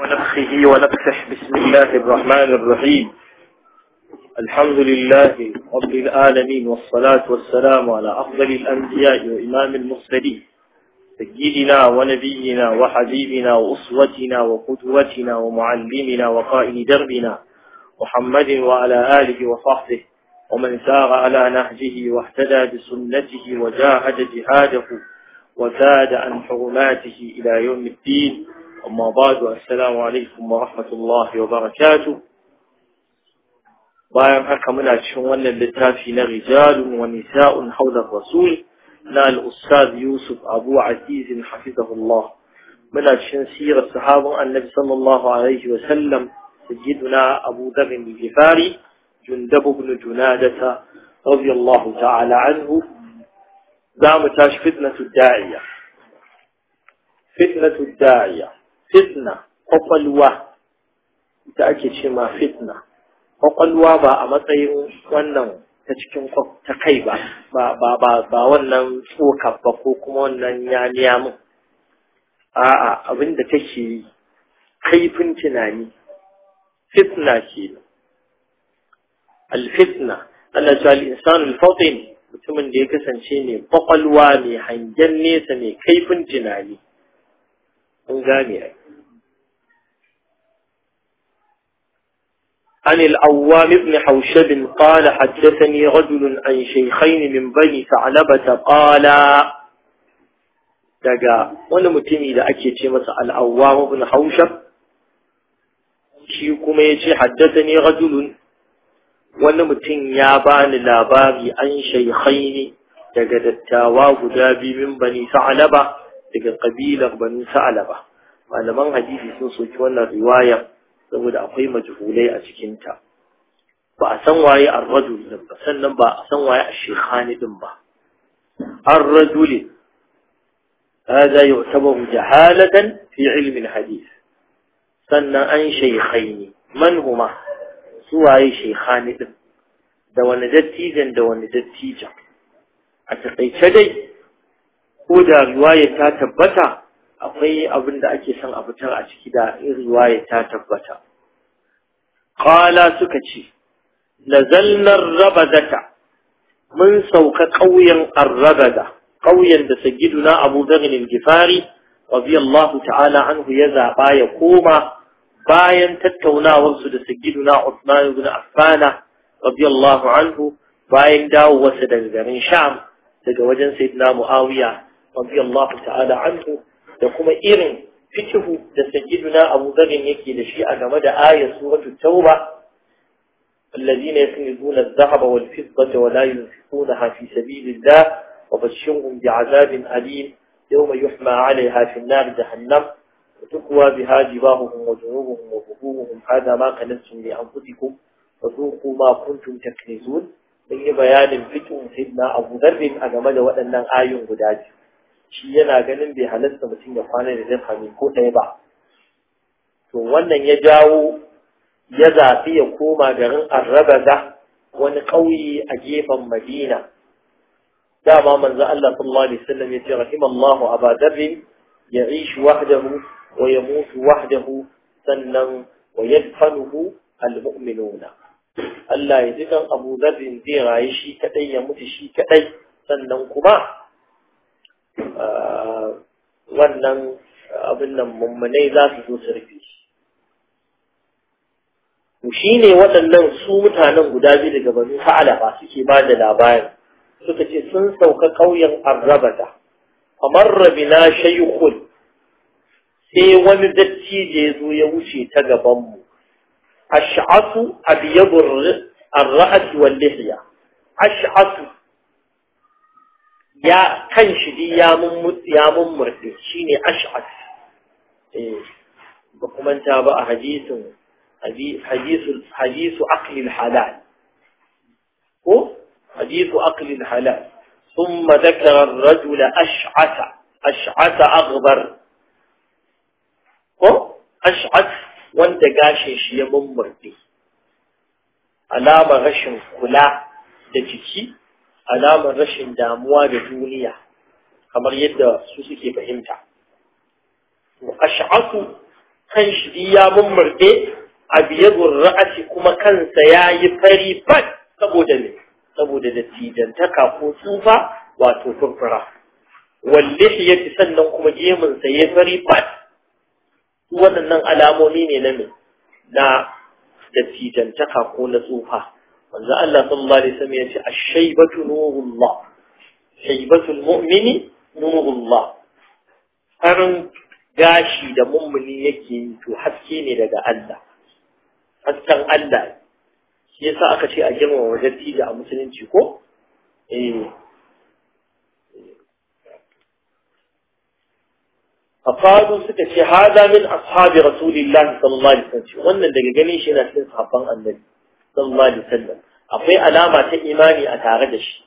ونفخه ونفسح بسم الله الرحمن الرحيم الحمد لله رب العالمين والصلاة والسلام على أفضل الأنبياء وإمام المرسلين سيدنا ونبينا وحبيبنا وأسوتنا وقدوتنا ومعلمنا وقائد دربنا محمد وعلى آله وصحبه ومن سار على نهجه واهتدى بسنته وجاهد جهاده وزاد عن حرماته إلى يوم الدين أما بعد السلام عليكم ورحمة الله وبركاته بايم أكملنا شوال اللتافي رجال ونساء حول الرسول نا الأستاذ يوسف أبو عزيز حفظه الله من أجل سيرة النبي صلى الله عليه وسلم سيدنا أبو ذر الجفاري جندب بن جنادة رضي الله تعالى عنه دام فتنة الداعية فتنة الداعية fitna kwakwalwa ita ake ce ma fitna kwakwalwa ba a matsayin wannan ta cikin ta kai ba ba wannan tsoka ba ko kuma wannan yaniya min a'a abin da take yi kaifin tunani fitna ke alfitna Ana ta al-insan mutumin da ya kasance ne kwakwalwa mai hangen nesa mai kaifin tunani الجامعي عن الأوام ابن حوشب قال حدثني رجل عن شيخين من بني ثعلبة قال دقا وانا متمي إذا أكيتي مثل الأوام ابن حوشب شيكم يجي حدثني رجل وانا متمي يابان لاباغي عن شيخين دقاء التواب دابي من بني ثعلبة daga kabilar Bani Sa'laba malaman hadisi sun soki wannan riwaya saboda akwai majhulai a cikin ta ba a san waye ar-rajul din ba sannan ba a san waye ash-shaykhani din ba ar-rajul hada yu'tabaru jahalatan fi ilmi al-hadith sannan an shaykhaini man huma su waye shaykhani din da wani dattijan da wani dattijan a taƙaice dai ko da riwaya ta tabbata akwai abin da ake son a fitar a ciki da in riwaya ta tabbata qala suka ce nazalnar rabadata mun sauka ƙauyen arrabada ƙauyen da sagiduna abu zarin gifari radiyallahu ta'ala anhu ya zaɓa ya koma bayan tattaunawarsu da na usman bin affana radiyallahu anhu bayan dawowarsa daga garin sham daga wajen saidina muawiya radiyallahu ta'ala anhu da kuma irin fikihu da sajiduna abu zarin yake da shi a game da ayar suratul tauba الذين يكنزون الذهب والفضة ولا ينفقونها في سبيل الله وبشرهم بعذاب أليم يوم يحمى عليها في النار جهنم وتكوى بها جباههم وجنوبهم وظهورهم هذا ما كنتم لأنفسكم فذوقوا ما كنتم تكنزون من بيان الفتن سيدنا أبو ذر أجمل وأن آي قداجه shi yana ganin bai halasta mutum ya kwana da dirhami ko ɗaya ba to wannan ya jawo ya zafi ya koma garin arrabaza wani ƙauye a gefen madina dama manzo Allah sallallahu alaihi wasallam ya ce rahimallahu abadabin يعيش وحده ويموت وحده سنن ويدفنه المؤمنون Allah ya ji kan Abu Dhabin zai rayu shi kadai ya mutu shi kadai sannan kuma wannan abin nan mummunai za su zo su rufe to waɗannan su mutanen guda biyu daga banu fa'alaba suke ba da labarin suka ce sun sauka ƙauyen arrabata kamar rabina shaykhun sai wani da ya zo ya wuce ta gabanmu mu abyadu ar-ra'si wal lihya ash'asu ya kan shi di ya mummurɗe shi ne ash'ad eh, ba kuma ta ba a hadisin hadisu aklil halal ko hadisu aklil halal ثم ذكر الرجل أشعث أشعث أغبر ko ash'ad wanda gashin shi ya mummurɗe alama rashin kula da jiki alamar rashin damuwa da duniya kamar yadda su suke fahimta ashatu kan shi ya mummurde abiyadun ra'ati kuma kansa ya yi fari fat saboda ne saboda dattijantaka ko tsufa wato furfura wallahi ya sannan kuma gemunsa ya fari fat waɗannan alamomi ne na me na dattijantaka ko na tsufa manzo Allah sallallahu alaihi wasallam yace a Shaibatu nurullah Shaibatu mu'mini nurullah gashi da mummuni yake yi to haske ne daga Allah hasken Allah shi yasa aka ce a girmama wajen tija a musulunci ko eh فقالوا سكتي هذا من أصحاب رسول Rasulillah صلى الله عليه wannan daga ganin shi شيء cin أصحاب النبي sallallahu alaihi wasallam akwai alama ta imani a tare da shi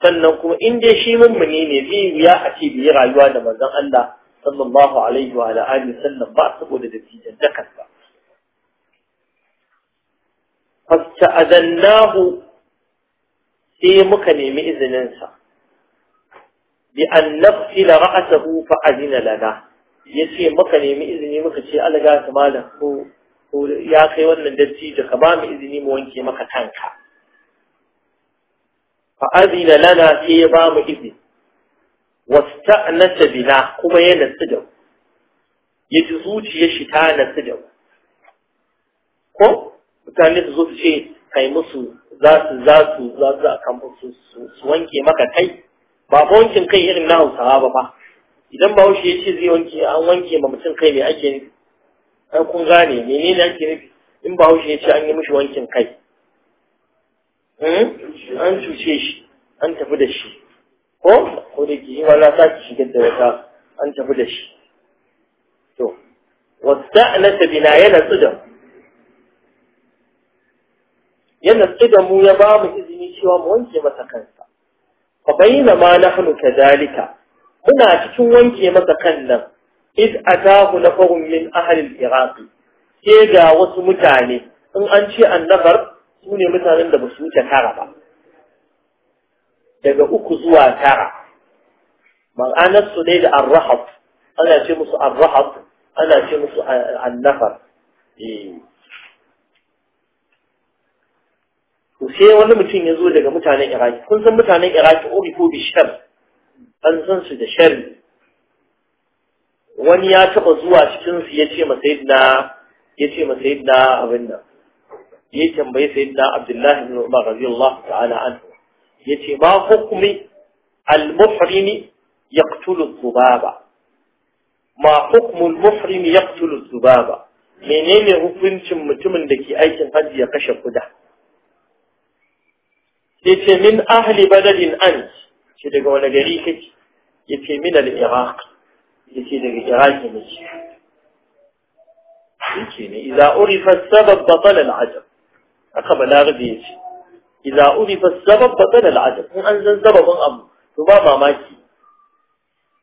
sannan kuma in dai shi mummuni ne zai wuya a ce bai rayuwa da manzon Allah sallallahu alaihi wa alihi wasallam ba saboda dattijan dakan ba fasta'adannahu sai muka nemi izinin sa bi an nafsila ra'sahu fa azina lana yace muka nemi izini muka ce alga malam ko ko ya kai wannan da ka ba mu izini mu wanke maka kanka fa azina lana sai ya ba mu izini wasta'nata bina kuma ya nasu da ya ji zuciya shi ta nasu da ko mutane su zo su ce kai musu za su za su za su a kan su wanke maka kai ba fa wankin kai irin na hausawa ba idan ba ya ce zai wanke an wanke ma mutum kai ne ake ai kun gane menene ake nufi in ba haushe ya ce an yi mishi wankin kai hmm? an cuce shi an tafi da shi ko ko da ke wala ta ki shigar da wata an tafi da shi to wata na sabina yana tsidan yana tsidan mu ya ba mu izini cewa mu wanke masa kansa Ka bayyana ma na nahnu dalika. muna cikin wanke masa kan nan id atahu nafarun min ahlil iraq sai ga wasu mutane in an ce annabar su ne mutanen da ba su wuce tara ba daga uku zuwa tara ma'anar su dai da arrahab ana ce musu arrahab ana ce musu annafar to sai wani mutum ya zo daga mutanen iraki kun san mutanen iraki ori ko bishar an san su da shari wani ya taba zuwa cikin su yace ma sayyidina abin nan ya tambaye sayyidina Abdullahi ibn Umar radiyallahu ta'ala anhu yace ma hukmi al-muhrim ma hukmu al-muhrim yaqtulu al menene hukuncin mutumin da ke aikin hajji ya kashe kuda ce min ahli badalin an shi daga wani gari kake ce min al-iraq يتيجي جراجي مشي يتيني إذا أُرِف السبب بطل العجب أخبر لا غديش إذا أُرِف السبب بطل العجب من أنزل سبب أم ثم ما ماشي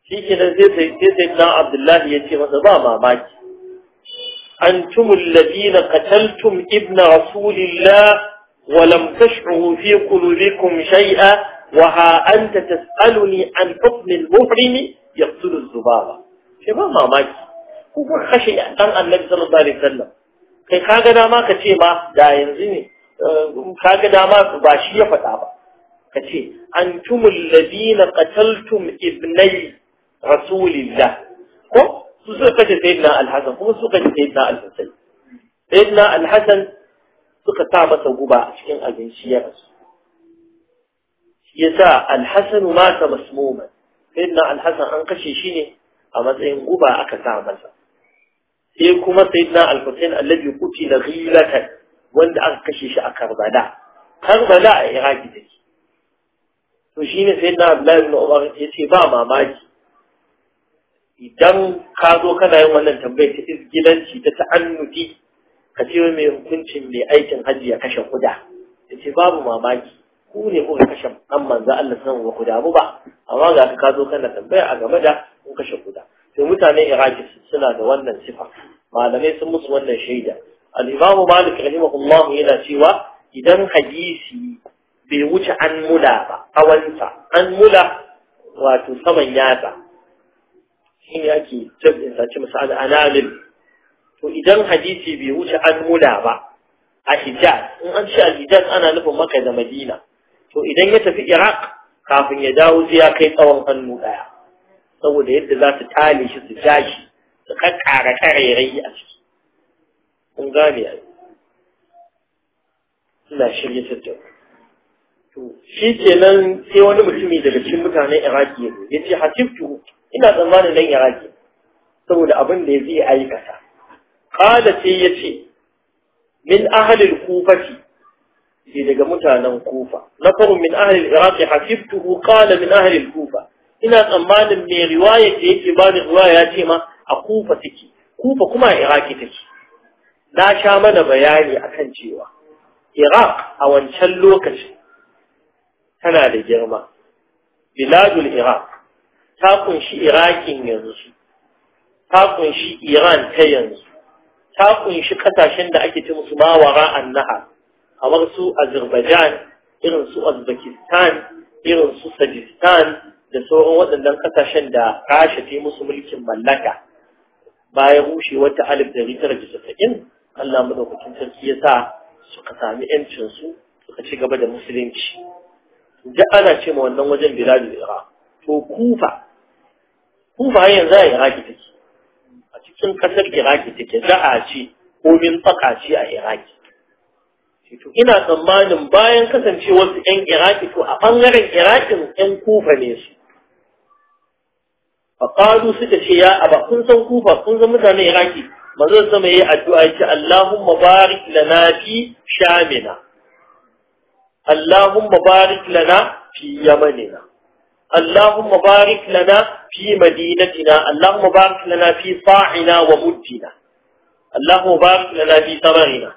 في كنا زيت زيت ابن عبد الله يتي ثم ما ماشي أنتم الذين قتلتم ابن رسول الله ولم تشعروا في قلوبكم شيئا وها أنت تسألني عن حكم المحرم yaqtulu zubaba sai ba mamaki ko kuma kashe dan annabi sallallahu alaihi wasallam kai kaga dama ka ce ma da yanzu ne eh, kaga dama ba shi ya faɗa ba ka ce antumul ladina qataltum ibnai rasulillah ko su suka kace sayyidina al-hasan kuma suka kace sayyidina al-husayn sayyidina al-hasan suka sa masa guba a cikin abinci ya rasu yasa al-hasan mata masmuman sayyidina alhassan an kashe shi ne a matsayin guba aka sa masa sai kuma sayyidina al-husayn allazi qutila ghilatan wanda aka kashe shi a karbala karbala a iraki take to shine sayyidina abdullahi ibn umar yace ba mamaki idan ka zo kana yin wannan tambayar ta izgilanci ta ta'annuti ka ce mai hukuncin mai aikin hajji ya kashe kuda yace babu mamaki ku ne kuka kashe dan manzo Allah san wa ku damu ba amma ga ka zo kana tambaya a game da kun kashe kuda. Sai mutane iraki suna da wannan sifa malamai sun musu wannan shaida al-imamu malik rahimahullah yana cewa idan hadisi bai wuce an mula ba awansa an mula wato saman yatsa shi ne ake jabin sace masa al'analim to idan hadisi bai wuce an mula ba a hijaz in an ce al-hijaz ana nufin maka da madina to idan ya tafi iraq kafin ya dawo zai ya kai tsawon hannu ɗaya saboda yadda za su tale shi su ja su kakkara ƙarairayi a ciki kun gane a ina shirye tattau to shi nan sai wani mutumi daga cikin mutanen iraki ya ya ce hatiftu ina tsammanin dan iraki saboda abin da ya zai aikata qala sai ya ce min ahlil kufati ke daga mutanen kufa na faru min ahalil ya iraq hafiftuhu qala min ahli kufa ina tsammanin mai riwaya da yake ba da riwaya ya ce ma a kufa take kufa kuma a iraki take na sha mana bayani akan cewa iraq a wancan lokacin tana da girma biladul iraq ta kunshi irakin yanzu ta kunshi iran ta yanzu ta kunshi kasashen da ake ce musu mawara nahar. kamar su Azerbaijan irin su Uzbekistan irin su Sajistan da sauran waɗannan ƙasashen da Rasha ta yi musu mulkin mallaka bayan rushe wata alif ɗari tara da saba'in Allah madaukakin sarki ya sa suka sami yancin suka ci gaba da musulunci da ana ce ma wannan wajen da iraq to kufa kufa har yanzu a iraki take a cikin ƙasar iraki take za a ce komin tsaka ce a iraki to ina tsammanin bayan kasancewar su ƴan iraki to a ɓangaren irakin 'yan kufa ne su faƙadu suka ce ya aba kun san kufa kun san mutanen iraki manzon sama yi addu'a yace Allahumma barik lana fi shamina Allahumma barik lana fi yamanina Allahumma barik lana fi madinatina Allahumma barik lana fi sa'ina wa muddina Allahumma barik lana fi samarina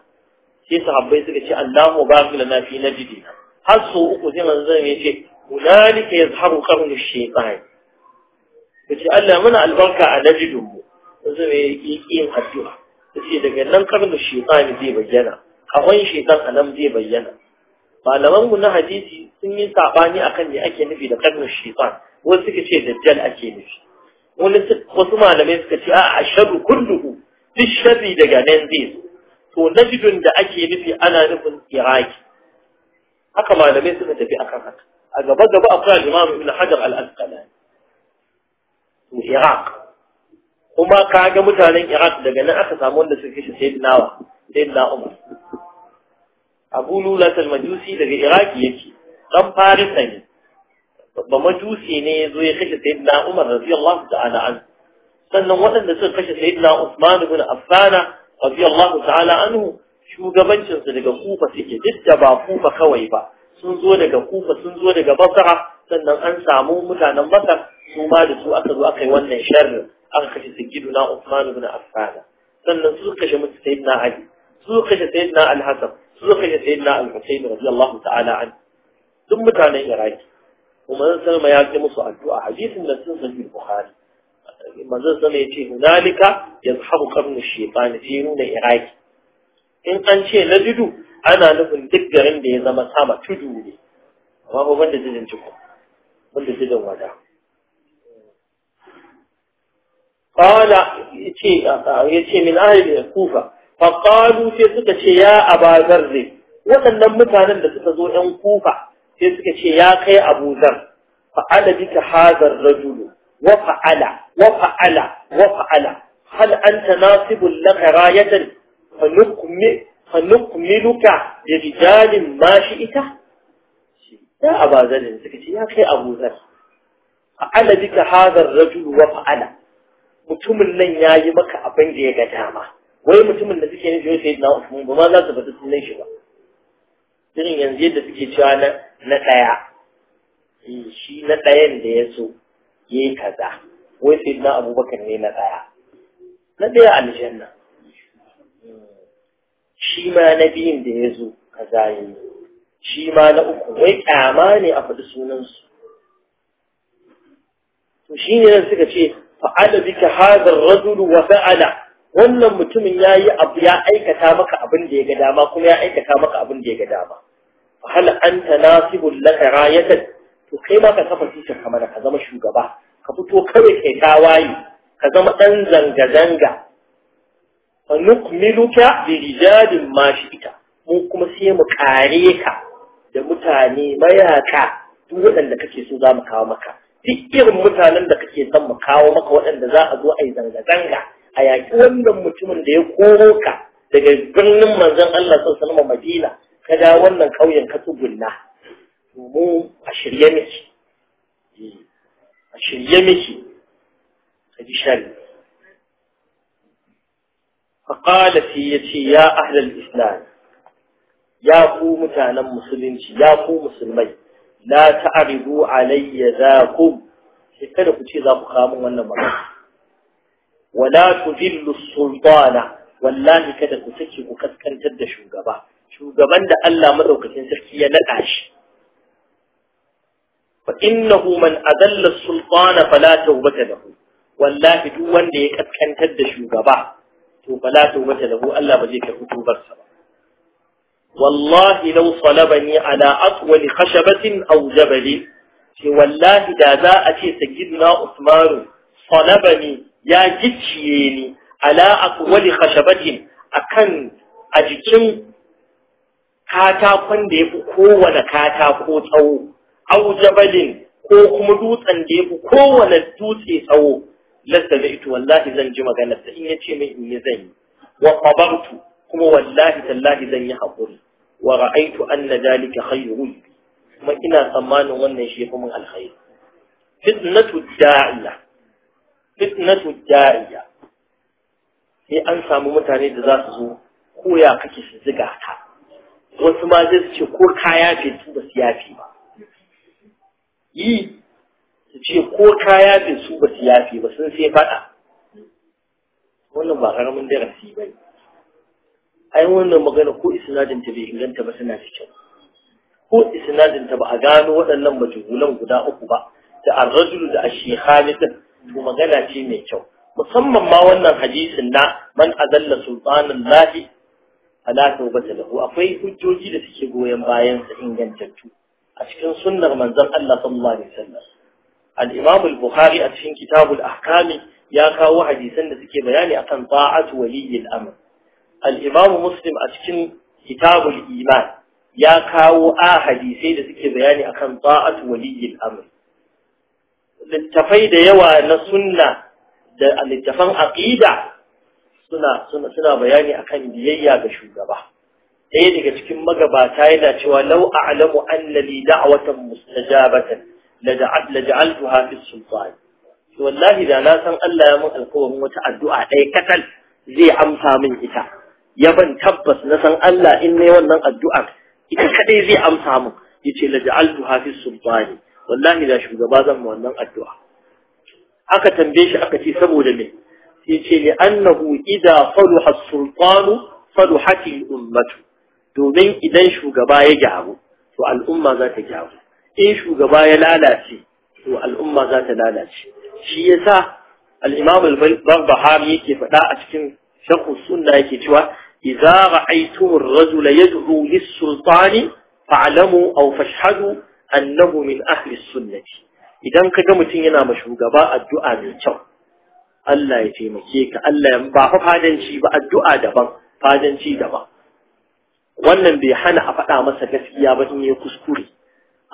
sai sahabbai suka ce Allahu barik lana fi najdina har so uku sai manzon ya ce hunalika yazharu qarnu shaytan yace Allah muna albarka a najdin mu yanzu ya yake yin addu'a yace daga nan qarnu shaytan zai bayyana kawai shaytan anan zai bayyana malaman mu na hadisi sun yi sabani akan me ake nufi da qarnu shaytan wasu suka ce dajjal ake nufi wani wasu malamai suka ce a asharu kulluhu duk sharri daga nan zai zo to najdun da ake nufi ana nufin iraki haka malamai suka tafi akan haka a gaba gaba akwai al-imam ibn hajar al-asqalani to iraq kuma kaga mutanen iraq daga nan aka samu wanda suka kashe sayyidina wa sayyidina umar abu lula al-majusi daga iraki yake dan farisa ne ba majusi ne yazo ya kashe sayyidina umar radiyallahu ta'ala an sannan waɗanda suka kashe sayyidina usman ibn affana radiyallahu ta'ala anhu shugabancinsu daga kufa suke duk da ba kufa kawai ba sun zo daga kufa sun zo daga basara sannan an samu mutanen basar su ma da su aka zo aka yi wannan sharrin aka kashe na Uthman ibn Affan sannan su kashe mutu sayyidina Ali su kashe sayyidina Al-Hasan su kashe sayyidina Al-Husayn radiyallahu ta'ala an duk mutanen Iraki kuma sun ma ya ce musu addu'a hadisin da sun sahih Bukhari manzon sama ya ce hunalika ya zahabu karnu shekani fi nuna iraki in an ce na dudu ana nufin duk garin da ya zama sama tudu ne amma ba banda tudun cikin banda tudun wada qala yace yace min ahli kufa fa qalu sai suka ce ya abazar zai waɗannan mutanen da suka zo ƴan kufa sai suka ce ya kai abuzar fa adabika hazar rajulu وفعل وفعل وفعل هل أنت ناصب لك راية فنكمل فنكملك برجال ما شئت يا أبا ذر سكتي يا أخي أبو ذر فعل بك هذا الرجل وفعل mutumin nan ya yi maka ya ga dama wai mutumin da suke nufi sai na Usman ba ma za su bata sunan shi ba irin yanzu yadda suke cewa na na daya shi na dayan da ya so Yi kaza wai sai na abubakar ne na tsaya na ɗaya aljanna shi ma na biyun da ya zo kaza ya yi shi ma na uku wai ƙyama ne a faɗi sunansu to shi ne nan suka ce fa'ala bika hadar rajulu wa fa'ala wannan mutumin ya yi abu ya aikata maka abin da ya ga dama kuma ya aikata maka abin da ya ga dama hal anta nasibul laka rayatan to kai ma ka kafa tushen ka mana ka zama shugaba ka fito kawai kai waye ka zama dan zanga zanga annuk miluka bi rijalin ma mu kuma sai mu kare ka da mutane mayaka duk waɗanda kake so za mu kawo maka duk irin mutanen da kake son mu kawo maka waɗanda za a zo a yi zanga-zanga a yaƙi wannan mutumin da ya koro ka daga birnin manzon Allah sallallahu alaihi Madina ka wannan ƙauyen ka tsugunna to mu a shirye miki a shirye miki ka ji shari فقال سيتي يا أهل الإسلام يا قوم كان مسلمتي يا قوم مسلمي لا تعرضوا علي ذاكم kada ku ce za ku kawo wannan magana wala tudillu sultana wallahi kada ku sake ku kaskantar da shugaba shugaban da Allah madaukakin sarki ya nada shi فإنه من أذل السلطان فلا توبة له والله دو wanda ya kaskantar da shugaba to fala tawbata lahu Allah ba zai karbi tubar ba wallahi law salabani ala atwal khashabatin aw jabalin ce wallahi da za a ce sayyidina Usman salabani ya gicciye ni ala atwal khashabatin akan a jikin katakon da yafi kowane katako tsawo aw ko kuma dutsen da ya fi kowane dutse tsawo da ito wallahi zan ji magana ta in yace min in yi zan yi wa qabartu kuma wallahi tallahi zan yi hakuri wa ra'aitu anna zalika khayrun kuma ina tsammanin wannan shi yafi min alkhairi fitnatu da'iya fitnatu da'iya sai an samu mutane da za su zo koya kake su ziga ta wasu ma zai ce ko kaya ce su ba su yafi ba yi su ce ko kaya da su ba su yafe ba sun sai faɗa wannan ba karamin darasi ba ne ai wannan magana ko isnadin ta bai inganta ba suna cikin ko isnadin ba a gano waɗannan majugulan guda uku ba da arrajulu da a din to magana ce mai kyau musamman ma wannan hadisin na man azalla sultanan lahi ala tawbata lahu akwai hujjoji da suke goyon bayan sa ingantattu a cikin sunnar manzon Allah sallallahu alaihi wasallam al-Imam al-Bukhari a cikin Kitab al-Ahkam ya kawo hadisan da suke bayani akan ta'atu waliyil amr al-Imam Muslim a cikin Kitab al-Iman ya kawo a hadisai da suke bayani akan ta'atu waliyil amr littafai da yawa na sunna da littafan aqida suna suna bayani akan biyayya ga shugaba ɗaya daga cikin magabata yana cewa lau a'lamu anna li da'watan mustajabatan la ja'altuha fi sultan to wallahi da na san Allah ya mun alƙawarin wata addu'a ɗaya katal zai amsa min ita ya ban tabbas na san Allah in ne wannan addu'ar ita kadai zai amsa min yace la ja'altuha fi sultan wallahi da shugaba zan mu wannan addu'a aka tambaye shi aka ce saboda me yace li annahu idza faluha as-sultanu faluhati al-ummatu domin idan shugaba ya gyaru to al'umma za ta gyaru in shugaba ya lalace to al'umma za ta lalace shi yasa sa imam al-barbahari yake faɗa a cikin sharh sunna yake cewa idza ra'aytum ar-rajul yad'u lis-sultani fa'lamu aw fashhadu annahu min ahli sunnati idan ga mutum yana ma shugaba addu'a mai kyau Allah ya taimake ka Allah ya ba fa fadanci ba addu'a daban fadanci daban wannan bai hana a faɗa masa gaskiya ba in ya kuskure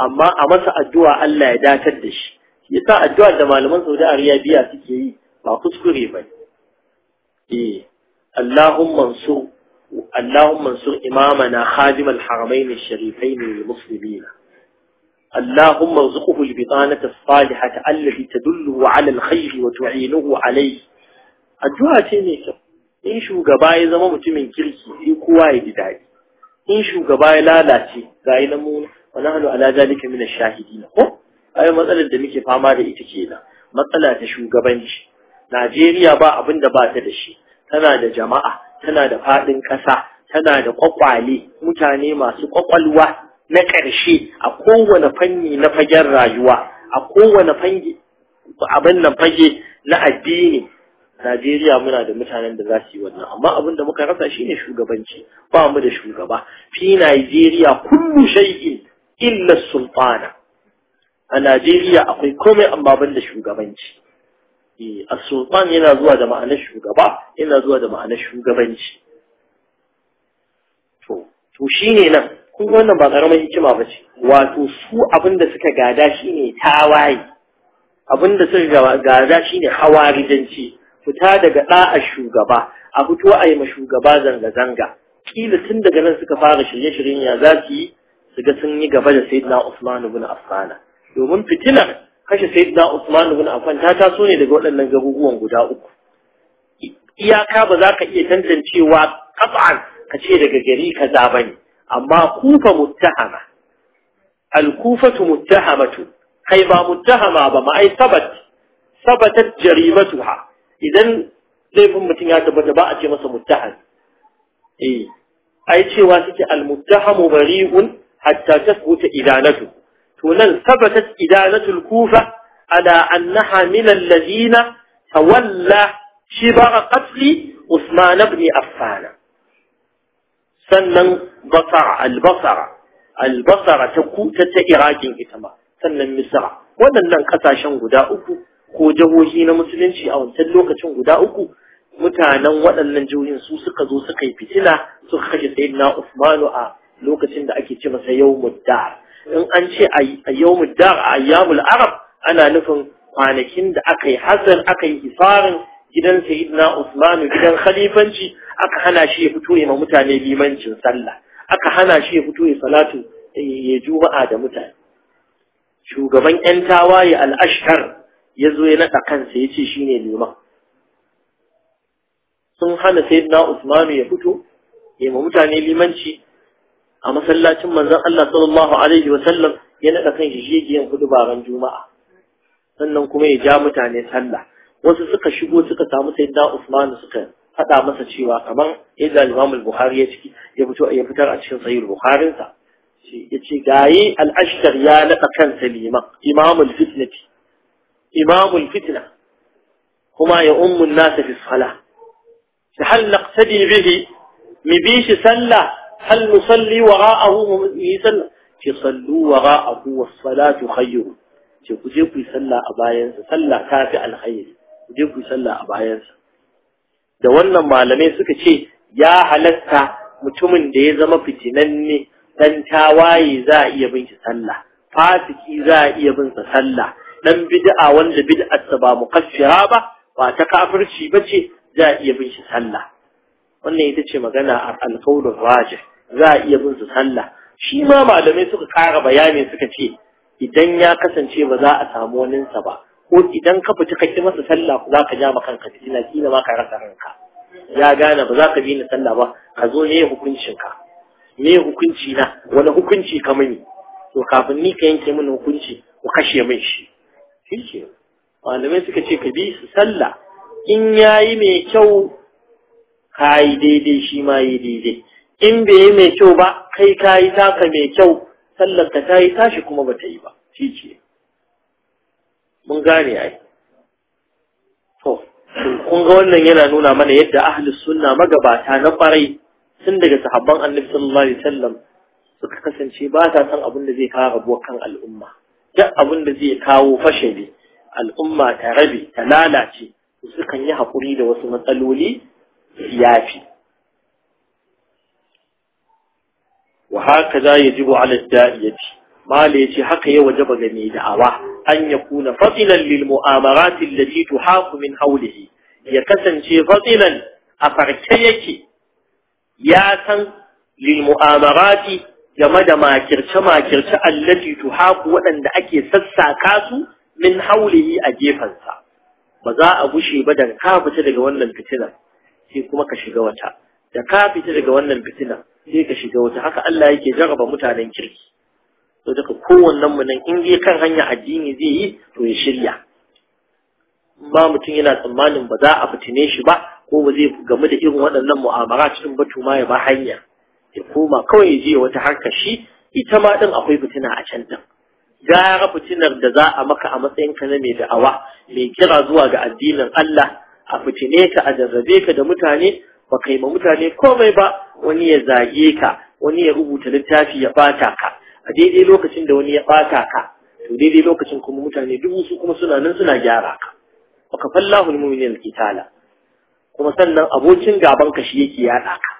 amma a masa addu'a Allah ya datar da shi yasa addu'a da malaman Saudi Arabia suke yi ba kuskure ba eh Allahumma ansur al-sharifain انصر muslimin Allahumma الحرمين al-bitana اللهم ارزقه allati tadullu ala al-khayr wa tu'inuhu alayhi addu'a ce ne kyau shugaba ya zama mutumin kirki sai kowa ya ji daɗi in shugaba ya lalace ga yi na muna wani hannu ala zalika min shahidi na ko ai matsalar da muke fama da ita ke kenan matsala ta shugabanci Najeriya ba abin da ba ta da shi tana da jama'a tana da faɗin ƙasa tana da kwakwale mutane masu kwakwalwa na ƙarshe a kowane fanni na fagen rayuwa a kowane fangi abin nan fage na addini Najeriya muna da mutanen da za su yi wannan amma abin da muka rasa shine shugabanci ba mu da shugaba fi Najeriya kullu shay'in illa sultana a Najeriya akwai komai amma ban da shugabanci eh as-sultan yana zuwa da ma'anar shugaba yana zuwa da ma'anar shugabanci to to shine nan kun ga wannan ba karamin hikima ba ce wato su abin da suka gada shine tawaye abin da suka gada shine hawarijanci fita daga ɗa'a shugaba a fito a yi ma shugaba zanga-zanga kila tun daga nan suka fara shirye-shiryen ya za su yi su ga sun yi gaba da sayyidina usman ibn affan domin fitina kashe sayyidina usman ibn affan ta taso ne daga waɗannan garuruwan guda uku iyaka ba za ka iya tantancewa kaf'an ka ce daga gari ka ba ne. amma kufa muttahama al-kufatu muttahamatu kai ba muttahama ba ma sabat sabatat jarimatuha idan laifin mutum ya tabbata ba a ce masa muttahan eh ai cewa suke almuttahamu bari'un hatta tasbuta idanatu to nan sabatat idanatu al-kufa ala annaha min alladhina tawalla shibara qatli Usman ibn Affan sannan basara al-basara al-basara ta ku ta Iraqin ita ma sannan Misra wannan nan kasashen guda uku ko jihohi na musulunci a wancan lokacin guda uku mutanen waɗannan jihohin su suka zo suka yi fitina suka kashe sayyidina Usmanu a lokacin da ake ce masa yawmud dar in an ce a yawmud dar a ayyamul arab ana nufin kwanakin da aka yi hasar aka yi hisarin gidan sayyidina Usmanu gidan khalifanci aka hana shi ya fito ya mutane limancin sallah aka hana shi ya fito ya salatu eh, ya juma'a da mutane shugaban yan tawaye al-ashkar ya zo ya naɗa kansa ya ce shi ne liman sun hana sayyidina usmanu ya fito ya ma mutane limanci a masallacin manzon Allah sallallahu alaihi wa sallam ya naɗa kan shi shi yin hudu baran juma'a sannan kuma ya ja mutane sallah wasu suka shigo suka samu sayyidina usmanu suka faɗa masa cewa kamar yadda Imam Bukhari ya ciki ya fito ya fitar a cikin Sahih Bukhari sa ya ce gaye al-Ashtar ya naka kansa liman Imam al-Fitnati إمام الفتنة هما يؤم الناس في الصلاة فهل نقتدي به مبيش سلة هل نصلي وراءه يسلى صلوا وراءه والصلاة خير تجيب يسلى أبا ينسى سلى كافع الخير تجيب يسلى أبا ينسى wannan ما suka ce ya halatta mutumin da ya zama fitinanne dan tawaye za a iya bin shi sallah dan bid'a wanda ta ba mukaffira ba ba ta kafirci bace, ce za iya bin shi sallah wannan ita ce magana a alƙawlin rajih za iya bin su sallah shi ma malamai suka kara bayani suka ce idan ya kasance ba za a samu waninsa ba ko idan ka fita kake masa sallah za ka ja maka kanka kina kina ma ka rasa ranka ya gane ba za ka bi ni sallah ba ka zo ne hukuncin ka me hukunci na wani hukunci ka mini to kafin ni ka yanke mini hukunci ku kashe min shi shi malamai suka ce ka bi su sallah in ya yi mai kyau ka yi daidai shi ma yi daidai in bai yi mai kyau ba kai ka yi taka mai kyau sallar ka ta yi tashi kuma ba ta yi ba shi mun gane ai to kun ga wannan yana nuna mana yadda ahlus sunna magabata na kwarai sun daga sahabban annabi sallallahu alaihi wasallam suka kasance ba ta san abin da zai kawo rabuwar kan al'umma duk abin da zai kawo fashili al'umma ta rabe ta lalace to sukan yi haƙuri da wasu matsaloli yafi wa haka za ya jibo ala da'iyati mala ce haka ya wajaba ga mai da'awa an ya kuna fasilan lil mu'amarat allati tuhafu min hawlihi ya kasance fasilan a farke yake ya san lil game da makirce-makirce allati tuhaku waɗanda ake sassaka su min haulihi a gefensa, ba za a gushe ba da ka fita daga wannan fitinar sai kuma ka shiga wata da ka fita daga wannan fitinar sai ka shiga wata haka Allah yake jarraba mutanen kirki to daga kowannen mu nan in dai kan hanya addini zai yi to ya shirya ba mutum yana tsammanin ba za a fitine shi ba ko ba zai gamu da irin waɗannan mu'amara cikin batu ma ya ba hanya ya koma kawai ya je wata harka shi ita ma din akwai fitina a can din gara fitinar da za a maka a matsayin ka na mai da'awa mai kira zuwa ga addinin Allah a fitine ka a jarrabe ka da mutane ba kai ma mutane komai ba wani ya zage ka wani ya rubuta littafi ya bata ka a daidai lokacin da wani ya bata ka to daidai lokacin kuma mutane dubu su kuma suna nan suna gyara ka wa kafallahu almu'minina alqitala kuma sannan abokin gaban ka shi yake yada ka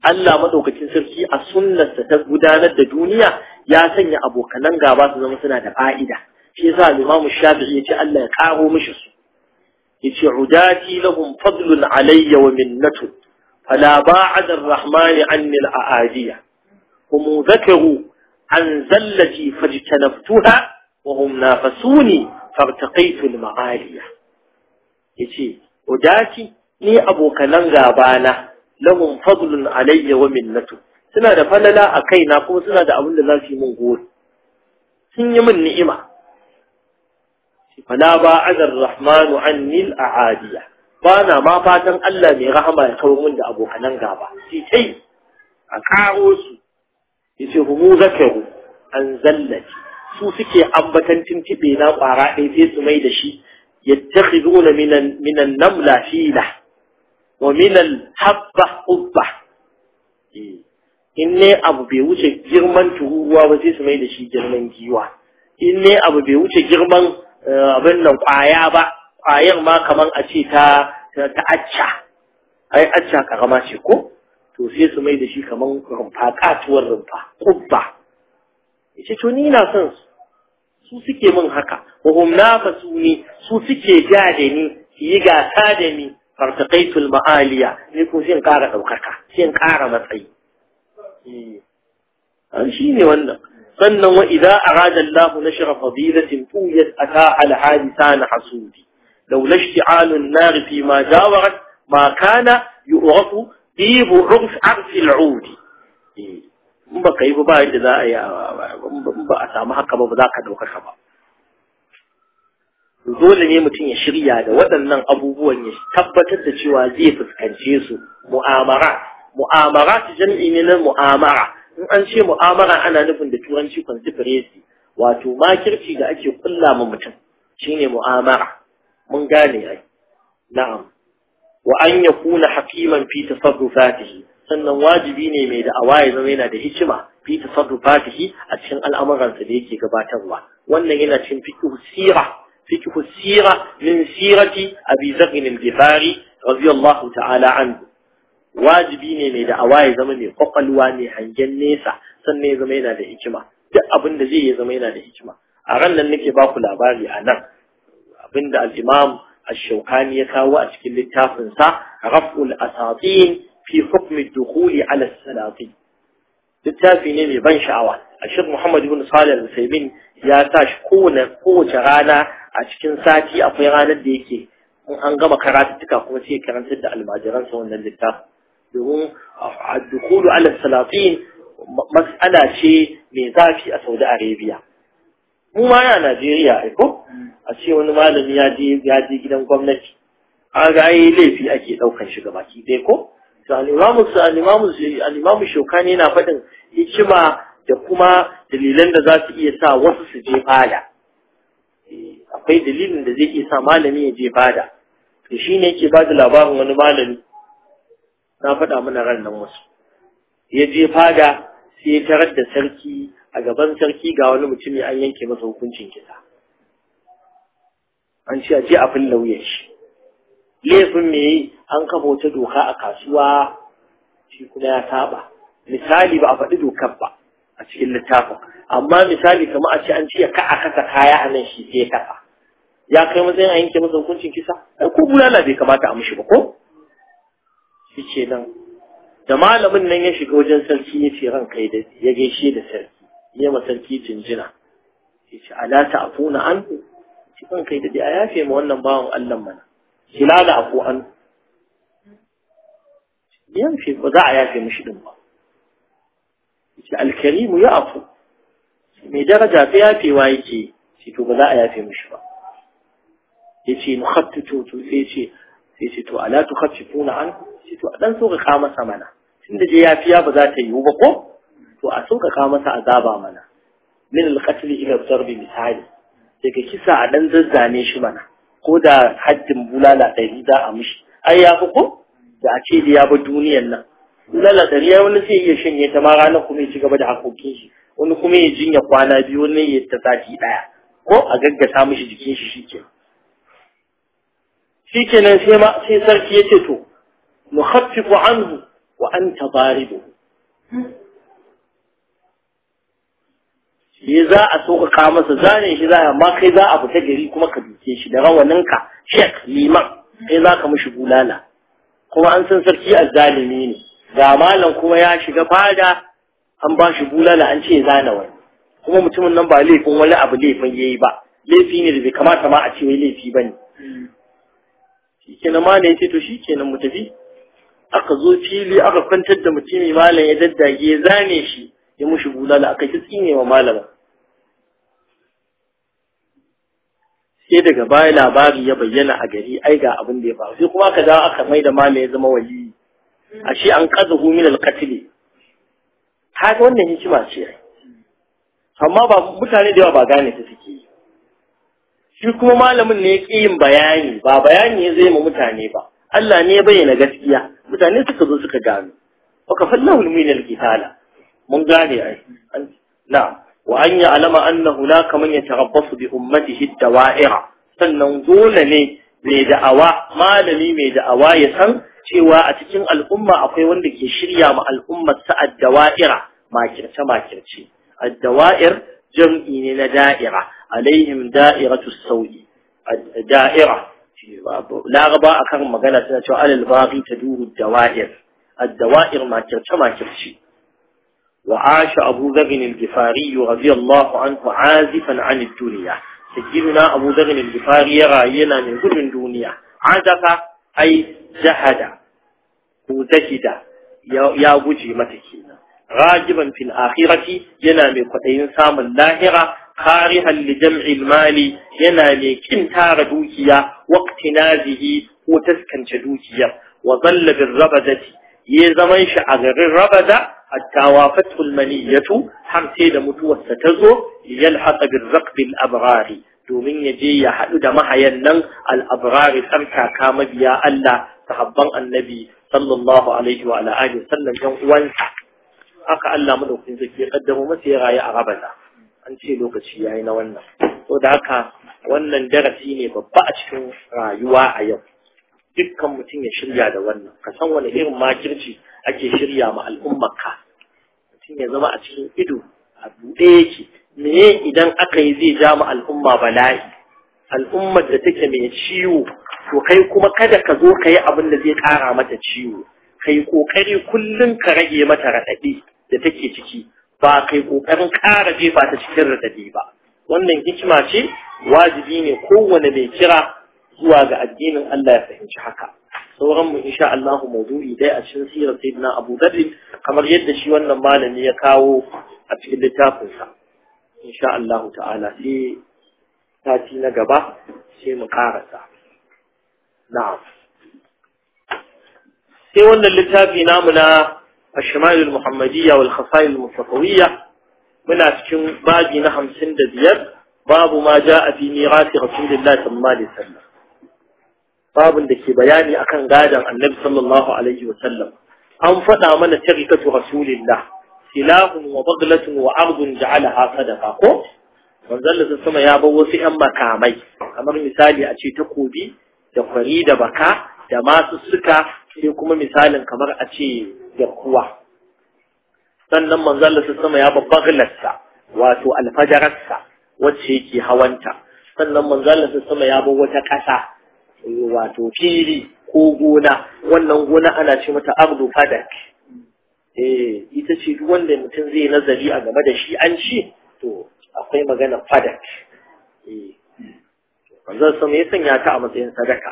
Allah madaukakin sarki a sunnarsa ta gudanar da duniya ya sanya abokanan gaba su zama suna da fa'ida shi yasa Imam Shafi'i ya ce Allah ya karo mishi su yace udati lahum fadlun alayya wa minnatu fala ba'ada ar-rahman anni al-aadiya hum dhakaru an zallati fajtanaftuha wa hum nafasuni fartaqaytu al-ma'aliya yace udati ni abokanan gaba na lahum fadlun alayya wa minnatu suna da falala a kaina kuma suna da abin da za su yi min gori sun yi min ni'ima fala ba azar rahmanu anni al'adiya ba na ma fatan Allah mai rahama ya kawo min da abokanan gaba shi kai a karo su yace zakaru an zallati su suke ambatan tintibe na kwara ɗaya sai su mai da shi yattakhizuna minan minan namla fila wa habba ubba in ne abu bai wuce girman tururuwa ba sai su mai da shi girman giwa in ne abu bai wuce girman eh, abin nan kwaya ba kwayar ma kaman a ce ta ta acca ai acca karama ce ko to sai su mai da shi kaman rumfa katuwar rumfa kubba yace to ni na son su suke min haka wa hum nafasuni su suke ja da ni yi gasa da ni فارتقيت المعالية يكون سين قارة وكركة سين قارة مطعي أنشيني وانا فانا وإذا أراد الله نشر فضيلة فويت أتا على حادثان حسودي لو لا اشتعال النار فيما جاورت ما كان يؤرف بيب رمس عرف العود مبا كيب بايد ذا مبا أسامها كبب ذاك دوك شباب dole ne mutum ya shirya da waɗannan abubuwan ya tabbatar da cewa zai fuskance su mu'amara mu'amara ta jam'i ne na mu'amara in an ce mu'amara ana nufin da turanci conspiracy wato makirci da ake kulla ma mutum shine mu'amara mun gane ai na'am wa an kuna hakiman fi tasarrufatihi sannan wajibi ne mai da awaye zama yana da hikima fi tasarrufatihi a cikin al'amuransa da yake gabatarwa wannan yana cikin fiqh sirah ذكر السيرة من سيرة أبي ذر الجفاري رضي الله تعالى عنه واجبيني ميدا أواي زمني قوقلواني هنجن نيسا سنة زمينة لإجمع أبن نجي زمينة لإجمع أغلن نكي باقو لعباري أنا أبن دا الإمام الشوكاني يكاوى أشكل التافنسا رفع الأساطين في حكم الدخول على السلاطين التافنين بن شعوان الشيخ محمد بن صالح المسيبين ya sa shi kowace rana a cikin sati akwai ranar da yake in an gama karatuttuka kuma sai karanta da sa wannan littafin domin addukulu ala salatin mas'ala ce mai zafi a saudi arabia mu ma na najeriya aiko a ce wani malami ya je ya je gidan gwamnati an ga yi laifi ake daukan shi gabaki dai ko to al-imamu al-imamu shokani yana faɗin hikima da kuma dalilan da za su iya sa wasu su je fada eh, akwai dalilin da zai iya sa malami ya je fada to shi ne yake ba da labarin wani malami na faɗa mana ran nan wasu ya je fada sai ya tarar da sarki a gaban sarki ga wani ya an yanke masa hukuncin kisa an ce a je a fin lauyan shi laifin me an kafa wata doka a kasuwa shi kuma ya saba misali ba a faɗi dokar ba a cikin littafin amma misali kamar a ce an ce ka a kasa kaya a nan shi sai kafa ya kai matsayin a yanke masa hukuncin kisa ai ko bulala bai kamata a mishi ba ko shi ce nan da malamin nan ya shiga wajen sarki ya ce ran kai da ya gaishe da sarki ya ma sarki jinjina ya ce ala ta afuna an ci ran kai da a yafe ma wannan bawan Allah mana kilala afu an yafe ba za a yafe mishi din ba ce alkarimu ya afu mai daraja ta yafewa yake ce to ba za a yafe mishi ba ya ce muhattutu to sai ce sai ce to ala tu funa an sai to dan so ka masa mana tunda je yafiya ba za ta yiwu ba ko to a so ka masa azaba mana min al-qatl ila darbi misali daga kisa a dan zazzane shi mana ko da haddin bulala ɗari za a mishi ai ya fi ko da a ce da ya bi duniyan nan bulala ɗari ya wani zai iya shanye ta ma ranar kuma ya ci gaba da hakokin shi wani kuma ya jinya kwana biyu wani ya ta sati ɗaya ko a gaggata mishi jikin shi shi kenan shi kenan sai ma sai sarki ya ce to mu nukhaffifu anhu wa anta baridu me za a sauƙaƙa masa zanen shi za a ma kai za a fita gari kuma ka duke shi da rawaninka shek liman kai za ka mishi bulala kuma an san sarki a zalimi ne ga malam kuma ya shiga fada an ba shi bulala an ce zana wani kuma mutumin nan ba laifin wani abu laifin yayi ba laifi ne da bai kamata ma a ce wai laifi ba ne shikenan malam ya ce to shikenan mu tafi aka zo fili aka kwantar da mutumi malam ya daddage ya zane shi ya mushi bulala aka ki tsine wa malamin sai daga baya labari ya bayyana a gari ai ga abin da ya faru sai kuma aka dawo aka mai da malam ya zama waliyi shi an qadahu min al Ta kaga wannan hikima ce amma ba mutane da yawa ba gane ta suke shi kuma malamin ne ya yin bayani ba bayani ya zai ma mutane ba Allah ne ya bayyana gaskiya mutane suka zo suka gano wa kafallahu al-minal qitala mun gane ai na wa an alama anna hunaka man yatarabbasu bi ummatihi dawa'ira sannan dole ne mai da'awa malami mai da'awa ya san cewa a cikin al'umma akwai wanda ke shirya ma al'umma sa ad makirce makirce addawa'ir jam'i ne na da'ira alaihim da'iratu sawi daira laraba akan magana suna cewa alal baghi taduhu ad-dawa'ir ad-dawa'ir makirce makirce وعاش أبو ذر الجفاري رضي الله عنه عازفا عن الدنيا سجلنا أبو ذر الجفاري يرى ينا من كل دنيا عازف أي جهد وتجد يا وجه متكينا راجبا في الآخرة ينام قطعين سام اللاهرة خارها لجمع المال ينام كن تار دوكيا وقت نازه وتسكن شدوكيا وظل بالربدة يزميش أغر الربدة حتى وافته المنية حمسيد متوسطة يلحق بالرقب الأبراري domin ya je ya haɗu da mahayan nan al'abrari tsarkaka mabiya Allah sahabban annabi sallallahu alaihi wa alihi ɗan uwansa haka Allah madaukakin zaki ya kaddamo masa ya rayu a rabata an ce lokaci yayi na wannan to da haka wannan darasi ne babba a cikin rayuwa a yau dukkan mutum ya shirya da wannan ka san wani irin makirci ake shirya ma al'ummarka mutum ya zama a cikin ido a buɗe yake meye idan aka yi zai ja mu al'umma bala'i al'ummar da take mai ciwo to kai kuma kada ka zo ka yi abin da zai ƙara mata ciwo kai ƙoƙari kullum ka rage mata raɗaɗi da take ciki ba kai ƙoƙarin ƙara jefa ta cikin raɗaɗi ba wannan hikima ce wajibi ne kowane mai kira zuwa ga addinin Allah ya fahimci haka sauran mu insha Allah mawdu'i dai a cikin sirar sayyidina Abu Dharr kamar yadda shi wannan malami ya kawo a cikin littafinsa إن شاء الله تعالى في تاتي نقبة في مقارسة نعم na'am sai wannan littafi namu الشمائل المحمدية والخصائل المصطوية من أسكن باقي نحم سند بيب باب ما جاء في ميراث رسول الله صلى الله عليه وسلم باب دكي بياني أكن قادم النبي صلى الله عليه وسلم أنفق من تغيكة رسول الله silahun wa baglatun wa ardun ja'alaha sadaka ko manzon da sama ya bar wasu yan makamai kamar misali a ce takobi da kwari da baka da masu suka sai kuma misalin kamar a ce da kuwa sannan manzon da sama ya bar baglatsa wato alfajarsa, wacce yake hawanta sannan manzon da sama ya bar wata ƙasa wato fili ko gona wannan gona ana ce mata abdu fadak eh ita ce duk wanda mutum zai nazari a game da shi an ci to akwai magana fadak eh manzon sama ya sanya ta a matsayin sadaka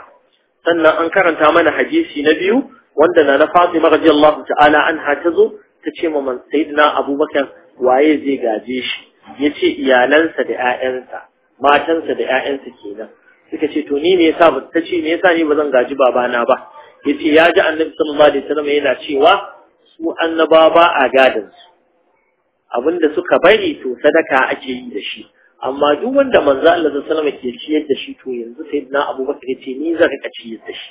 sannan an karanta mana hadisi na biyu wanda na na Fatima radiyallahu ta'ala anha ta zo ta ce ma man sayyidina Abubakar waye zai gaje shi yace iyalansa da 'ya'yansa, matansa da 'ya'yansa kenan suka ce to ni me yasa ba ta ce me yasa ni ba zan gaji babana ba yace ya ji annabi sallallahu alaihi wasallam yana cewa su annaba ba a gadon su abinda suka bari to sadaka ake yi da shi amma duk wanda manzo Allah sallallahu alaihi ke ciyar da shi to yanzu sai sayyidina Abubakar yace ni zan ka ciyar da shi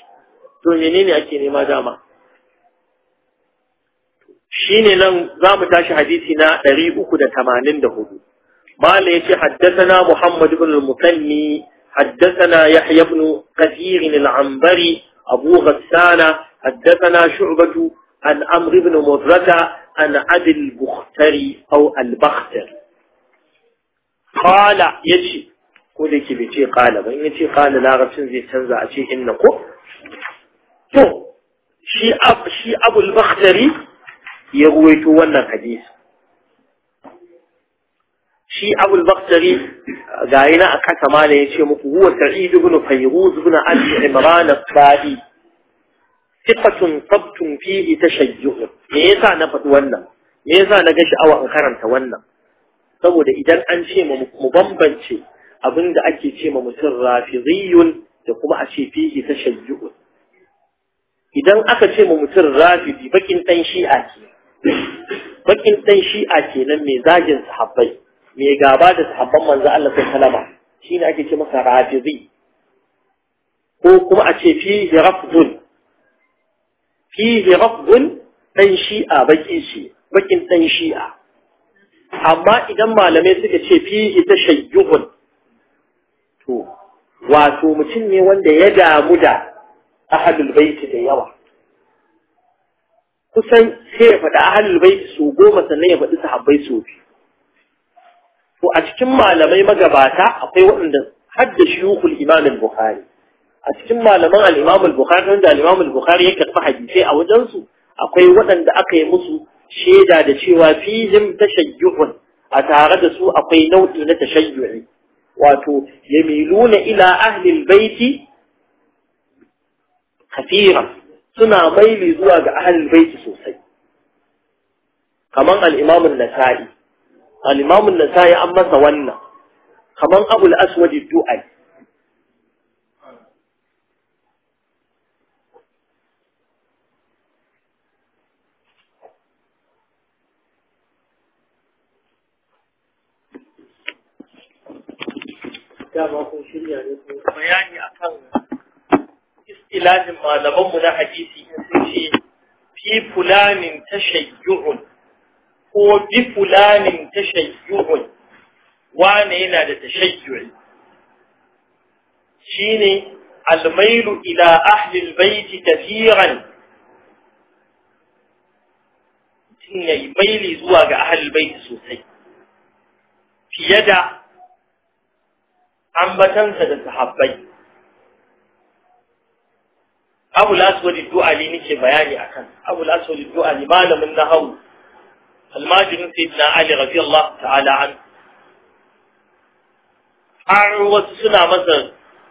to menene ake nema dama shine nan zamu tashi hadisi na 384 malai yace haddathana Muhammad ibn al-Mutanni haddathana Yahya ibn Kathir al-Anbari Abu Ghassana haddathana Shu'bah عن عمرو بن مدركه عن أبي البختري او البختر قال يجي قل لك بيجي قال بين يجي قال لا غسل زي تنزع شيء انكو تو شي اب شي ابو البختري يروي ون الحديث شي ابو البختري قايل اكثر ما يجي هو سعيد بن فيروز بن أبي عمران الصادق ثقة طبت فيه تشيع me yasa na faɗi wannan me yasa na ga sha'awa in karanta wannan saboda idan an ce mu bambance abin da ake ce ma mutum rafidiyun da kuma a ce fihi tashayyu'un idan aka ce ma mutum rafidi bakin dan shi'a ke bakin dan shi'a kenan mai zagin sahabbai mai gaba da sahabban manzo Allah sallallahu shine ake ce masa rafidi ko kuma a ce fihi rafdun fihi rabbun dan shi'a baki shi bakin dan shi'a amma idan malamai suka ce fihi tashayyuhun to wato mutum ne wanda ya damu da ahlul da yawa kusan sai ya faɗi ahlul baiti su goma sannan ya faɗi sahabbai su biyu to a cikin malamai magabata akwai waɗanda hadda shuyukul imam bukhari a cikin malaman al-Imam al-Bukhari wanda al-Imam al-Bukhari ya karɓi hadisi a wajen su akwai waɗanda aka yi musu shaida da cewa fihim tashayyu'un a tare da su akwai nau'i na tashayyu'i wato yamiluna ila ahli al-baiti kafiran suna maili zuwa ga ahli al-baiti sosai kaman al-Imam an-Nasa'i al-Imam an-Nasa'i an masa wannan kaman Abu al-Aswad ad-Du'ali dama kun shirya ne ko bayani akan istilahin malaman mu na hadisi in sun ce fi fulanin tashayyu'un ko bi fulanin tashayyu'un wane yana da tashayyu'i shine almailu ila ahli albayt kathiran mutum maili zuwa ga ahli albayt sosai fiye da ambatansa da sahabbai abu laswadi du'ali nake bayani akan abu laswadi du'ali malamin nahawu almajirin sayyidina ali radiyallahu ta'ala an har wasu suna masa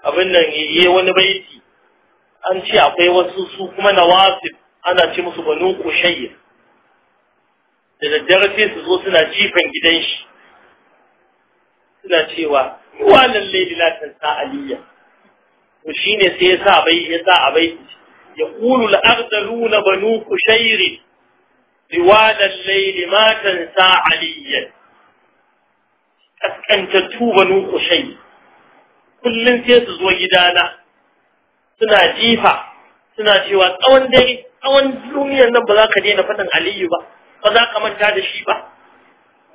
abin nan yi wani baiti an ce akwai wasu su kuma na nawasib ana ce musu banu kushayya da daddare sai su zo suna jifan gidan shi suna cewa wannan laili la tansa aliyya to shine sai yasa bai yasa abai يقول الأغدلون بنو قشير طوال الليل ما تنسى عليا أسكنتتو بنو قشير kullum sai su zo gidana suna jifa suna cewa tsawon dare tsawon duniyar nan ba za ka daina faɗin aliyu ba ba za ka manta da shi ba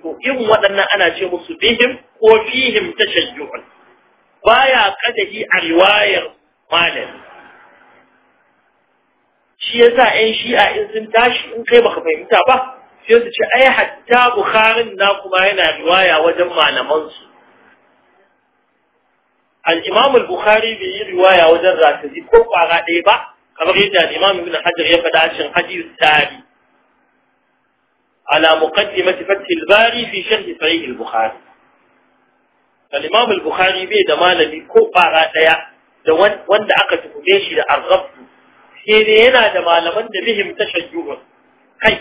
to irin waɗannan ana ce musu bihim ko fihim Ba baya kadahi a riwayar malam. shi yasa ƴan shi'a in sun tashi in kai baka fahimta ba sai su ce ai hatta bukharin na kuma yana riwaya wajen malamansu al-imam al-bukhari bai yi riwaya wajen rafizi ko kwara ɗaya ba kamar yadda al-imam ibn hajar ya faɗa cin hadith tari على مقدمة فتح الباري في شرح صحيح البخاري الإمام البخاري بيد ما لم يكون بارا ديا da wanda aka tuhume shi da arrabtu sai dai yana da malaman da bihim tashayyu'un kai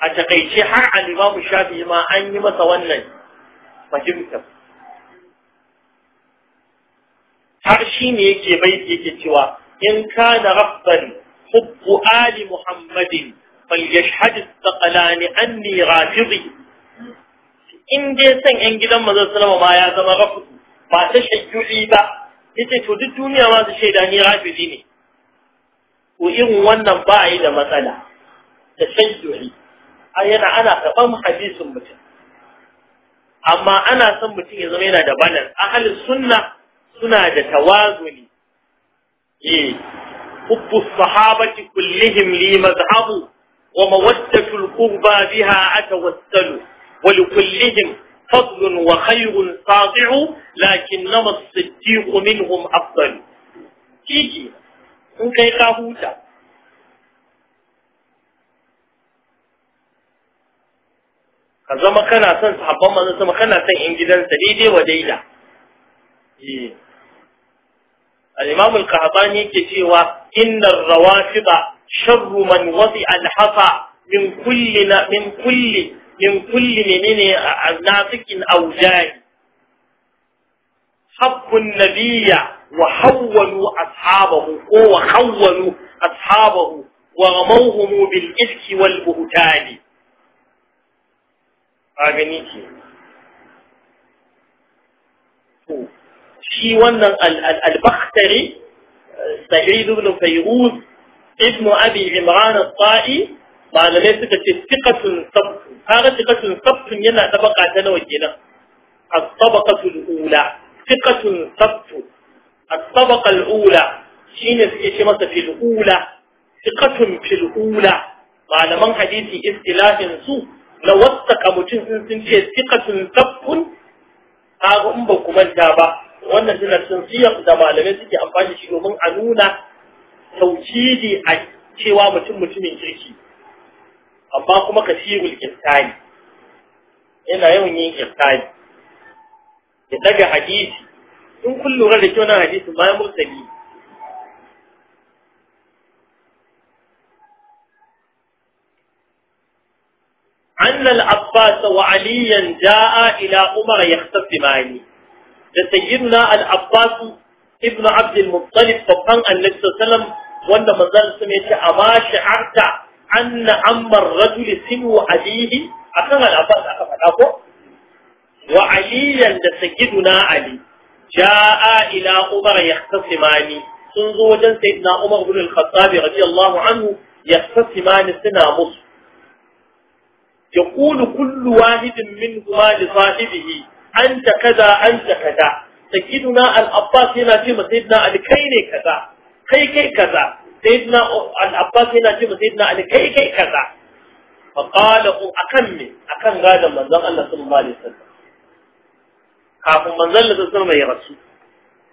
a takaice har a imam Shafi'i ma an yi masa wannan fahimtar. har shi ne yake bai yake cewa in kana rabban hubbu ali muhammadin فليشهد الثقلان أني رافضي in dai san ‘yan gidan mazan salama ma ya zama rafu ba ta shayyuli ba ya ce to duk duniya ma su shaida ni rafidi ne ko irin wannan ba a yi da matsala da shayyuli a yana ana karɓar hadisin mutum amma ana son mutum ya zama yana da banar. ahalin sunna suna da tawazuni eh hubbu sahabati kullihim li ومودة القربى بها أتوسلوا ولكلهم فضل وخير ساطع لكنما الصديق منهم أفضل تيجي وكي قابوتا كما كان أسان صحابا ما نسمى كان أسان إنجدان سديد وديلا إيه. الإمام القهطاني كتير إن الروافض شر من وضع الحصى من كل من كل من كل من ناطق أو جاي حب النبي وحولوا أصحابه وحولوا أصحابه ورموهم بالاذك والبهتان أغنيتي شي ونن البختري سعيد بن فيروز ibn abi imran al-ta'i malamai suka ce tiqatun sabtu kaga tiqatun sabtun yana tabaka ta nawa kenan as-tabaqatu al-ula tiqatun sabtu as-tabaqa al-ula shine suke ce masa fil ula fil'ula. fil ula malaman hadisi istilahin su na wasaka mutum in sun ce tiqatun sabtun kaga in ba ku manta ba wannan tana sun siyar da malamai suke amfani shi domin a nuna tauhidi a cewa mutum mutumin kirki amma kuma kasirul kirtani yana yawan yin kirtani ya daga hadisi in kun lura da kyau na hadisi ma ya mursali أن العباس وعليا جاء إلى عمر يختصمان da sayyidina al abbasu ibnu abdul muttalib babban annabi sallallahu wanda manzon sun ya ce a ba shi arta anna ammar rajul sinu abihi akan al-abbas aka faɗa ko wa aliyan da sayyiduna ali ja'a ila umar yahtasimani sun zo wajen sayyidina umar ibn al-khattab radiyallahu anhu yahtasimani suna musu يقول كل واحد منهما لصاحبه أنت كذا أنت كذا sayyiduna al-abbas yana ce ma sayyidina ali kai ne kaza kai kai kaza sayyidina al-abbas yana ce ali kai kai kaza fa qala akan me akan gadan manzon Allah sallallahu alaihi wasallam kafin manzon Allah sallallahu alaihi rasu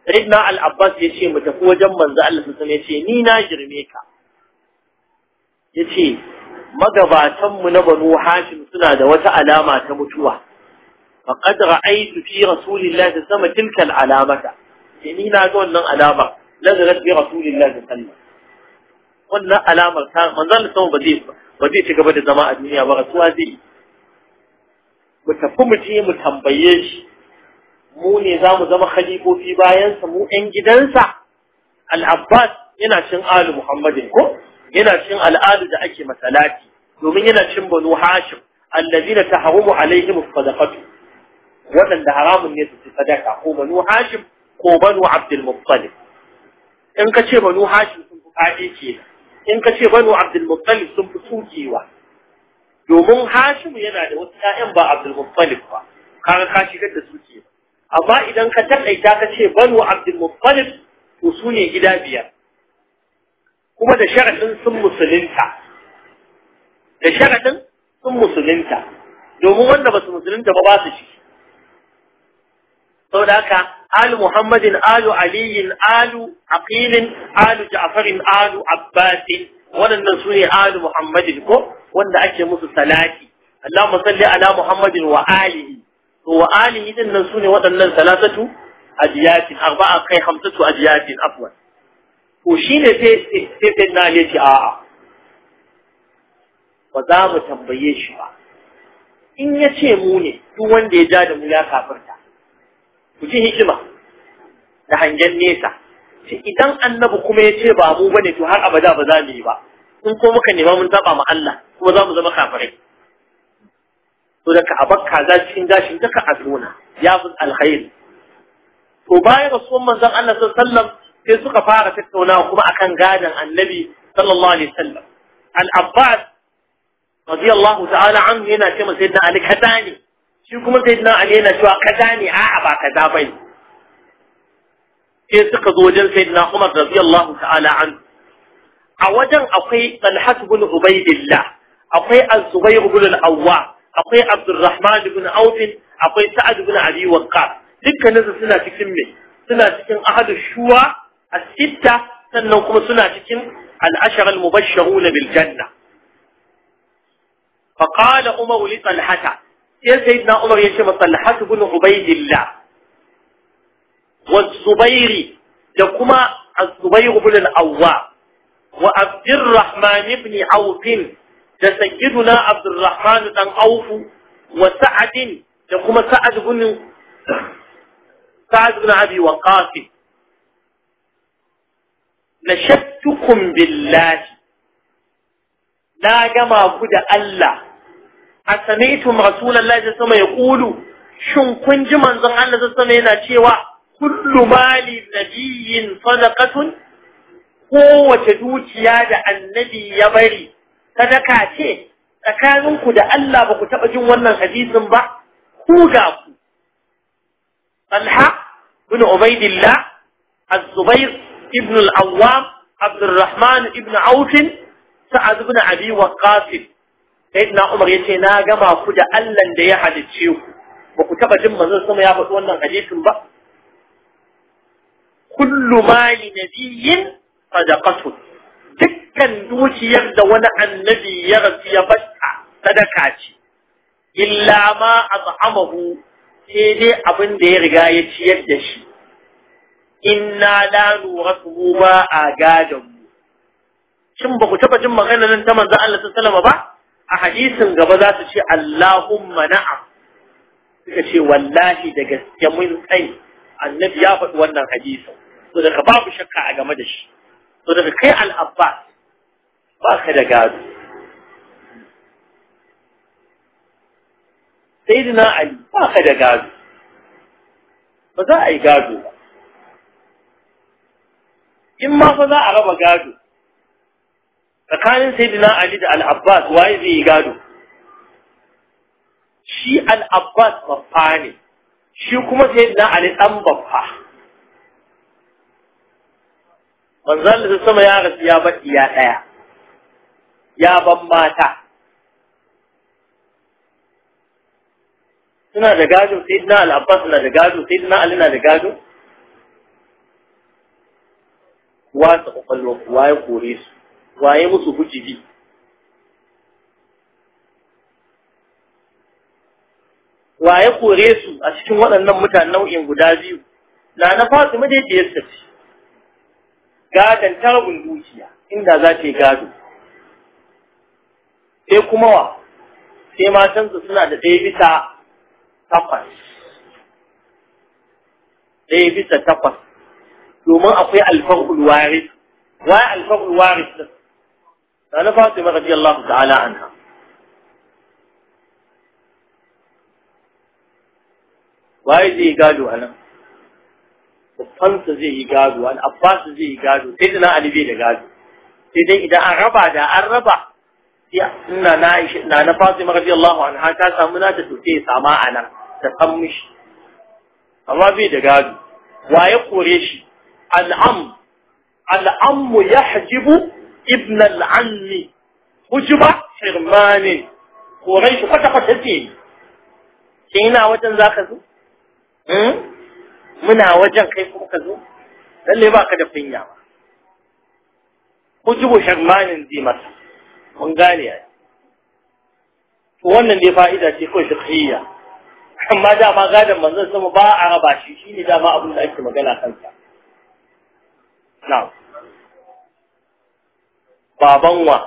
sayyidina al-abbas ya ce mu tafi wajen manzon Allah sallallahu ya ce ni na girme ka yace magabatanmu na banu hashim suna da wata alama ta mutuwa faqad ra'aytu fi rasulillahi sama tilka al'alamata ni na ga wannan alama nazarat bi rasulillahi wannan alamar ta manzon sama ba ba zai ci da zama a duniya ba rasuwa zai mu tafi mu je mu tambaye shi mu ne za mu zama khalifofi bayansa mu ɗan gidansa al'abbas yana cin alu muhammadin ko yana cin al'adu da ake masalati domin yana cin banu hashim allazina taharumu alaihim sadaqatu waɗanda haramun ne su ci sadaka ko banu hashim ko banu abdul in ka ce banu hashim sun fi ƙaɗe ke in ka ce banu abdul sun fi tsukewa domin hashim yana da wasu ƴaƴan ba abdul ba kaga ka shigar da suke amma idan ka taƙaita ka ce banu abdul to su ne gida biyar kuma da sharaɗin sun musulunta da sharaɗin sun musulunta domin wanda ba su musulunta ba ba su ciki Sau da haka Alu Muhammadin, Alu علي Alu عقيل Alu جعفر Alu عباس waɗannan su ne alu muhammadin ko wanda ake musu salati Allahumma salli ala muhammadin wa alihi to wa alihi din nan su ne waɗannan salatatu ajiyatin arba'a kai hamsatu ajiyatin afwan to shine sai sai na ne a a ba za mu tambaye shi ba in ya ce mu ne duk wanda ya ja da mu ya kafirta ku ji hikima da hangen nesa idan annabi kuma ya ce ba mu bane to har abada ba za mu yi ba in ko muka nema mun taba ma Allah kuma za mu zama kafirai to da abakka za cikin gashin daka a zuna ya fi alkhairi to bayan rasuwan manzon Allah sallallahu alaihi wasallam sai suka fara tattaunawa kuma akan gadan annabi sallallahu alaihi wasallam al-abbas radiyallahu ta'ala anhu yana ce masa sayyidina ali kadani shi kuma sai na ali yana cewa kaza ne a'a ba kaza bane sai suka zo wajen sayyidina Umar radiyallahu ta'ala an a wajen akwai Talhat bin Ubaydillah akwai Az-Zubayr ibn al-Awwa akwai Abdurrahman ibn Auf akwai Sa'ad ibn Abi Waqqas dukkanin su suna cikin me suna cikin ahadu shuwa as-sitta sannan kuma suna cikin al-ashara al-mubashshirun bil janna فقال عمر لطلحه sai sayyidina Umar ya ce masa Talhat ibn Ubaydillah wa Zubairi da kuma Az-Zubair ibn al-Awwa wa Abdurrahman ibn Auf da sayyiduna Abdurrahman dan Auf wa Sa'ad da kuma Sa'ad ibn Sa'ad ibn Abi Waqqas billahi na gama ku da Allah أسمعتم رسول الله صلى الله عليه وسلم يقول شن كنج من زن الله صلى الله عليه وسلم ينشيوا كل مال نبي صدقة kowace dukiya da annabi ya bari sadaka ce tsakaninku da Allah ba ku taɓa jin wannan hadisin ba ku ga ku Talha ibn Ubaidillah Az-Zubair ibn Al-Awwam Abdurrahman ibn Auf Sa'ad ibn Abi Waqqas sayyidina Umar yace na gama ku da Allah da ya halicce ku ba ku taba jin manzon sama ya faɗi wannan hadisin ba kullu ma li nabiyyin sadaqatu dukkan dukiyar da wani annabi ya rasu ya bata sadaka ce illa ma az'amahu sai dai abin da ya riga ya ciyar da shi inna la nuratu ba a gadan shin ba ku taba jin maganar nan ta manzon Allah sallallahu alaihi wasallam ba a hadisin gaba za su ce Allahumma na'am suka ce wallahi da gaske mun tsani annabi ya faɗi wannan hadisin so daga babu shakka a game da shi so daga kai al'abbas ba ka da gado Sai dina ali ba ka da gado ba za a yi gado ba in ma fa za a raba gado tsakanin dina ali da al-abbas waye zai yi gado shi al-abbas babba ne shi kuma dina ali dan babba manzon da sama ya rasu ya bar iya daya ya ban mata suna da gado dina al-abbas na da gado dina ali na da gado wasa ƙwaƙwalwa kuwa ya kore su waye musu hujibi waye kore su a cikin waɗannan mutanen nau'in guda biyu na na fasu madaidiyar ce gadon tarbin dukiya inda za ta yi gado sai kuma wa sai matansa suna da ɗaya bisa takwas ɗaya bisa takwas domin akwai alfar'ul waris wa alfar waris din قال فاطمة رضي الله تعالى عنها وايزي قالوا انا فانت زي قالوا انا عباس زي قالوا سيدنا علي بيه قالوا سيدي اذا اربع ده اربع يا ان نايش انا فاطمة رضي الله عنها كان سامنا تسوتي سما انا تفهمش اما قالوا وايه قريشي الام الام يحجب ابن al-ammi حرمان hirmanin korai shi وجن ذاك زو da wannan dai fa'ida ce kawai fiqhiyya amma dama manzon sama ba a raba shi shine dama abin da ake magana kansa na'am baban wa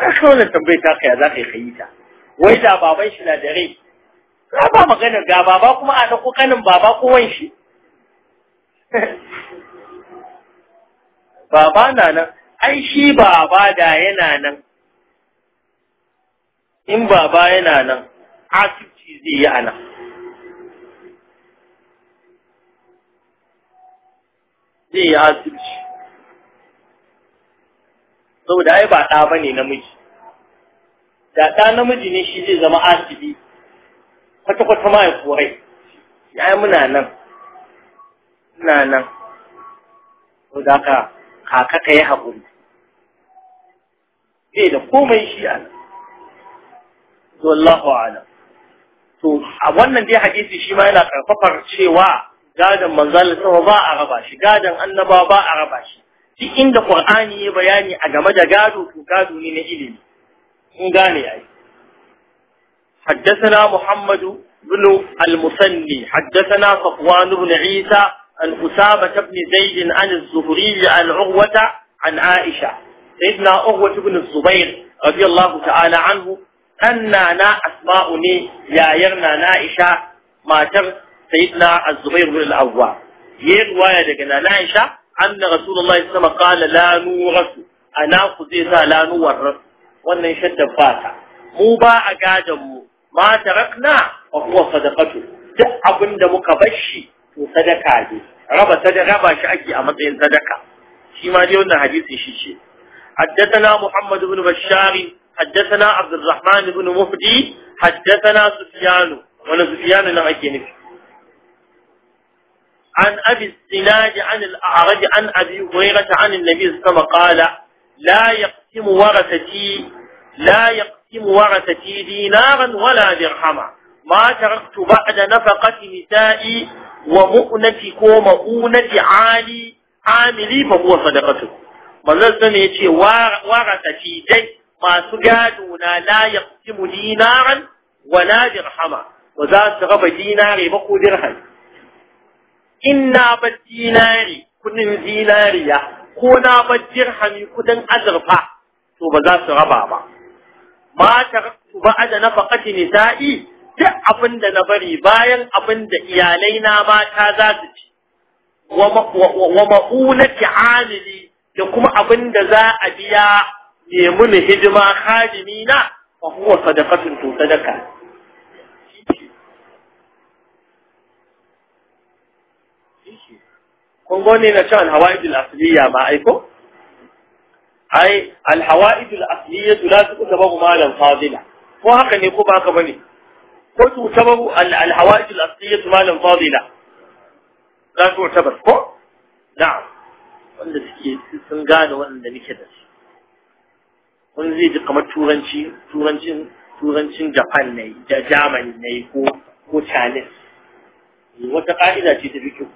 aka wannan tambayar ta kaya za ka yi kayi ta wai da baban shi na da rai ka ba magana ga baba kuma a dako kanin baba ko wan shi baba na nan ai shi baba da yana nan in baba yana nan asibiti zai yi a nan zai yi asibiti saboda ai ba ɗa ne namiji da ɗa namiji ne shi zai zama asibi kwata-kwata ma ya korai ya yi muna nan muna nan Ko saboda haka kaka ka yi haƙuri zai da komai shi a nan wallahu ala. to a wannan dai hadisi shi ma yana karfafar cewa gadon manzalin sama ba a raba shi gadon annaba ba a raba shi duk inda qur'ani ya bayani a game da gado to gado ne na ilimi kun gane ai حدثنا محمد بن المثني حدثنا صفوان بن عيسى عن أسامة بن زيد عن الزهري عن عروة عن عائشة سيدنا عروة بن الزبير رضي الله تعالى عنه أننا نا أسماء ني يا يرنا نائشة ما تر سيدنا الزبير بن الأواب يروى لنا نائشة أن رسول الله صلى الله عليه وسلم قال لا نورك أنا خذيها لا نور وأن يشد مو موبا أقادم ما تركنا وهو صدقته تأبن دمك بشي وصدقه دي. ربا صدق ربا شأجي أمضين صدقة كما ديونا حديث الشيشي حدثنا محمد بن بشار حدثنا عبد الرحمن بن مهدي حدثنا سفيان ونسفيان نعيك نفسه عن أبي الزناد عن الأعرج عن أبي هريرة عن النبي صلى الله عليه وسلم قال لا يقسم ورثتي لا يقسم ورثتي دينارا ولا درهما ما تركت بعد نفقة نسائي ومؤنتي ومؤونة عالي عاملي فهو صدقته manzon sun ya ce warasa dai لا يقسم دينارا ولا درهما وذا wala دينار يبقوا za in na bar dinari kudin zinariya ko na bar dirhami kudin azurfa to ba za su raba ba ma ta ba ada nafaqati nisa'i duk abin da na bari bayan abin da iyalai na mata za su ci wa ma'unati amili da kuma abin da za a biya nemi hidima hadimi na fa huwa sadaqatun to sadaka kun ga na cewa al-hawaid al-asliya ma aiko ai al-hawaid al-asliya la babu malan fadila ko haka ne ko ba haka bane ko tuqtabu al-hawaid al-asliya malam fadila za ku tabar ko na'am wanda suke sun gane wanda nake da shi wani zai ji kamar turanci turancin turancin Japan ne da Jamani ne ko ko Chinese wata ka'ida ce ta bikin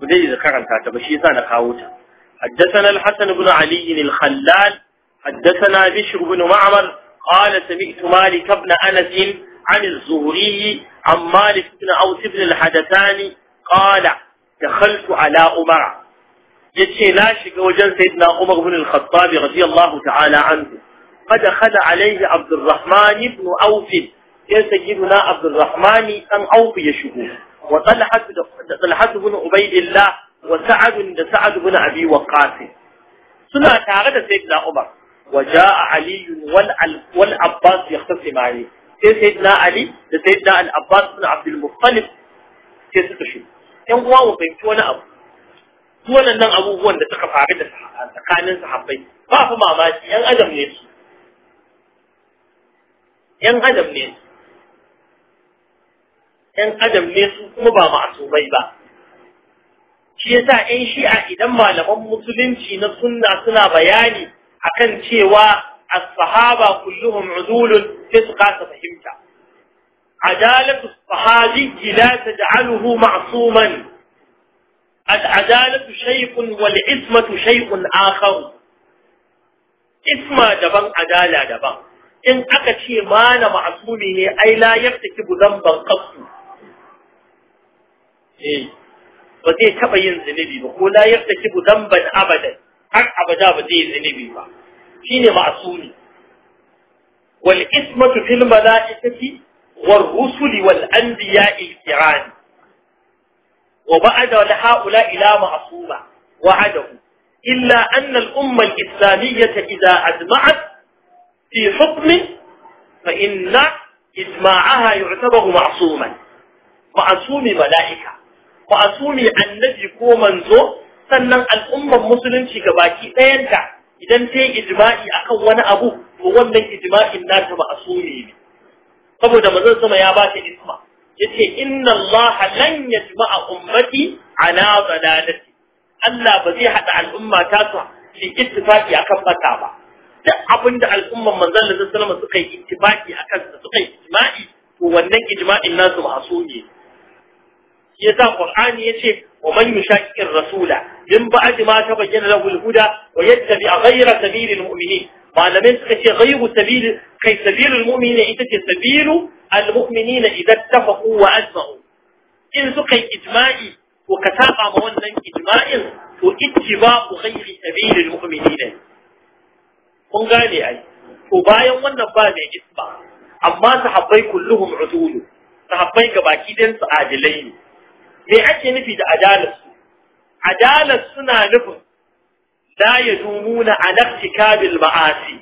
بدي ذكرتها تبشي سانا كاوتا حدثنا الحسن بن علي الخلال حدثنا بشر بن معمر قال سمعت مالك بن أنس عن الزهري عن مالك بن أوس بن الحدثان قال دخلت على أمر يتشي ناشق وجن سيدنا عمر بن الخطاب رضي الله تعالى عنه فدخل عليه عبد الرحمن بن أوف يا سيدنا عبد الرحمن أن أوف يشهوه وطلحه بن عبيد الله وسعد بن سعد بن ابي وقاص سنا تاره سيدنا عمر وجاء علي والعباس عليه سيدنا علي سيدنا العباس بن عبد المطلب كيف تشي ان هو وبنت وانا ابو wannan abubuwan da suka faru da tsakanin sahabbai ba fa mamaki yan adam ne su yan adam ne su ان قدم ليس مبا معصومي با كيسا ان شيء اذا معلمان مسلمين ن سنة سنة بياني اكن شيوا الصحابة كلهم عدول فسقا تفهمتا عدالة الصحابي لا تجعله معصوما العدالة شيء والعثمة شيء آخر اسم دبا عدالة دبا إن أكتشي مان معصومي أي لا يرتكب ذنبا قصو ba zai taba yin zunubi ba ko la yarda yartakibu dhanban abadan har abada ba zai yi zunubi ba shine ma'sumi wal ismatu fil malaikati wal rusuli wal anbiya kiran wa ba'da la haula ila ma'suma wa'adahu illa anna al umma al islamiyya idha ajma'at hukm fa inna ijma'aha يعتبر ma'suman ma'sumi malaika ma'asumi annabi ko manzo sannan al'ummar musulunci ga baki ɗayanta idan ta yi ijma'i akan wani abu to wannan ijma'in nata ma'asumi ne saboda manzon sama ya ba ta isma ce, inna Allah lan yajma'a ummati ala dalalati Allah ba zai haɗa al'umma ta su ittifaki ittifaqi akan bata ba duk abinda al'umman manzon da sallama suka yi ittifaqi akan suka yi ijma'i to wannan ijma'in nasu ma'asumi ne yasa qur'ani ce wa man yushaqiqir rasula min ba'd ma tabayyana lahu al-huda wa yattabi ghayra kaira mu'minin malamai suka ce ghayru sabil kai sabilul mu'minina ita ce sabilu al-mu'minina idan tafaqu wa asma'u. in suka yi ijma'i to ka saba ma wannan ijma'in to ittiba'u ghayri sabilil mu'minina kun gane ai to bayan wannan ba mai isba amma sahabbai kulluhum utulu sahabbai gabaki ɗayan su adilai ne me ake nufi da adalas adalas suna nufin la yadumuna ala iktikabil ma'asi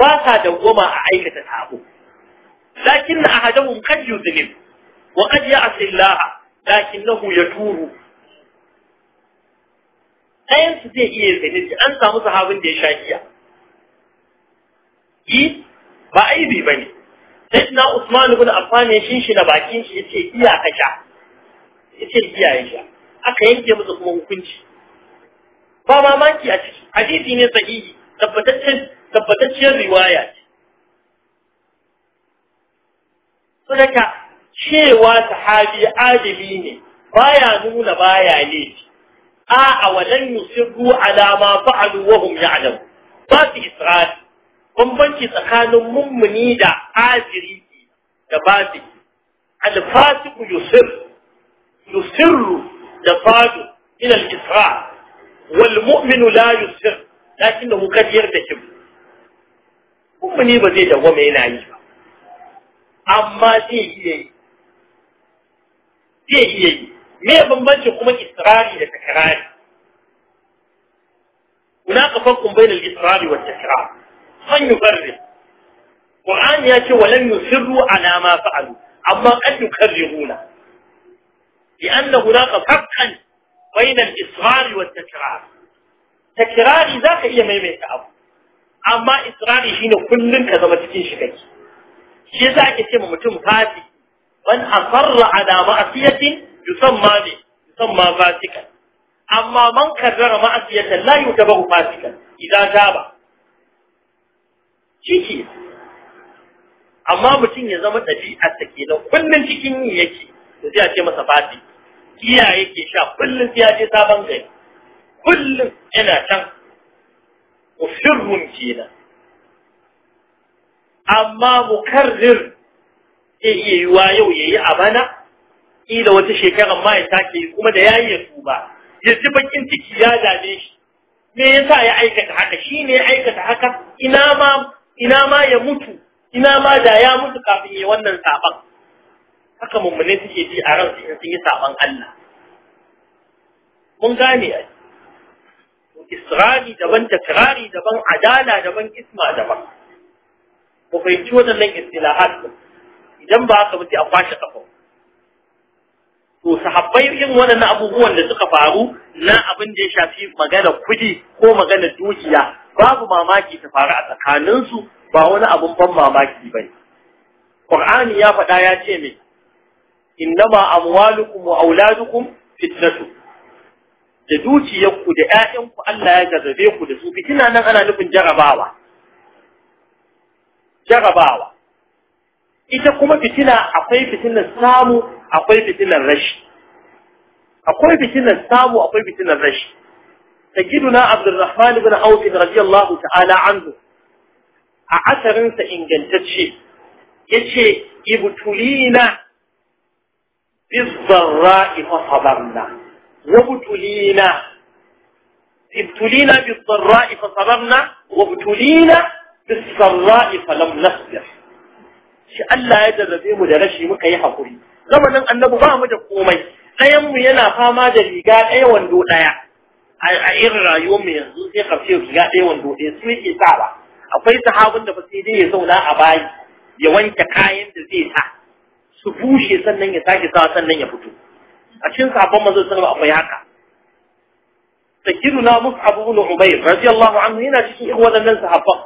ba sa goma a aikata sabo lakin ahadahum qad yuzlim wa qad ya'si Allah lakinnahu yaturu ɗayan su zai iya zane an samu sahabin da ya sha giya yi ba aibi ba ne sai na usman ibn affan ya shinshi na bakin shi yace iya ka sha biya ya sha aka yanke masa kuma hukunci ba mamaki a ciki hadisi ne sahihi tabbataccen tabbataccen riwaya ce sadaka cewa sahabi adili ne baya nuna baya ne a a wajen yusirru alama fa'alu wa hum ya'lamu ba su isra'ati bambanci tsakanin mummuni da ajiri da ba su alfasiku yusirru يسر دفاده إلى الإسراع والمؤمن لا يسر لكنه قد يرتكب مؤمني بزي ومين ينعي أما زي هي زي هي ما بمبنش كما إسراري لتكراري هناك فرق بين الإسرار والتكرار من يفرق القرآن يأتي ولم يسروا على ما فعلوا أما أن يكررونه لأن هناك فرقا بين الإصرار والتكرار تكراري ذاك هي ميميت أبو أما إصراري شين كل كذا ما تكين شكاك شيء ذاك يتم متم فاتي من أصر على معصية يسمى لي يسمى فاتكا أما من كرر معصية لا يعتبر فاتكا إذا تاب شيء amma mutum ya zama ɗabi'arsa kenan kullum cikin yi yake to sai a ce masa fati Iyaye ke sha kullum sai ya je sabon gari kullum yana can mufirrun kenan amma mukarrir ke iya wa yau ya yi a bana ila wata shekarar ma ya sake yi kuma da ya yi ya tuba ya ji bakin ciki ya dame shi me yasa ya aikata haka shi ne ya aikata haka ina ma ya mutu ina ma da ya mutu kafin ya wannan saban haka mummune suke ji a ran sun yi saban Allah mun gane ai israri daban takrari daban adala daban isma daban ku fahimci waɗannan istilahat idan ba haka ba sai a kwashe kafa to sahabbai yin waɗannan abubuwan da suka faru na abin da ya shafi magana kudi ko magana dukiya babu mamaki ta faru a tsakaninsu ba wani abin ban mamaki ba ne. Qur'ani ya faɗa ya ce mai innama amwalukum wa auladukum fitnatu da dukiyarku da ƴaƴanku Allah ya jarrabe ku da su fitina nan ana nufin jarabawa jarabawa ita kuma fitina akwai fitinar samu akwai fitinar rashi akwai fitinar samu akwai fitinar rashi sayyiduna abdurrahman ibn auf radiyallahu ta'ala anhu a asarin sa ingantacce yace ibtulina بالضراء فصبرنا وابتلينا ابتلينا بالضراء فصبرنا وابتلينا بالسراء فلم نصبر shi Allah ya jarrabe mu da rashi muka yi hakuri zamanin annabi ba mu da komai ɗayan mu yana fama da riga ɗaya wando ɗaya a irin rayuwar mu yanzu sai ka ce riga ɗaya wando ɗaya su yake sa ba akwai sahabin da ba sai dai ya zauna a bayi ya wanke kayan da zai sa su bushe sannan ya sake sa sannan ya fito a cikin sahabban manzo sallallahu alaihi wasallam akwai haka sayyiduna mus'ab ibn ubayr radiyallahu anhu yana cikin wadannan sahabban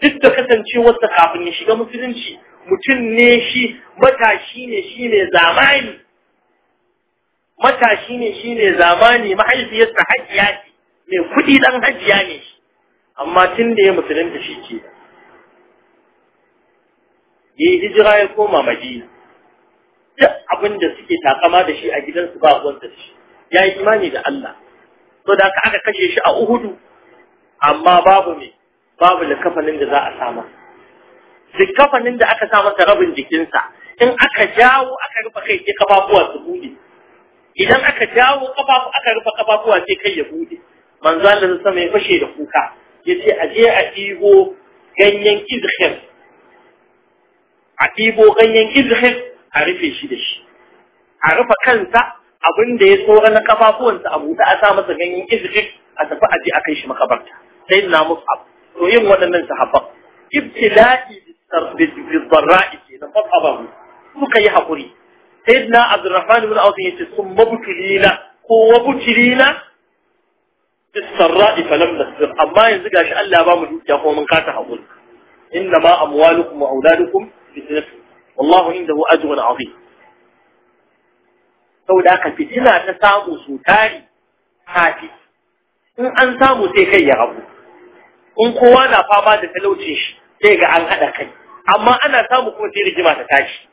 duk da kasancewar sa kafin ya shiga musulunci mutum ne shi matashi ne shi ne zamani matashi ne shi ne zamani mahaifiyarsa hajiya ce mai kuɗi dan hajiya ne shi amma tun da ya musulunta shi ke yi hijira ya koma madina abin da suke takama da shi a gidansu ba wanda shi ya yi imani da Allah to da aka aka kashe shi a Uhudu amma babu ne babu kafanin da za a sama kafanin da aka sa masa rabin jikinsa in aka jawo aka rufe kai sai kafafuwa su bude idan aka jawo kafafu aka rufe kafafuwa sai kai ya bude manzo Allah sama ya fashe da kuka yace a je a ibo ganyen izhir a ɗibo ganyen izhir arife shi da shi arifa kansa abin da ya tsora na kafafuwansa a buɗe a sa masa ganyen izrik a tafi aje a kai shi makabarta sai na mus'ab to yin waɗannan sahabban ibtila'i bi bizarra'i ke na fasabahu suka yi hakuri sai na abdurrahman ibn awf yace sun mabutulina ko wabutulina bizarra'i falam nasbir amma yanzu gashi Allah ba mu dukiya ko mun kasa hakuri inna ma amwalukum wa auladukum fitnatun wallahu indahu ajrun azim saboda haka fitina ta samu su tari kafi in an samu sai kai ya rabu in kowa na fama da talauci shi sai ga an haɗa kai amma ana samu kuma sai rigima ta tashi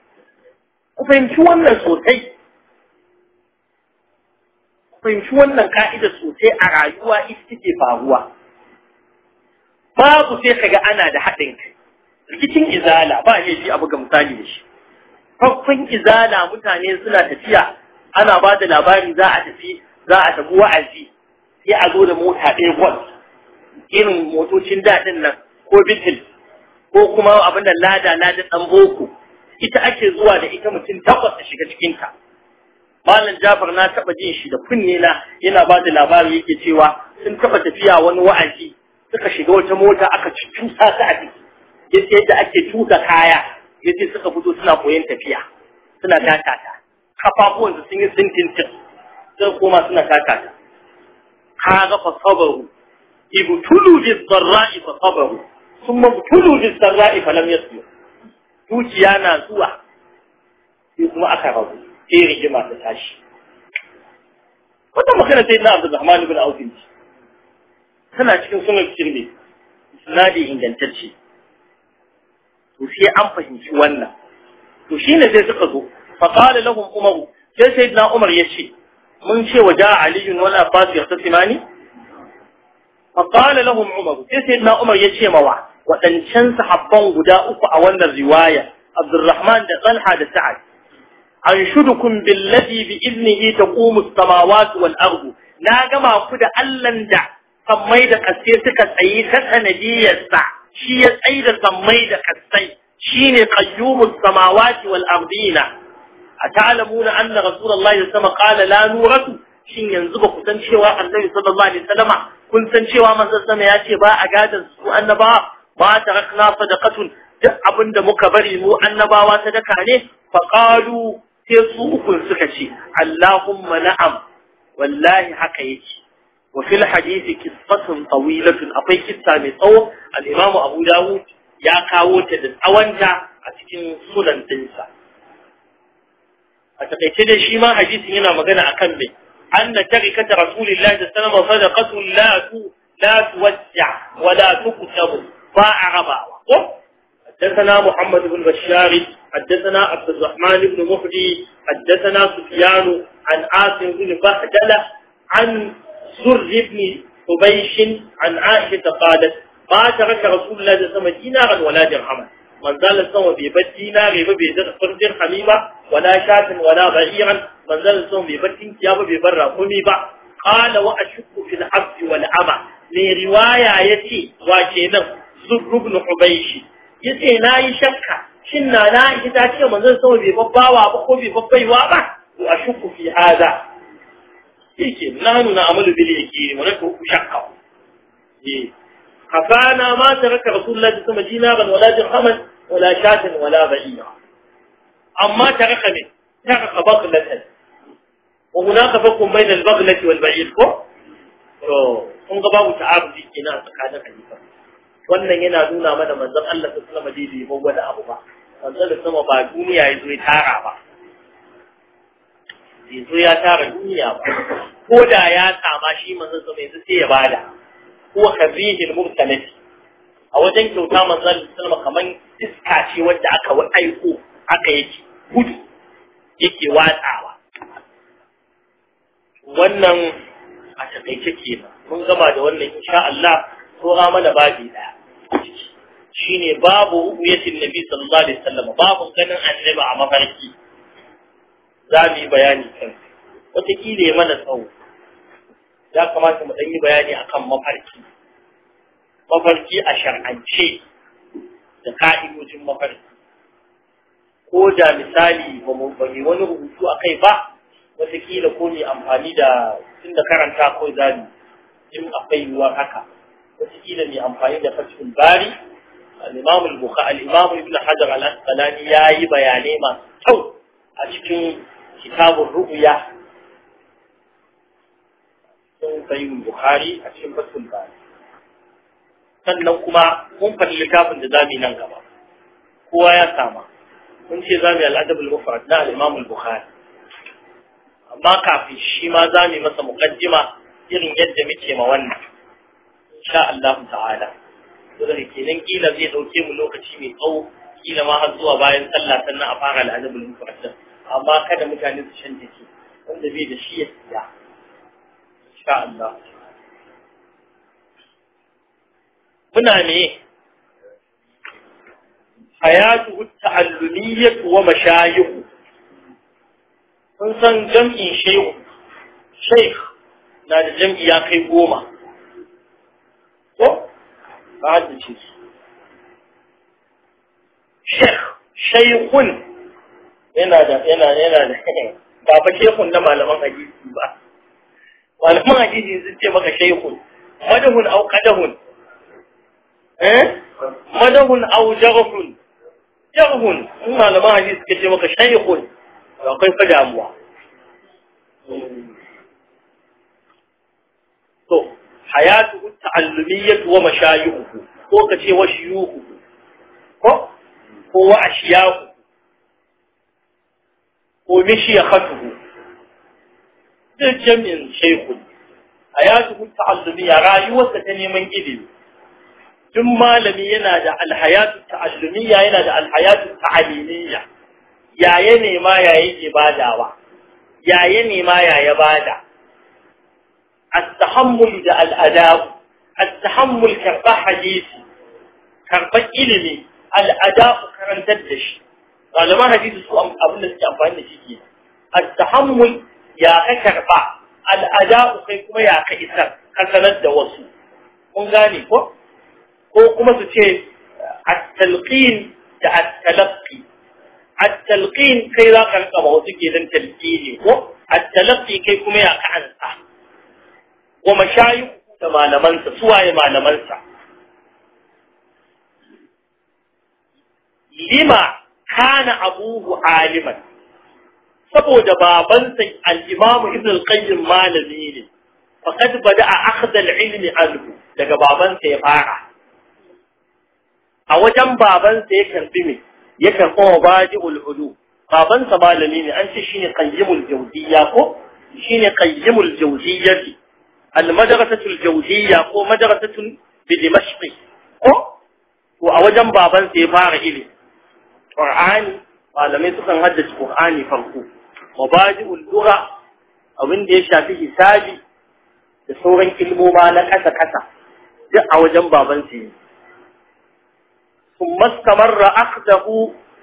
ku fahimci wannan sosai ku fahimci wannan ka'ida sosai a rayuwa ita take faruwa babu sai kaga ana da haɗin kai rikicin izala ba ne shi abu ga misali da shi farkon izala mutane suna tafiya ana ba da labari za a tafi za a tafi wa'azi sai a zo da mota ɗaya gwal irin motocin daɗin nan ko bitil ko kuma abin da lada lada ɗan boko ita ake zuwa da ita mutum takwas a shiga cikinta malam jafar na taɓa jin shi da kunne na yana ba da labari yake cewa sun taɓa tafiya wani wa'azi suka shiga wata mota aka sa ta a ciki yace yadda ake tuka kaya yace suka fito suna koyon tafiya suna takata kafafuwan su sun yi sintintin sai koma suna takata ga fa sabaru tulu bi dharra'i fa sabaru thumma tulu bi dharra'i fa lam yasmu dukiya na zuwa sai kuma aka rabu sai rigima ta tashi wata magana sai na Abdulrahman ibn Auf tana cikin sunan Tirmidhi isnadi ingantacce to sai an fahimci wannan to shine sai suka zo fa qala lahum umar sai sayyidina umar ya ce mun ce wa ja ali wal abbas yaqtasimani fa qala lahum umar sai sayyidina umar ya ce mawa wadancan sahabban guda uku a wannan riwaya abdurrahman da talha da sa'ad anshudukum billadhi bi idnihi taqumu as-samawati wal ardu na gama ku da allan da kammai da kaske suka tsayi ta sanadiyarsa shi ya tsaida sammai da Shi shine qayyumus samawati wal ardina atalamuna anna rasulullahi sallallahu alaihi wasallam la nuratu shin yanzu ba ku san cewa annabi sallallahu alaihi wasallam kun san cewa manzon sama ya ce ba a gadan su annabawa? ba tarakna sadaqatun duk abinda muka bari mu annabawa sadaka ne fa qalu sai su uku suka ce allahumma na'am wallahi haka yake وفي الحديث قصة طويلة أقول قصة مطوة الإمام أبو داود يا كاوت الأونجا أتكين سنن تنسى أتقيت دي ما حديث هنا مغانا أكمل أن تركة رسول الله صلى الله عليه وسلم صدقة لا لا توزع ولا تكتب باع غباء حدثنا محمد بن بشار حدثنا عبد الرحمن بن مهدي حدثنا سفيان عن عاصم بن بهدلة عن سر ابن حبيش عن عائشة قالت ما ترك رسول الله صلى الله عليه وسلم دينارا ولا درهما من ذا لسوم بيبت دينار بيبت درهمي با ولا شاة ولا بعيرا من زال الصوم بيبت كياب بيبر رقمي با قال وأشك في العبد والعمى من رواية يتي واكينا زر ابن حبيش يتي لا يشك شنا لا يتاكي من ذا لسوم بيبت باوا بخو بيبت بيوا با وأشك في هذا yake nanu na amalu bil yaqini wa nakhu shaqqa eh kafana ma taraka rasulullahi sama dinaban wala dirhaman wala shatan wala ba'iya amma taraka ne taraka baghlatan wa hunaka fakum bayna al baghlati wal ba'ir ko to kun ga babu ta'arudi kenan tsakanin hadisan wannan yana nuna mana manzon Allah sallallahu alaihi wasallam bai yi abu ba manzon sama ba duniya ya zo ya tara ba bai zo ya tara duniya ba ko da ya tsama shi manzon sama yanzu sai ya bada ko kazihil mursalati a wajen kyauta manzon sallama kaman iska ce wanda aka wa aiko aka yake gudu yake watsawa wannan a ke ba, mun gama da wannan insha Allah ko ga mana babi daya shine babu ubiyatin nabi sallallahu alaihi wasallam babu ganin annabi a mafarki za mu yi bayani kan wataƙila ya mana tsawo ya kamata mu ɗan yi bayani akan mafarki mafarki a shar'ance da ka'idojin mafarki ko da misali ba mu wani rubutu a kai ba wataƙila ko mai amfani da tun karanta ko zami in akwai yiwuwar haka wataƙila mai amfani da fatul bari al-imam al-bukhari al-imam ibn hajar al-asqalani yayi bayanai masu kyau a cikin kitabun ru'uya sun sayi bukhari a cikin fasul bari sannan kuma mun faɗi littafin da zamu nan gaba kowa ya sama mun ce zamu al-adab al-mufrad na al-imam al-bukhari amma kafin shi ma zamu masa muqaddima irin yadda muke ma wannan insha Allah ta'ala dole kenan kila zai dauke mu lokaci mai tsawo kila ma har zuwa bayan sallah sannan a fara al-adab al-mufrad amma kada mutane su canza ke wanda bai da shi ya siya insha Allah muna ne hayatu ta'allumiyyah wa mashayikh Sun san jam'in shehu sheikh na da jam'i ya kai goma ko ba da ce sheikh shaykhun yana da yana yana da ba fa shehun na malaman hadisi ba malaman hadisi sun ce maka shehun madahun au kadahun. eh madahun au jarhun jarhun malaman hadisi suka ce maka shehun akwai fa damuwa to hayatu ta'allumiyyah wa mashayikhu ko kace wa shuyukhu ko ko wa ashiyahu ومشي يخطه جميع شيخ حياته التعلمية رايوة تتني من قبل ثم لم ينادى الحياة التعلمية ينادى الحياة التعليمية يا يني ما يا يجي بادا وا. يا يني ما يا يبادا التحمل دا الأداب التحمل كربا حديثي كربا إلمي الأداب كرنتدش malaman hadisi su abin da suke amfani da shi ke at-tahammul ya ka karba al'ada adau kai kuma ya ka isar ka sanar da wasu kun gane ko ko kuma su ce at-talqin da at-talaqqi at-talqin kai za ka rika wasu ke dan talqini ko at-talaqqi kai kuma ya ka ansa wa mashayikh da malamansa suwaye malamansa lima كان أبوه عالما سبو جبابان سي الإمام ابن القيم ما نزيني فقد بدأ أخذ العلم عنه لجبابان سي باعة أوجم بابان سي كنبمي يكن هو باجئ الهدو بابان سبا لنيني أنت شيني قيم الجوزية كو شيني قيم الجوزية دي المدرسة الجوزية كو مدرسة بدمشق كو وأوجم بابان سي باعة إليه Qur'ani malamai sukan haddace Qur'ani farko mabadi'ul lugha abin da ya shafi hisabi da sauran ilmoma na ƙasa ƙasa duk a wajen baban su yi ثم استمر أخذه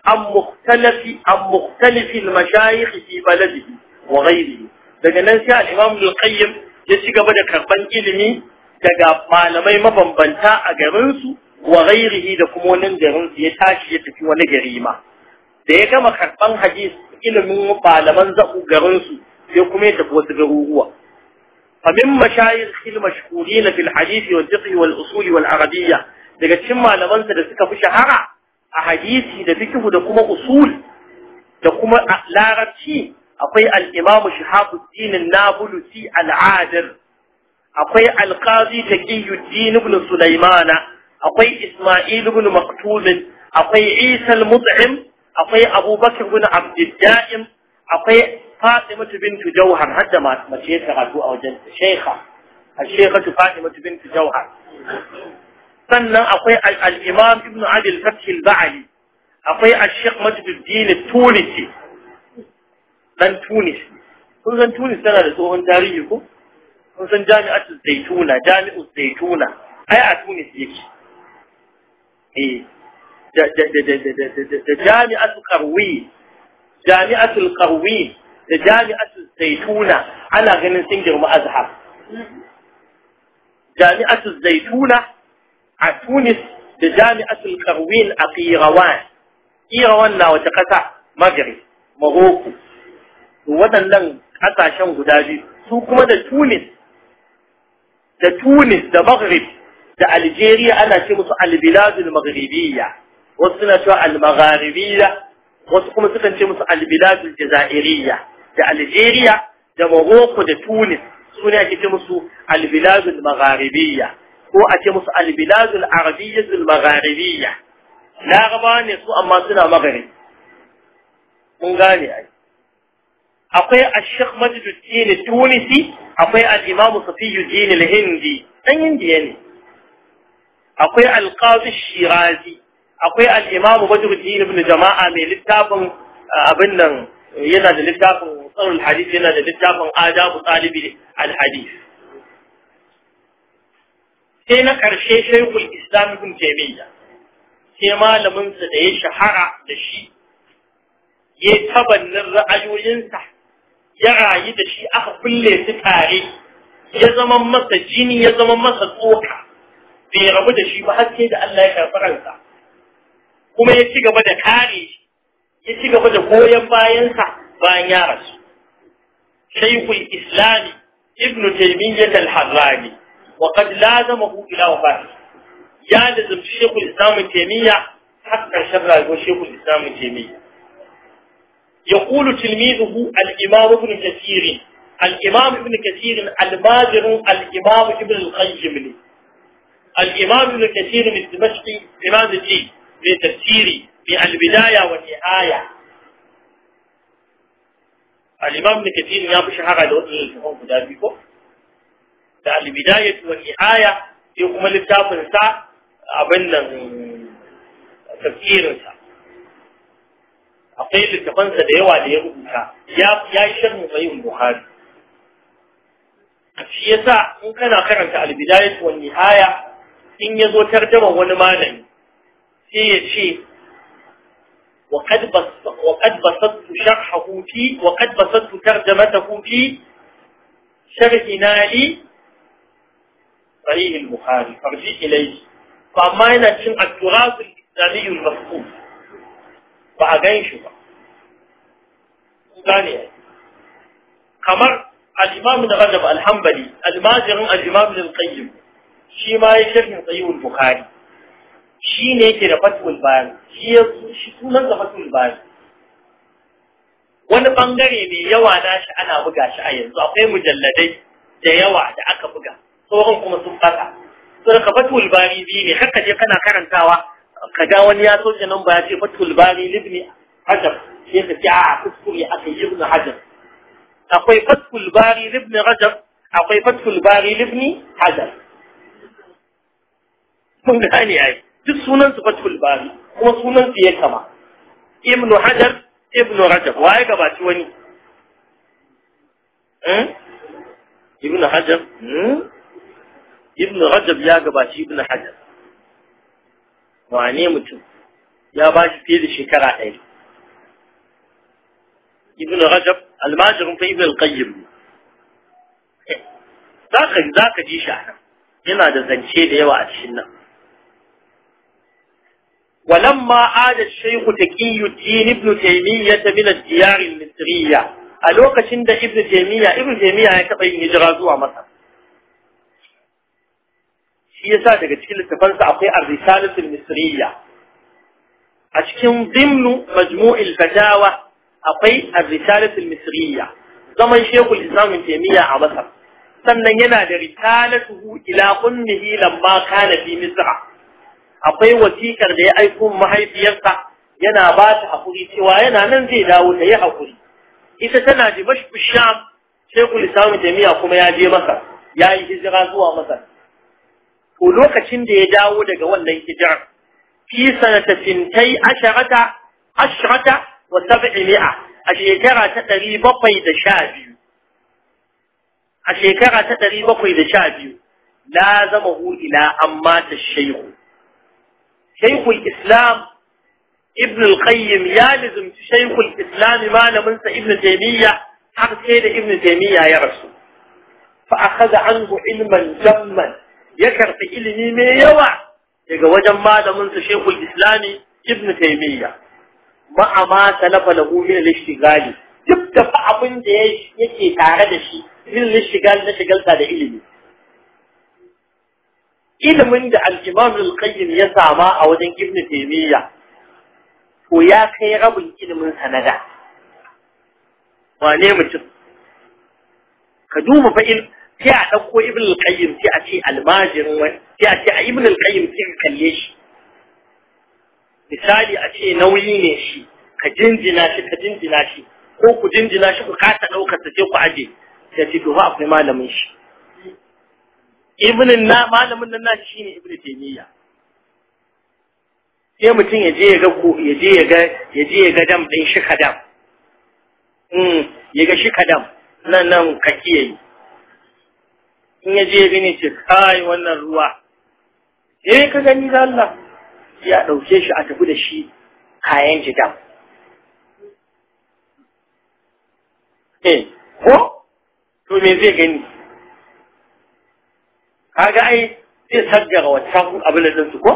عن مختلف عن مختلف المشايخ في بلده وغيره daga nan sai al-Imam al-Qayyim ya ci gaba da karban ilimi daga malamai mabambanta a garin su wa ghairihi da kuma wannan garin ya tashi ya tafi wani gari ma da ya gama karban hadis ilimin malaman zaku garin su sai kuma ya tafi wasu garuruwa fa min mashayikh al mashhurin fil hadith wal fiqh wal usul wal arabiyya daga cikin malaman sa da suka fi shahara a hadisi da fiqh da kuma usul da kuma larabci akwai al imam shahabuddin an-nabulusi al adil akwai al qadi taqiyuddin ibn sulaimana أقي إسماعيل بن مقتول أقي عيسى المطعم أقي أبو بكر بن عبد الدائم أقي فاطمة بنت جوهر حتى ما مشيت غدو أو جنت شيخة الشيخة فاطمة بنت جوهر سنة أقي الإمام ابن علي الفتح البعلي أقي الشيخ مجد الدين التونسي لن تونس كل لن تونس أنا لسه عن تاريخه كل سنة جامعة الزيتونة جامعة الزيتونة أي أتونس يجي eh da da da da da da da jami'atul qarwi jami'atul da jami'atul zaituna ana ganin sun girma azhar jami'atul zaituna a Tunis da jami'atul qarwin a Qirawan Qirawan na wata kasa Maghrib Maroko. waɗannan ƙasashen guda biyu su kuma da Tunis da Tunis da Maghrib da Algeria ana ce musu albiladul maghribiyya wasu suna cewa almagharibiyya wasu kuma sukan ce musu albiladul jazairiyya da Algeria da Morocco da Tunis su ne ake ce musu albiladul magharibiyya ko a ce musu albiladul arabiyyatul magharibiyya laraba ne su amma suna magharib mun gane ai akwai ash-shaykh majduddin tunisi akwai al-imam safiyuddin al-hindi dan indiya ne أقوي القاضي الشيرازي أقوي الإمام بدر الدين بن جماعة من لتاب أبنا ينا لتاب صر الحديث ينا لتاب آداب طالب الحديث سينا كرشي شيخ الإسلام بن تيمية كما لم ينسد يشحر لشي يتبن الرأي وينسح يرعي دشي أخ كل ستاري يزمن مسجيني يزمن مسجوحة bai rabu da shi ba har sai da Allah ya karɓi ransa kuma ya ci gaba da kare shi ya ci gaba da goyon bayansa bayan ya rasu shaykhul islami ibnu taymiyyah al-harrani wa qad lazamahu ila wafatihi ya lazumci shaykhul islam taymiyyah har karshen rayuwar shaykhul islam taymiyyah يقول تلميذه الإمام ابن كثير الإمام ابن كثير الماجر الإمام ابن القيم الإمام ابن كثير الدمشقي إمام الدين في تفسيري في البداية والنهاية الإمام ابن كثير يا بشهر على وجهه guda biyu ko da al-bidayah wa nihaya sai kuma littafin sa abin nan akwai littafan da yawa da ya rubuta ya ya yi sharhu in kana karanta al in ya zo tarjaman wani malami sai ya ce وقد بسطت شرحه في وقد بسطت ترجمته في شرحنا لي صحيح البخاري فارجع إليه فما ينتشن التراث الإسلامي المفقود بعدين شو ثانيا كمر الإمام بن رجب الحنبلي الماجر الإمام بن القيم shi ma ya sharhin sahihul bukhari shi ne yake da fatul bari shi ya shi sunan da fatul bari wani bangare mai yawa na shi ana buga shi a yanzu akwai mujalladai da yawa da aka buga sauran kuma sun fata sun ka fatul bari biyu ne haka je kana karantawa ka ga wani ya soke nan ba ya ce fatul bari libni hajar sai ka ce a kuskure aka yi ibn hajar akwai fatul bari libni hajar akwai fatul bari libni hajar mun gane ai duk sunan su fatul bari kuma sunan su ya kama ibnu hajar ibnu rajab ya gabaci wani eh ibnu hajar hmm? ibnu rajab ya gabaci ibnu hajar wane mutum ya ba shi fiye da shekara ɗaya ibnu rajab almajirin fa ibnu alqayyim zaka zaka ji shi yana da zance da yawa a cikin nan ولما عاد الشيخ تكي الدين ابن تيمية من الديار المصرية ألوك شند ابن تيمية ابن تيمية يكفي هجرة زوا مصر شيء سادة كل تفرز أخي الرسالة المصرية أشكم ضمن مجموع الفتاوى أخي الرسالة المصرية زمن شيخ الإسلام ابن تيمية عبصر سننا لرسالته إلى أمه لما كان في مصر akwai wasikar da ya aiko mahaifiyarsa yana ba ta haƙuri cewa yana nan zai dawo ta yi hakuri ita tana da mashi sai ku islamu jami'a kuma ya je masa ya yi hijira zuwa masa to lokacin da ya dawo daga wannan hijira fi sanata fintai asharata asharata wa sab'i mi'a a shekara ta ɗari bakwai da sha biyu a shekara ta ɗari bakwai da sha biyu la zama hu ila amma ta shehu شيخ الإسلام ابن القيم يا لزم شيخ الإسلام ما لمنسى ابن تيمية حق سيد ابن تيمية يا رسول فأخذ عنه علما جما يكر في علمي ما يوع وجم ما لمنسى شيخ الإسلام ابن تيمية مع ما سلف له من الاشتغال duk da fa يكي da yake من الاشتغال نشغل هذا علمي ilimin da al-imam al-qayyim ya sama a wajen ibn taimiyya, to ya kai rabin ilimin sanada wane mutum ka duba fa in sai a ɗauko ibn al-qayyim sai a ce almajirin wani sai a ce a ibn al-qayyim sai ka kalle shi misali a ce nauyi ne shi ka jinjina shi ka jinjina shi ko ku jinjina shi ku kasa ɗaukar sai ku aje sai ce to ba akwai malamin shi ibnin na malamin nan nashi shine ibnu taymiya sai mutum ya je ya ga ya je ya ga ya je ya ga dam din shi kadam In hmm, ya ga shi kadam nan nan ka in ya je ya gani ce kai wannan ruwa eh ka gani da Allah ya dauke shi a tafi da shi kayan jidam eh ko to me zai gani kaga ai zai sajjara wancan abin da su ko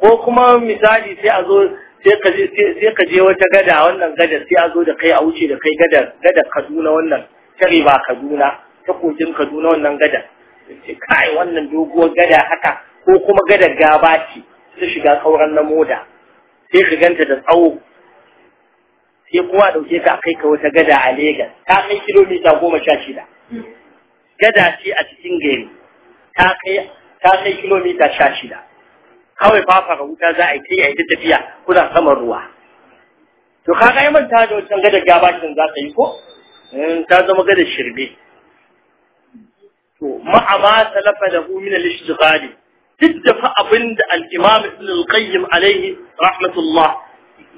ko kuma misali sai a zo sai ka je wata gada wannan gada, sai a zo da kai a wuce da kai gadar Kaduna wannan tare ba Kaduna ta kogin Kaduna wannan gada. sai kai wannan doguwar gada haka ko kuma Gada gaba ce ta shiga kauran na moda sai ka ganta da tsawo sai kuma dauke ka kai ka wata gada a Legas ta kai kilomita goma sha shida gada ce a cikin gari ta kai kilomita sha shida kawai fafara wuta za a yi kai a yi ta tafiya kuna saman ruwa to ka ga manta da wancan gadar gabashin za ka yi ko eh, ta zama gadar shirme to ma'a salafa da hu min al duk da fa abinda al-imam ibn al-qayyim alayhi rahmatullah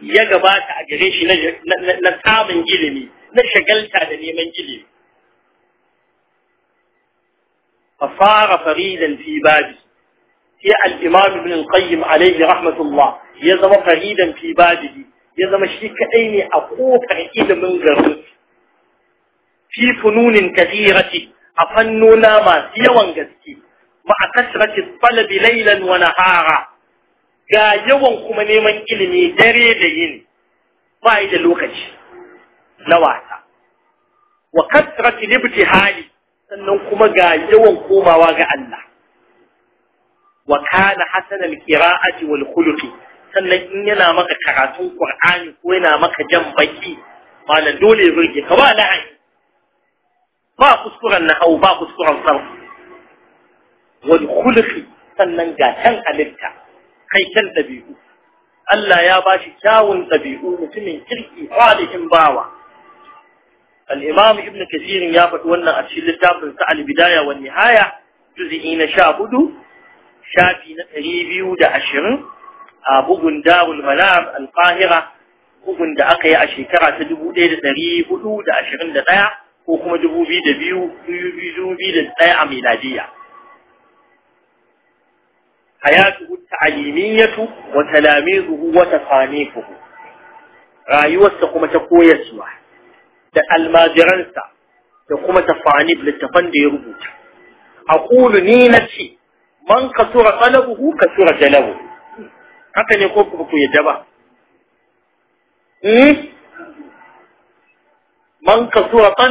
ya gabata a gare shi na samun ilimi na shagalta da neman ilimi فصار فريدا في بابه في الإمام ابن القيم عليه رحمة الله يزم فريدا في بابه يزم الشيك أين أقوط عيد من غرس في فنون كثيرة أفنونا ما في قدسي مع كثرة الطلب ليلا ونهارا جا يوان كمني من إلمي دريدين فايد الوقت نواتا وكثرة الابتهالي sannan kuma ga yawan komawa ga Allah wa kana hasan al-qira'ati wal khuluqi sannan in yana maka karatun Qur'ani ko yana maka jan baki malan dole ya burge ka ba la'ani ba kuskuren nahau ba kuskuren sarf wal khuluqi sannan ga kan halitta kai kan dabi'u Allah ya bashi kyawun dabi'u mutumin kirki salihin bawa الإمام ابن كثير يابت وانا أرشي للتابع بتاع البداية والنهاية جزئين شابدو شافي نتريبيو دا عشر أبوغن دار المنام القاهرة أبوغن دا أقيا أشيكرة تدبو دا تريبو دا عشرين دا دايا وكما دبو بي دا بيو بيو بي دا دايا ميلادية حياته التعليمية وتلاميذه وتصانيفه رأيوه سقمة قوية سواح da almajiransa da kuma tafani littafan da ya rubuta aqulu ni ce, man kasura ka kasura jalabu haka ne ko ku yadda ba hmm? man kasura ka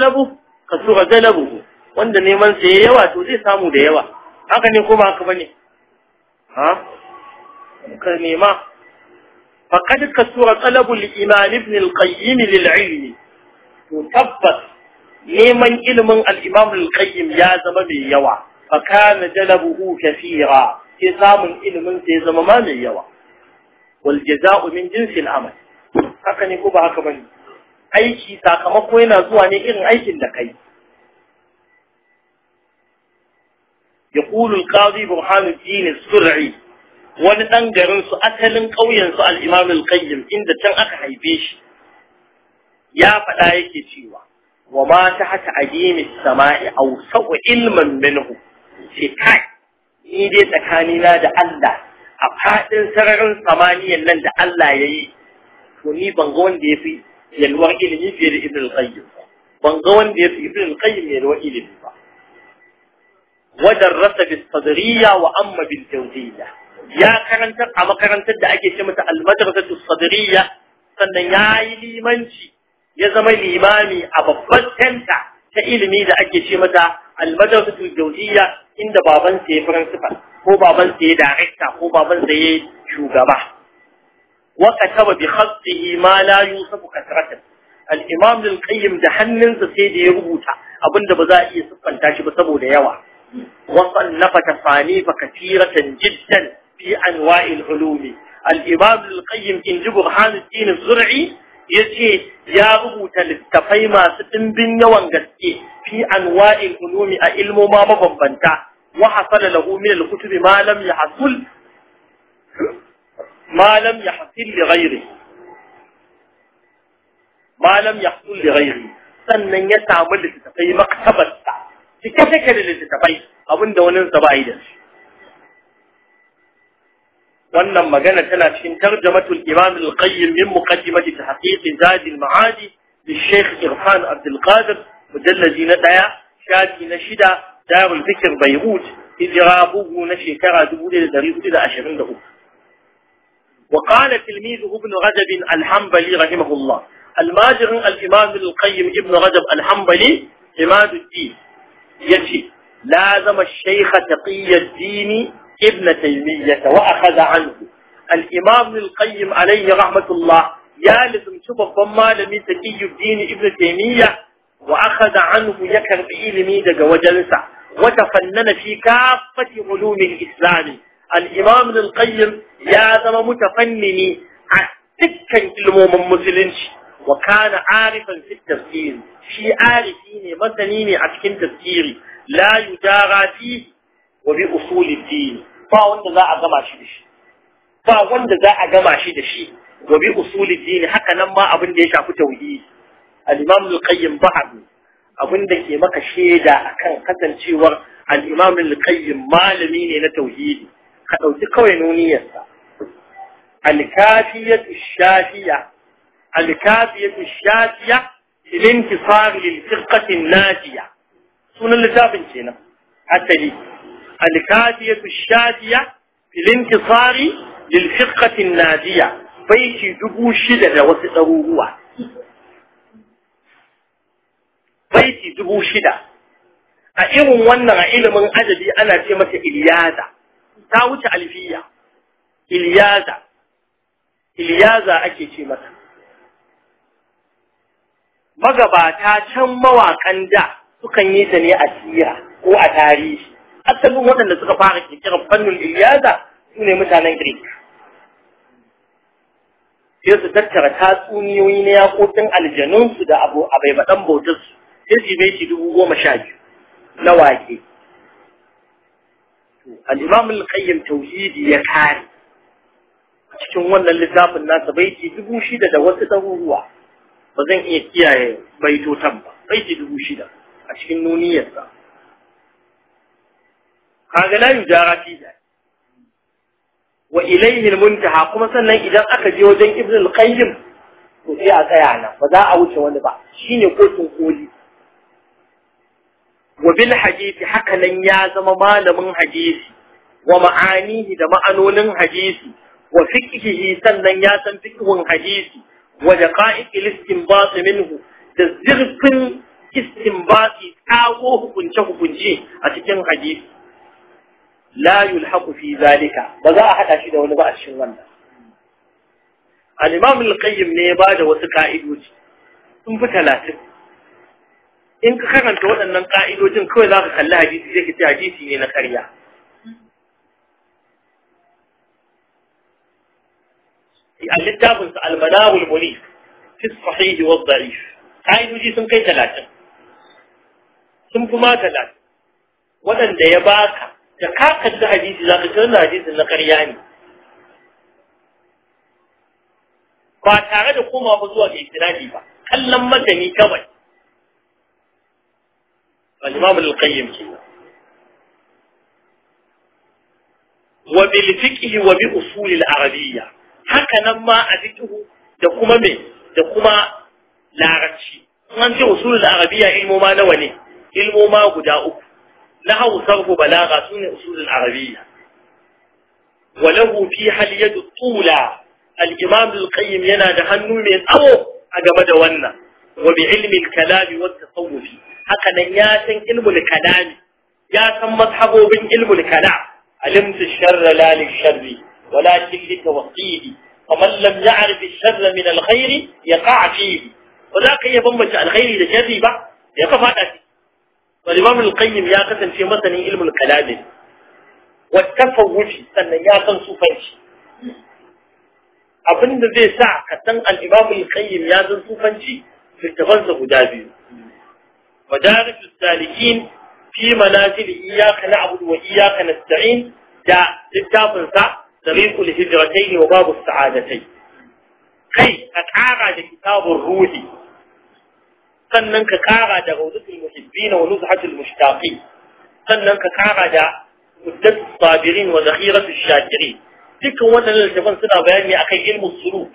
kasura jalabu wanda neman sa yawa to zai samu da yawa haka ne ko ba haka bane ha ka nema faqad ka tura ƙalabu iman ibn al-qayyim lil to tabbas neman ilimin al-imam al-qayyim ya zama mai yawa fa kana jalabuhu kathira samun ilimin sai ya zama ma mai yawa wal jaza'u min jinsil amal haka ne ko ba haka bane aiki sakamako yana zuwa ne irin aikin da kai يقول القاضي برهان الدين السرعي wani ɗan garin su asalin ƙauyensu su al'imam inda can aka haife shi ya faɗa yake cewa wa ma ta hata ajimi sama'i aw sa'u ilman minhu ce kai ni dai tsakanina da Allah a fadin sararin samaniyan nan da Allah yayi to ni ban ga wanda yafi yalwar ilimi fiye da Ibn al-Qayyim ban ga wanda yafi Ibn al-Qayyim yalwar ilimi ba ودرس بالصدرية وأما بالجوزية يا كرنت أما كرنت دا أكي شمت المدرسة الصدرية سنة ياي لي منشي ya zama limami a babban tenta ta ilimi da ake ce mata almadrasatul jawziyya inda baban sa ya principal ko baban sa ya director ko baban sa ya shugaba wa kataba bi khatihi ma la yusafu kasratan al-imam al-qayyim da hannunsa sai da ya rubuta abinda ba za a iya siffanta shi ba saboda yawa wa sannafa fa katiratan jiddan fi anwa'il ulumi al-imam al-qayyim in jibu burhanuddin az-zur'i ya ce ya rubuta littafai masu ɗimbin yawan gaske fi anwa'in ulumi a ilmoma mabambanta wa hasala lahu min al-kutubi ma lam yahsul ma lam yahsul li ghayri ma lam yahsul li ghayri sannan ya samu littafai maktabarsa cike take da littafai abinda wani sa ba yi da shi wannan magana tana cikin tarjamatul imam al-qayyim min muqaddimati tahqiq zad al-ma'adi للشيخ إرفان عبد القادر مجلد ندايا شادي نشدا دار الفكر بيروت إجرابه نشكرا دبول دريه إلى أشرين له وقال تلميذه ابن رجب الحنبلي رحمه الله الماجر الإمام القيم ابن رجب الحنبلي عماد الدين يتي لازم الشيخ تقي الدين ابن تيمية وأخذ عنه الإمام ابن القيم عليه رحمة الله يا لزم شبه فما لم يتكي الدين ابن تيمية وأخذ عنه يكر بإلمي دق وجلسة وتفنن في كافة علوم الإسلام الإمام ابن القيم يا زم متفنني أتكا علموم مسلنش وكان عارفا في التفسير في عارفين مثنين أتكن تفسيري لا يجارى فيه وبأصول الدين ba wanda za a gama shi da shi ba wanda za a gama shi da shi wa bi usuli dini haka nan ma abin da ya shafi tauhidi al-imam al-qayyim ba'd abin da ke maka sheda akan kasancewar al-imam al-qayyim malami ne na tauhidi ka dauki kawai nuniyarsa al-kafiyatu shafiya al-kafiyatu shafiya lin intisar lil-firqati an-najiya sunan littafin kenan asali الكافية الشافية في الانتصار للفقة النادية بيتي دبو شدة هو بيتي دبو شدة أئرم وانا علم أدبي أنا كلمة إليازة تاوت ألفية إليازة إليازة أكي كلمة magabata can mawakan da sukan yi ta ne a sira ko a tarihi asalin waɗanda suka fara kirkirar fannin iliyaza su ne mutanen greek sai su tattara tatsuniyoyi na yakokin aljanunsu da abu a bai baɗan bautarsu sai su bai shi dubu goma sha biyu na wake al'imam al tauhidi ya kare cikin wannan littafin nasa baiti dubu shida da wasu ɗaruruwa ba zan iya kiyaye baitotan ba baiti dubu shida a cikin nuniyarsa kaga la yujara fi wa ilayhi muntaha kuma sannan idan aka je wajen ibn al-qayyim to sai a tsaya nan ba za a wuce wani ba shine kotun koli wa bil hadisi haka nan ya zama malamin hadisi wa ma'anihi da ma'anonin hadisi wa fiqhihi sannan ya san fiqhun hadisi wa daqa'iq al-istinbat minhu da zirfin istinbati tsago hukunce hukunci a cikin hadisi لا يلحق في ذلك بذا أحد ولا ونبأ الشنوان الإمام القيم نيباد وسكا إدوجي ثم لا إن كخيراً تقول أن ننقا إدوجي كوي لاغ خلا حديثي زيك تحديثي من خريا الكتاب البلاغ المليك في الصحيح والضعيف قائد وجي سنقي ثلاثة سنقما ثلاثة ودن ديباكا da ka kalli hadisi za ka wannan hadisin na ƙarya ne ba tare da koma ba zuwa ga istinadi ba kallon magani kawai al-imam al-qayyim kenan wa bil fiqh wa bi usul al-arabiyya haka nan ma a fiqh da kuma me da kuma larabci an ce usul al-arabiyya ilmu ma nawa ne ilmu ma guda uku له صرف بلاغة من أصول العربية وله في حال يد الطولة الإمام القيم ينادى هنو من أو أجمد ونا وبعلم الكلام والتصوف هكذا ياسن علم الكلام ياسن مصحبه من علم الكلام علمت الشر لا للشر ولكن لتوقيدي ومن لم يعرف الشر من الخير يقع فيه وذاك يبمج الخير لشر بقى يقف هذا والإمام القيم يا قسم في مثلا علم الكلام والتفوت سنة يا قسم سوفنشي abin da zai sa ka san al-Imam ya zan sufanci littafan sa guda biyu Madarij salihin fi manazil iyyaka na'budu wa iyyaka nasta'in da littafin sa Tariqul Hijratayn wa Babu Sa'adatai kai a ƙara da kitabun ruhi sannan ka kara da rawdatul muhibbin wa nuzhatul mushtaqin sannan ka kara da muddatus sabirin wa zakhiratul shakirin dukkan wannan littafin suna bayani akan ilmus suluk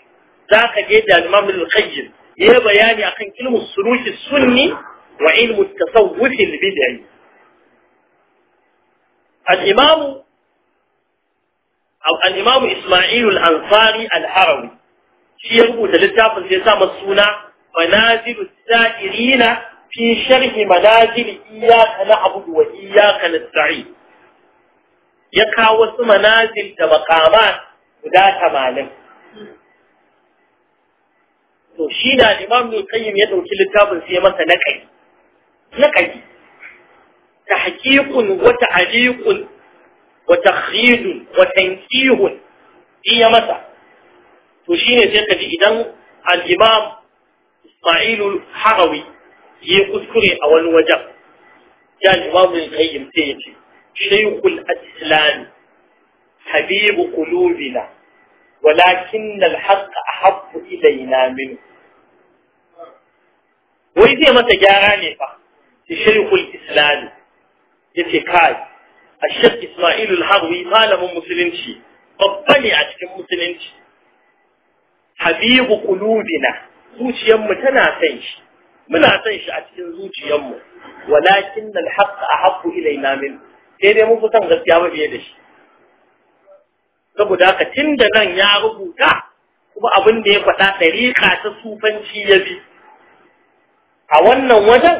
zaka je da Imam al-Qayyim ya bayani akan ilmus suluk sunni wa ilmus tasawuf al-bid'i al-Imam al-Imam Isma'il al-Ansari al-Harawi shi ya rubuta littafin sai sa masa منازل السائرين في شرح منازل إياك نعبد وإياك نستعين يكاوس منازل تبقامات ودا تمالك to shi da imam ne kayyim ya dauki littafin sai masa naƙari naƙari tahqiqun wa ta'liqun wa takhidun wa tankihun iya masa to ne sai kaji idan al-imam إسماعيل الحروي يذكر أول وجب جان إمام القيم تيجي شيخ الإسلام حبيب قلوبنا ولكن الحق أحب إلينا منه وإذا ما تجاراني فا شيخ الإسلام يتكاد الشيخ إسماعيل الحروي ظالم مسلم شي طبني عشك مسلم حبيب قلوبنا zuciyarmu tana san shi muna san shi a cikin zuciyarmu walakin al haqq ahabbu ilaina min sai dai mun fi san gaskiya ba fiye da shi saboda haka da nan ya rubuta kuma abin da ya faɗa ɗariƙa ta sufanci ya bi a wannan wajen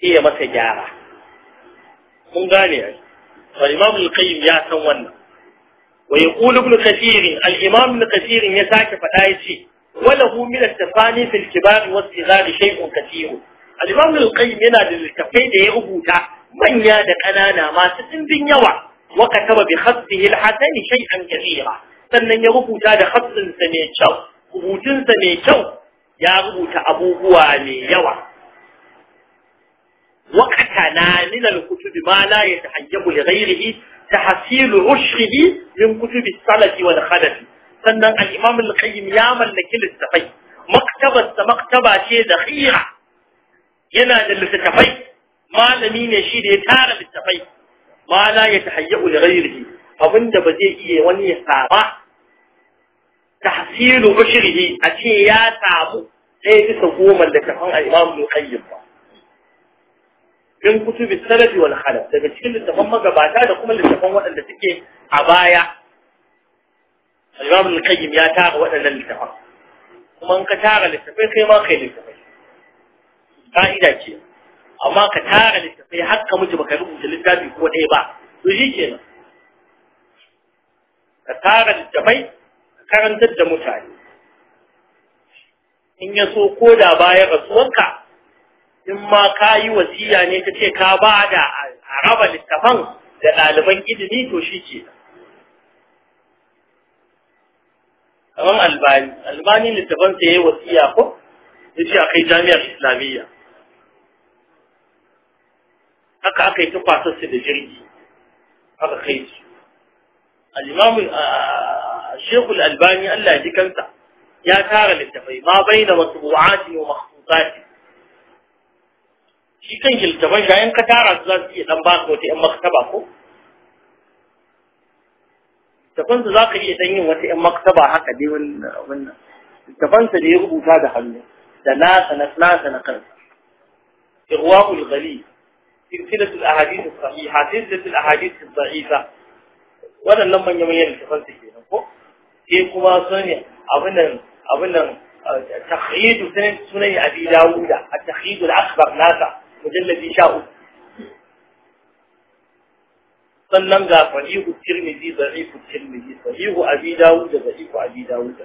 sai ya masa gyara mun gane ya ai فالإمام القيم يا سوانا ويقول ابن كثير ya sake faɗa ya ce. وله من التفاني في الكبار والصغار شيء كثير الإمام القيم yana da littafai da ya rubuta manya da ƙanana masu ɗimbin yawa wa kataba bi khasbihi al-hasan shay'an kathira sannan ya rubuta da khasbin sa mai kyau rubutun sa kyau ya rubuta abubuwa mai yawa wa na min al-kutub ma la yatahayyabu li ghayrihi tahsil rushdihi min kutub as-salaf wal khadath sannan al-imam ya mallaki littafai maktabar maktaba ce da hira. yana da littafai malami ne shi da ya tara littafai ma la yatahayyu li ghayrihi da ba zai iya wani ya saba tahsilu ushrihi a ce ya samu ɗaya bisa goma littafan al-imam ba In kutubi salafi wal khalaf daga cikin littafan magabata da kuma littafan waɗanda suke a baya al-imam al-qayyim ya tara waɗannan littafan kuma in ka tara littafai kai ma kai littafai ka'ida ce amma ka tara littafai har ka mutu baka rubuta littafi ko ɗaya ba to shi kenan ka tara littafai ka karantar da mutane in ya so ko da bayan rasuwarka in ma ka yi wasiya ne ta ce ka ba da a raba littafan da ɗaliban ilimi to shi ke kamar albani albani littafin ta yayi wasiya ko yace akai jami'ar islamiyya haka aka yi ta kwasar su da jirgi aka kai su al-imam shekul albani Allah ya ji kansa ya tara littafai ma baina matbu'ati wa zafi. shi kan littafan shayan ka tara su za su iya dan ba su wata yan maktaba ko tafansa za ka iya yin wata ‘yan maktaba haka dai wannan tafansa da ya rubuta da hannu da nasa na nasa na kansa irwaul ghali silsilatul ahadith as-sahiha silsilatul ahadith as-da'ifa waɗannan manyan manyan tafansa kenan ko sai kuma sunan abin nan abin nan تخييد سنن أبي داوود التخييد الأكبر ناسا مجلد شاؤ sannan ga sahihu tirmidhi da'ifu tirmidhi sahihu abi dawud da da'ifu abi dawud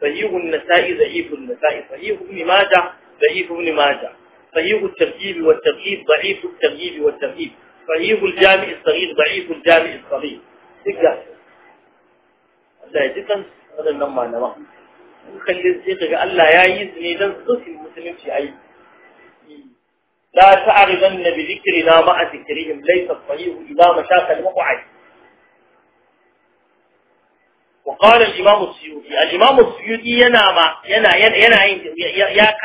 sahihu an-nasa'i da'ifu an-nasa'i sahihu ibn majah da'ifu ibn majah sahihu at-tarhib wa at-tarhib da'ifu at-tarhib wa at-tarhib sahihu al-jami' as-saghir da'ifu al-jami' as-saghir dikka Allah ya ma'ana ba kun kalli sai kaga Allah ya yi ne dan sosin musulunci ayi لا تعرضن بذكرنا مع ذكرهم ليس الطريق إذا مشاك المقعد وقال الإمام السيوطي الإمام السيوطي ينام ينام ينا ينا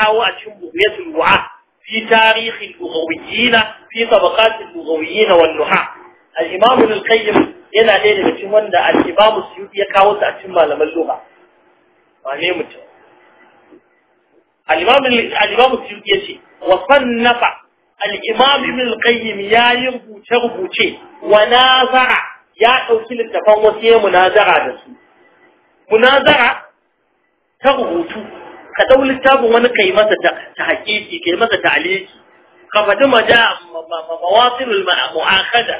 الوعاء في تاريخ اللغويين في طبقات اللغويين والنحاة الإمام القيم ينام ليلة الإمام السيوطي ينام أشم لما اللغة ما ليه al-imam ya ce, yace wa sannafa al-imam ibn al-qayyim yayi rubuce rubuce wa nazara ya ɗauki littafan wasu ya munazara da su munazara ta rubutu ka littafin wani kai masa ta hakiki kai masa ta'aliki ka faɗi maja mawasilul mu'akhada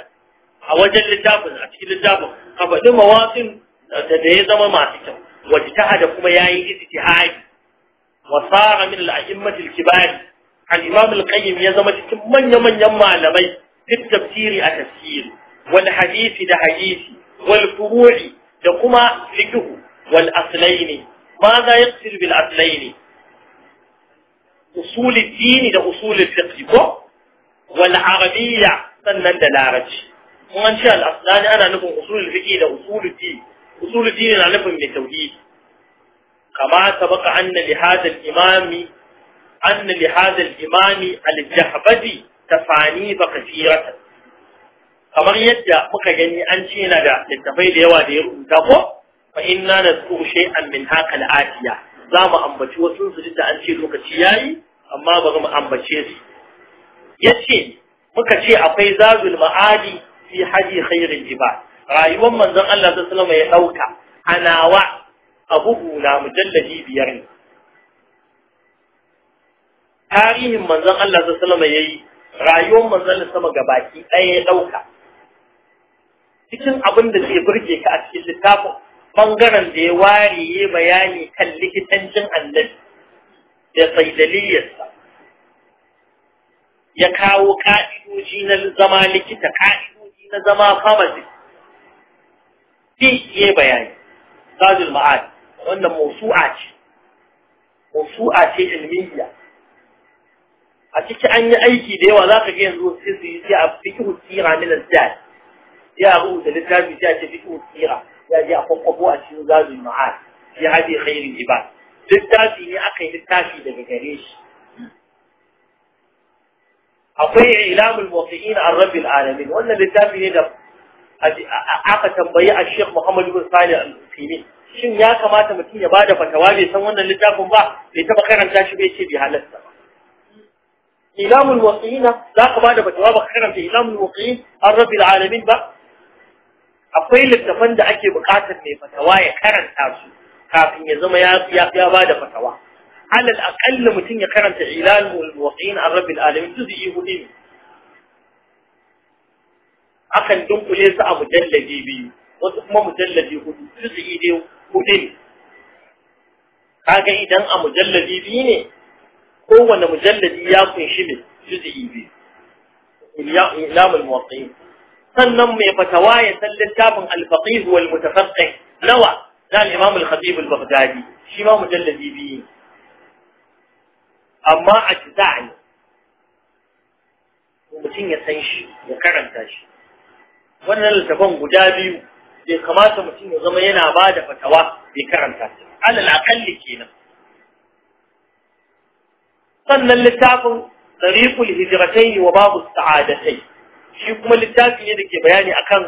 a wajen littafin a cikin littafin ka faɗi da ya zama masu kyau wajtaha da kuma yayi ijtihadi وصار من الأئمة الكبار عن إمام القيم يزمت من يمن يما لبي في التفسير التفسير والحديث ده حديث والفروع لكما فكه والأصلين ماذا يقصد بالأصلين أصول الدين ده أصول الفقه والعربية sannan دلارج وإن شاء الأصلان أنا نفهم أصول الفقه ده أصول الدين أصول الدين أنا نفهم na nufin kama baka anna li imami anna li hadha imami al-jahbadi tafanib kamar yadda muka gani an ce da littafai da yawa da ya rubuta ko fa inna nazkuru shay'an min haka al za mu ambaci wasu su da an ce lokaci yayi amma bari mu ambace su yace muka ce akwai zazul ma'adi fi haji khairil ibad rayuwar manzon Allah sallallahu alaihi wasallam ya dauka wa a bugu na mujalladi biyar ne tarihin manzon Allah sallallahu alaihi yayi rayuwar manzon sama gabaki ɗaya ya ɗauka cikin abin da zai burge ka a cikin littafin ɓangaren da ya ware ya bayani kan likitancin annabi da saidaliyarsa ya kawo ka'idoji na zama likita ka'idoji na zama famasi fi ya bayani sajul ma'adi wannan mawsu'a ce mawsu'a ce ilmiya a cikin an yi aiki da yawa zaka ga yanzu sai su yi a fikihu tsira min al dal ya a da littafi sai ce fikihu tsira ya ji a kwakwabo a cikin zazu ma'ad ya hadi khairin ibad littafi ne aka yi littafi daga gare shi akwai ilamu ilamul muwaqqi'in an rabbil alamin wannan littafi ne da aka tambaye a Sheikh Muhammad bin Salih al-Uthaymeen shin ya kamata mutum ya bada fatawa bai san wannan littafin ba bai taba karanta shi bai ce bi halatta ilamul waqina za ka bada fatawa ba karanta ilamul waqin an rabbil alamin ba akwai littafan da ake buƙatar mai fatawa ya karanta su kafin ya zama ya ya bada fatawa alal aqall mutum ya karanta ilamul waqin an rabbil alamin juz'i hudu ne akan dunkule su a mujallabi biyu wasu kuma mujalladi hudu juz'i dai hudu ne kaga idan a mujalladi biyu ne kowane mujalladi ya kunshi ne juz'i biyu ilamul muwaqqi'in sannan mai fatawa ya san littafin al-faqih wal mutafaqqih nawa da al-imam al-khatib al-baghdadi shi ma mujalladi biyu amma a ne mutum ya san shi ya karanta shi wannan littafan guda biyu bai kamata mutum ya zama yana ba da fatawa bai karanta ta alal akalli kenan sannan littafin tariqul ne wa babu sa'adatai shi kuma littafi ne ke bayani akan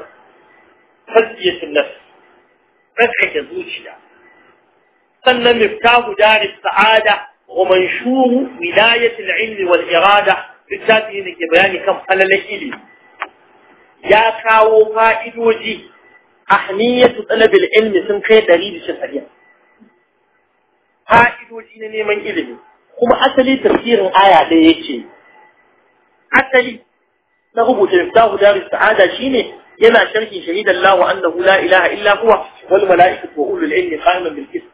tasfiyatul nafs tsarkake zuciya sannan miftahu daris sa'ada wa manshuru wilayatul ilmi wal irada littafi ne ke bayani kan falalan ilimi ya kawo fa'idoji أهمية طلب العلم سن كي دليل شرعية فائد الدين نيمن علم كما أصلي تفسير آية ديكي أصلي نغبو تلفتاه دار السعادة شيني ينا شرك شهيد الله أنه لا إله إلا هو والملائكة وأولو العلم قائما بالكسر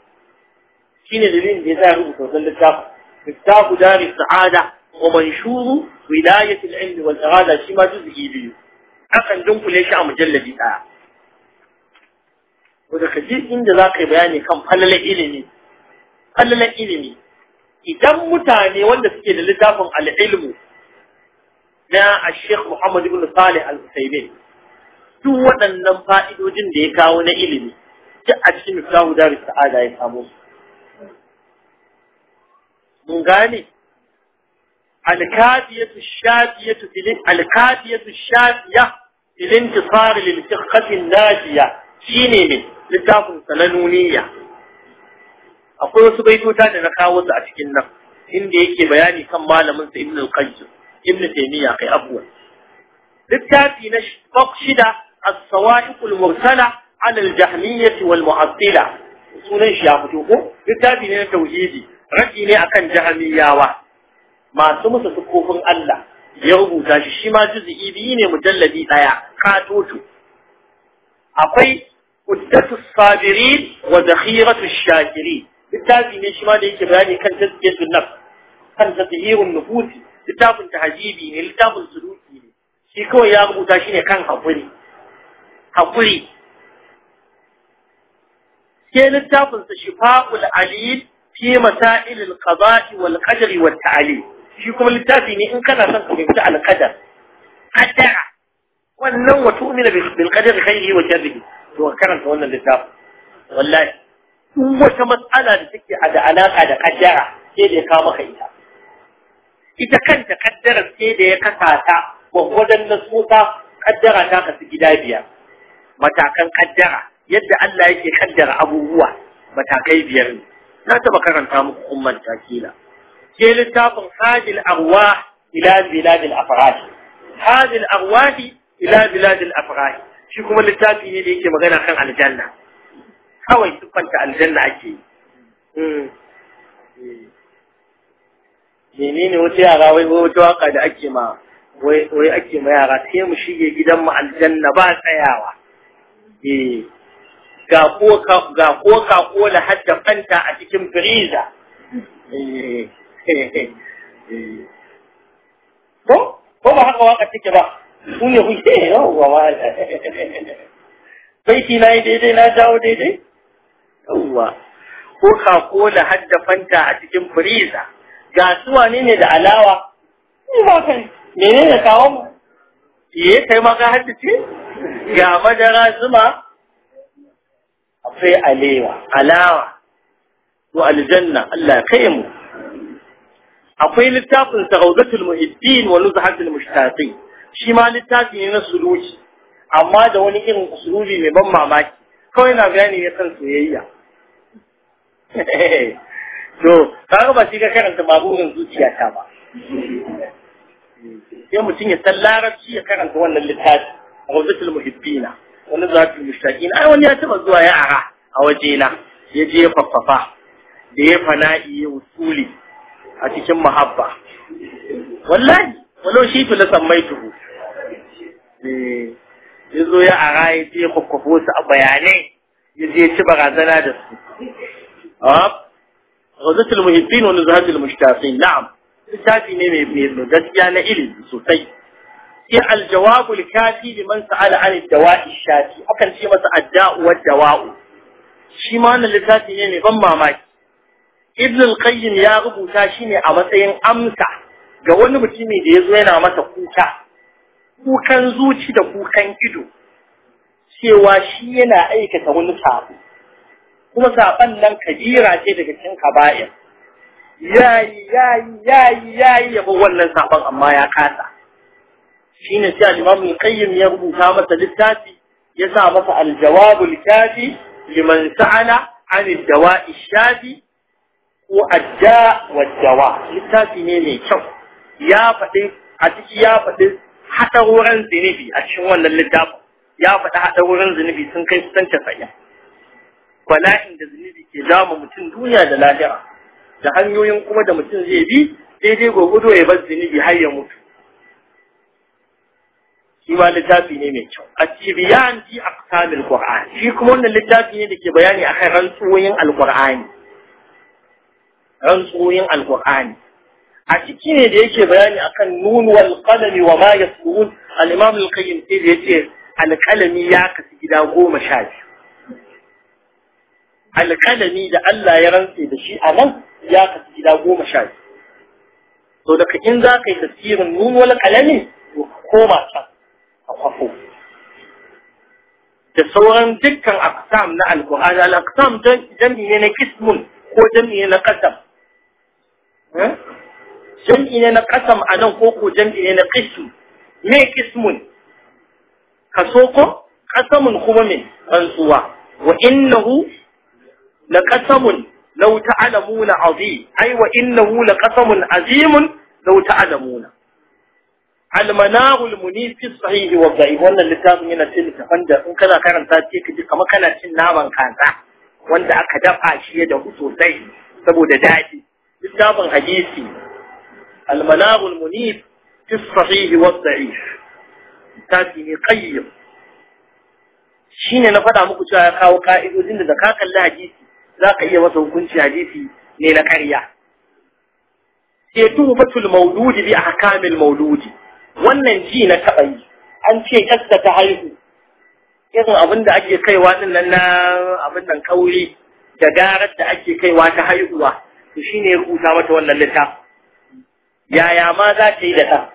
شيني دليل بيزاه وتوزل الكاف مفتاح دار السعادة ومنشور ولاية العلم والإرادة شما جزئي بيو أقن دنكو ليش عم جلدي آه Wanda ka ji inda za ka yi bayani kan falalar ilimi, falalar ilimi, idan mutane wanda suke da littafin al'ilmu na Sheikh Muhammad ibn Salih al-Usaimin, duk waɗannan fa'idojin da ya kawo na ilimi, duk a cikin Miftahu Darus Sa'ada ya samu Mun gane, alkafiyatu shafiyatu filin, alkafiyatu shafiya filin tisari lil fiqhatin najiya shine ne na nuniya. akwai wasu baituta da na kawo su a cikin nan inda yake bayani kan malamin sa ibn al-qayyim ibn taymiya kai abuwa. littafi na shida as-sawa'iq al-mursala ala al-jahmiyyah wal-mu'attila sunan shi ya fito ko littafi ne na tauhidi raki ne akan jahmiyawa masu musu sukofin Allah ya rubuta shi shi ma juz'i biyu ne mujalladi daya katoto akwai قدة الصابرين وذخيرة الشاكرين بالتالي من شمال ليك كانت كان النفس كانت تطهير النفوس لتاب تهجيبي لتاب سلوكي شيكو يا أبو تاشيني كان حفري حفري كي لتاب الشفاء العليل في مسائل القضاء والقدر والتعليم شيكو من التافيني إن كان أصنكم يمتع القدر قدع وأنه تؤمن بالقدر خيره وشره to karanta wannan littafin wallahi in wata matsala da take da alaka da kaddara sai da ya kawo maka ita ita kanta kaddara sai da ya kasa ta gwagwadon na tsota kaddara ta kasu gida biyar matakan kaddara yadda Allah yake kaddara abubuwa matakai biyar ne na taɓa karanta muku umman takila ke littafin hadil arwah ila biladil afrah hadil arwah ila biladil afrah shi kuma littafi ne da yake magana kan aljanna kawai siffanta aljanna ake hmm. ne wata yara wai wata waka da ake ma wai ake ma yara sai mu shige gidan mu aljanna ba tsayawa eh. ga koka kola hadda fanta a cikin firiza. Eh. Eh. ko ko ba haka waka take ba su ne kuke yawwa mala baiti na yi daidai na jawo daidai yawwa ko kako da hadda fanta a cikin firiza ga su wane ne da alawa ni ba kai mene ne kawo mu ye kai ma ka haddace ga madara zuma akwai alewa alawa to aljanna Allah ya kai mu akwai littafin sa'udatul muhibbin wa nuzhatul mushtaqin shi ma littafi ne na suluki amma da wani irin suruji mai ban mamaki kawai na bayani ne kan soyayya to kaga ba shi ka karanta maburin zuciya ta ba sai mutum ya san larabci ya karanta wannan littafi a wazatul muhibbina wani zafi mushtaqina ai wani ya taba zuwa ya ara a wajena ya je faffafa da ya fana'i ya usuli a cikin mahabba wallahi walau shi tu la tuhu Eh, ya zo ya ara ya kwakwafo su a bayanai ya je ci barazana da su غزة المحبين ونزهة المشتاقين Na'am, littafi ne mai gaskiya na ilimi sosai sai aljawabul kafi man sa'ala an dawa'i shafi akan ce masa adda'u wa dawa'u shi ma wannan littafi ne mai ban mamaki ibn al-qayyim ya rubuta shi ne a matsayin amsa ga wani mutumi da ya zo yana masa kuka kukan zuci da kukan ido cewa shi yana aikata wani sabo kuma saban nan kabira ce daga cikin kaba'ir yayi yayi yayi yayi ya bi wannan saban amma ya kasa shine sai imam al ya rubuta masa littafi ya sa masa al-Jawab al-Kafi liman sa'ala an ad-dawa'i shafi ko adda wa dawa littafi ne mai kyau ya faɗi a ciki ya faɗi wurin zunubi a cikin wannan littafin ya faɗi wurin zunubi sun kai kusan casa'in bala'in da zunubi ke zama mutum duniya da lahira da hanyoyin kuma da mutum zai bi daidai gwagwado ya bar zunubi har ya mutu shi ma littafi ne mai kyau a biyan ji a kusamin qur'an shi kuma wannan littafi ne da ke bayani akan rantsuwoyin alkur'ani rantsuwoyin Alƙur'ani. a ciki ne da yake bayani akan nunu wal qalami wa ma yasbun al-imam al-qayyim sai da yace al-qalami ya kasu gida goma sha al-qalami da Allah ya rantse da shi a nan ya kasu gida goma sha to daga in za ka yi tasirin nunu wal qalami to koma ta a kwafo da sauran dukkan aqsam na al quran al-aqsam jami'i ne na kismun ko jami'i ne na qasam eh? jam'i ne na kasam a nan ko ko jam'i ne na qism me qismun kaso ko kasamun kuma me rantsuwa wa innahu la kasamun law ta'lamuna azim ai wa innahu la kasamun azimun law ta'lamuna almanahul fi sahih wa dhaif wannan littafin yana cikin littafin da in kana karanta sai ka ji kamar kana cin naman kaza wanda aka dafa shi da sosai saboda daɗi littafin hadisi البلاغ المنيف في الصحيح والضعيف تاتي نقيم شين نفدا مكو شو قائد وزين ذا الله حديث ذا كاية وصو كنتي حديثي نيلا كريا سيتو فتو المولود بأحكام المولود وانا نجينا كأي أنتي جسد تحيه يظن أظن ذا أجي كي واتن لنا أظن ذا كولي جدارت ذا أجي كي واتحيه الله شين يقول ذا وانا yaya ma za ta yi da ɗan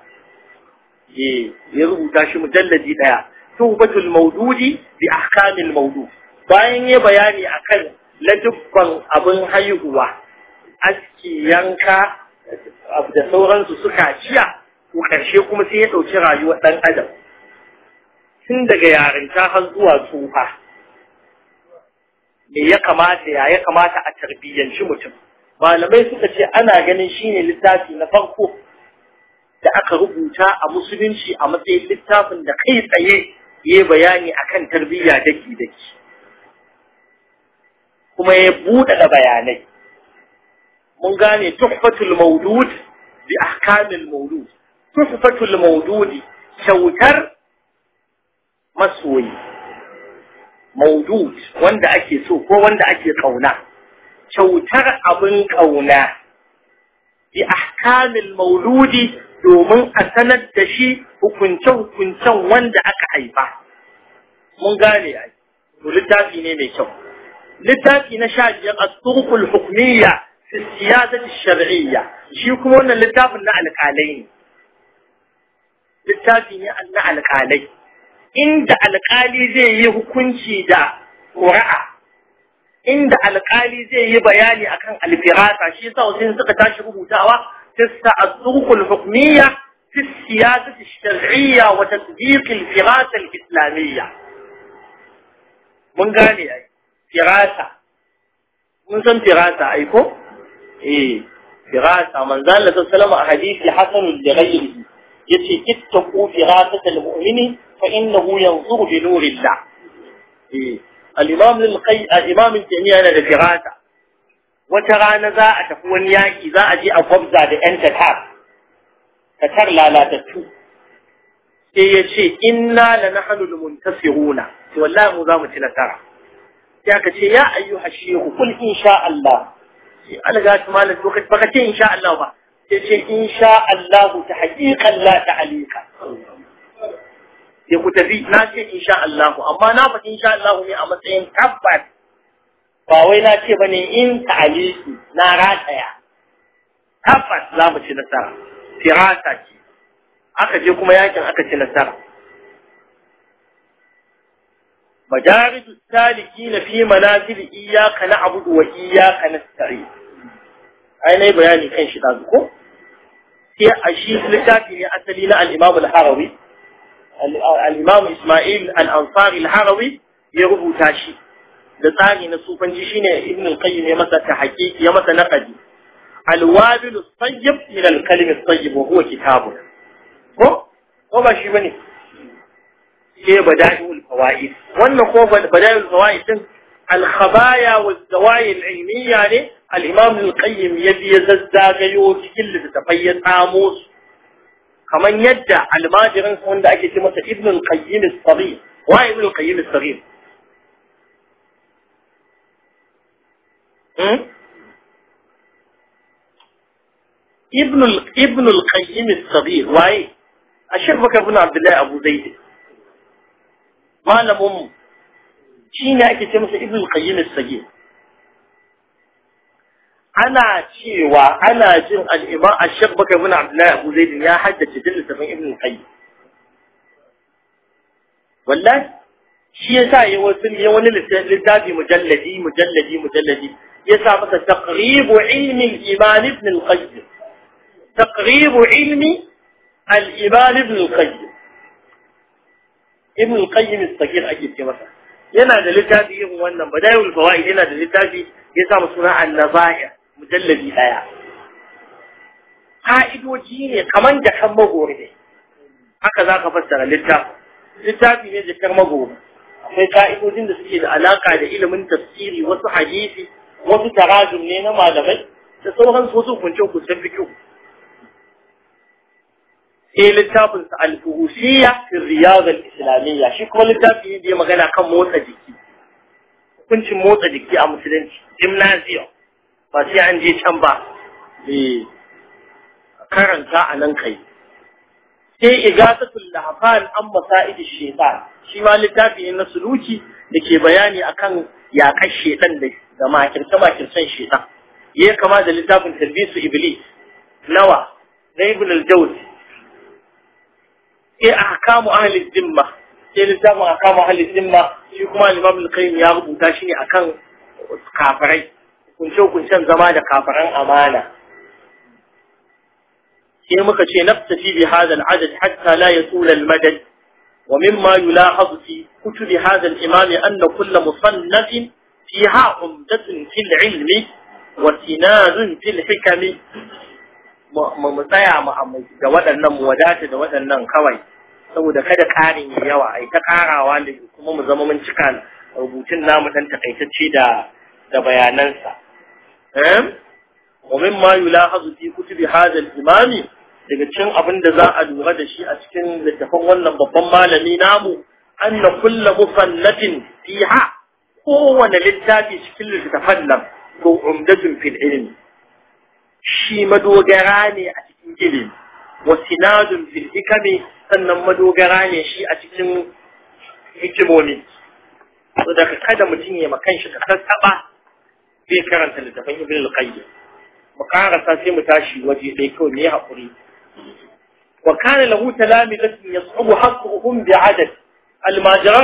ye eh, ya rubuta shi mujalladi ɗaya batul maududi bi ahkamil maudu bayan ya bayani akan ladubban abin haihuwa aski yanka da sauransu suka ciya ko ƙarshe kuma sai ya ɗauki rayuwar ɗan adam tun daga yarinta har zuwa tsufa me ya kamata ya ya kamata a tarbiyyanci mutum malamai suka ce ana ganin shine littafi na farko da aka rubuta a musulunci a matsayin littafin da kai tsaye ya bayani akan tarbiyya da daki kuma ya buɗe da bayanai mun gane tuhfatul maudud bi ahkamil Maudud, tuhfatul Maudud kyautar masoyi maudud wanda ake so ko wanda ake kauna kyautar abin ƙauna bi ahkamil mauludi domin a sanar da shi hukunce-hukuncen wanda aka haifa. Mun gane ai, to littafi ne mai kyau. Littafi na sha biyar a turkul hukumiyya fi siyasar shari'iyya, shi kuma wannan littafin na alƙalai ne. Littafi ne na alƙalai, inda alƙali zai yi hukunci da ƙura'a inda alƙali zai yi bayani akan alfirasa shi yasa wasu suka tashi rubutawa tissa as-suqul hukmiyya fi siyasati ash-shar'iyya wa tatbiq al-firasa al-islamiyya mun gane ai firasa mun san firasa ai ko eh firasa manzo Allah sallallahu alaihi a hadisi hasan da ghayrihi yace ittaqu firasat al-mu'mini fa innahu yanzuru bi nurillah eh الامام للقي الامام التيميه انا لفراسه وترى نزاع تفون ياقي ذا اجي اقبضا ده انت تار تار لا لا تتو سي يشي اننا لنحل المنتصرون والله ذا متنا ترى كاكتي يا ايها الشيخ قل ان شاء الله انا جات مالك وقت بكتي ان شاء الله با يشي ان شاء الله تحقيقا لا تعليقا sai ku tafi na ce insha Allah amma na faɗi insha Allah ne a matsayin tabbas ba wai na ce bane in aliki na rataya tabbas za mu ci nasara firasa ce aka je kuma yakin aka ci nasara saliki na fi manazil iyyaka abudu wa iyyaka nasta'in ai nayi bayani kan shi da ko sai a shi littafi ne asali na al-Imam al-Harawi آه، الإمام إسماعيل الأنصاري الحروي يربو تاشي لطاني نصوفاً جيشين ابن القيم يمسى تحكيك يمسى نقدي الوابل الصيب إلى الكلم الصيب وهو كتابه هو؟ هو باشي مني هي بداية الفوائد وانا هو بداية الفوائد الخبايا والزواي العلمية يعني الإمام القيم يبي يززاق يوتي كل تتفيد آموس kamar yadda almajirin wanda ake ce masa ibn al-qayyim as-saghir wa ibn al-qayyim as-saghir hmm? ibn ibn al-qayyim as-saghir waye ashir baka ibn abdullahi abu zaid malamin shine ake ce masa ibn al-qayyim as-saghir ana cewa ana jin al'imam a shabbaka ibn Abdullah abu Zaid ya haddace jin littafin ibn qayyim wallahi shi yasa yi wasu ne wani littafi mujalladi mujalladi mujalladi yasa maka taqribu ilmi al-iman ibn al-qayyim taqribu ilmi al-iman ibn al-qayyim ibn al-qayyim al sagir ake ce masa yana da littafi irin wannan badaiul fawaid yana da littafi yasa musuna suna an-nazair mujallabi ɗaya ka'idoji ne kaman jakan magori ne haka za ka fassara littafi littafi ne jakar magori akwai ka'idojin da suke da alaka da ilimin tafsiri wasu hadisi wasu tarajum ne na malamai da sauran su wasu kunce kusan fikihu sai littafin sa al-fuhusiyya fi riyadh al-islamiyya shi kuma littafi ne da ya magana kan motsa jiki hukuncin motsa jiki a musulunci gymnasium ba sai an je can ba eh karanta a nan kai sai igasatul lahfan an masa'idi shaytan shi ma littafi ne na suluki da ke bayani akan yaƙar shaytan da makirce makircen shaytan yayi kama da littafin talbisu iblis nawa na ibn al-jawzi sai ahkamu ahli zimma sai littafin ahkamu ahli zimma shi kuma al-imam al-qayyim ya rubuta shi ne akan kafirai kunce-kuncen zama da kafaran amana sai muka ce naftafi bi hadha al-adad hatta la yatul al-madad wa mimma yulahazu fi kutubi hadha al-imam anna kull musannafin fiha umdatun fil ilmi wa sinadun fil hikami mu tsaya mu da waɗannan mu wadata da waɗannan kawai saboda kada ƙarin yawa ai ta ƙarawa ne kuma mu zama mun cika rubutun namu dan takaitacce da da bayanansa ما يلاحظ في كتب هذا الإمام daga cin abin da za a lura da shi a cikin littafin wannan babban malami namu anna kullu mufallatin fiha kowane littafi cikin littafan nan ko umdatun fil ilmi shi madogara ne a cikin ilimi wa sinadun fil hikami sannan madogara ne shi a cikin hikimomi so daga kada mutum ya kan shi ka sassaba zai karanta littafin ibn al-qayyim mu karasa sai mu tashi waje dai kawai ne hakuri wa kana lahu talamidatun yas'ubu haqquhum bi adad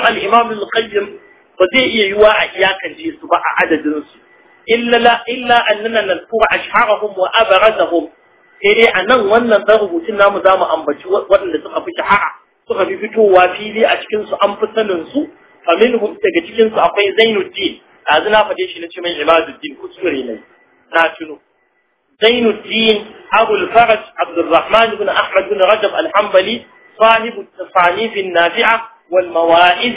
al-imam al-qayyim ba zai iya yuwa a iyakan ji su ba a adadin su illa la illa annana nalqu ashharahum wa abradahum sai anan wannan dan rubutun namu zamu ambaci wadanda suka fi shahara suka fi fitowa fili a cikin su an fi sanin su faminhum daga cikin su akwai Zainuddin ɗazu na faɗe shi na ce mai imaduddin kuskure ne na tuno zainuddin abul faraj abdurrahman ibn ahmad ibn rajab al-hanbali صاحب التصانيف النافعة والمواعظ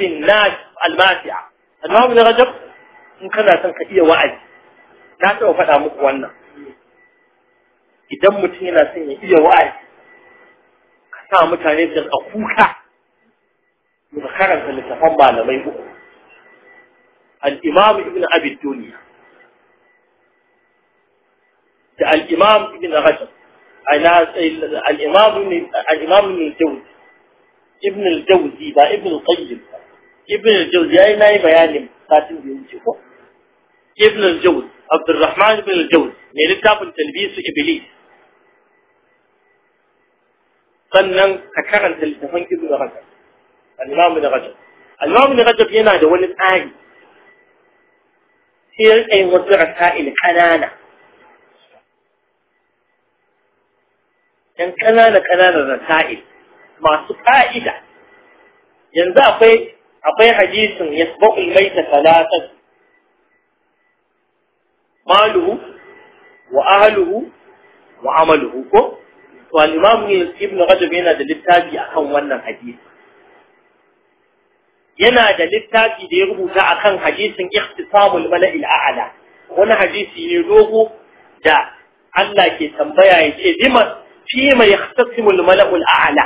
الماتعة الإمام ابن رجب in kana son ka iya wa'azi na taɓa faɗa muku wannan idan mutum yana son ya iya wa'azi ka sa mutane su a kuka ka karanta littafan malamai uku الإمام ابن أبي الدنيا الإمام ابن رجب انا الإمام الإمام ابن الجوزي ابن الجوزي با ابن القيم ابن الجوزي أي ناي بيان ساتن بيوجهه ابن الجوزي عبد الرحمن بن الجوزي يعني من كتاب التلبيس إبليس sannan ka karanta littafin ibn rajab al-imam ibn rajab al-imam ibn rajab yana da wani tsari sai wasu rasa'il ƙanana yan ƙanana ƙananan rasa'il masu ƙa'ida yanzu akwai akwai hadisin ulmai ta talatin. maluhu wa ahluhu wa amaluhu ko to al-imam ibn rajab yana da littafi akan wannan hadisi yana da littafi da ya rubuta a kan hadisin ikhtisamul mala'il a'ala wani hadisi ne dogo da Allah ke tambaya ya ce liman fi ma yahtasimul mala'ul a'ala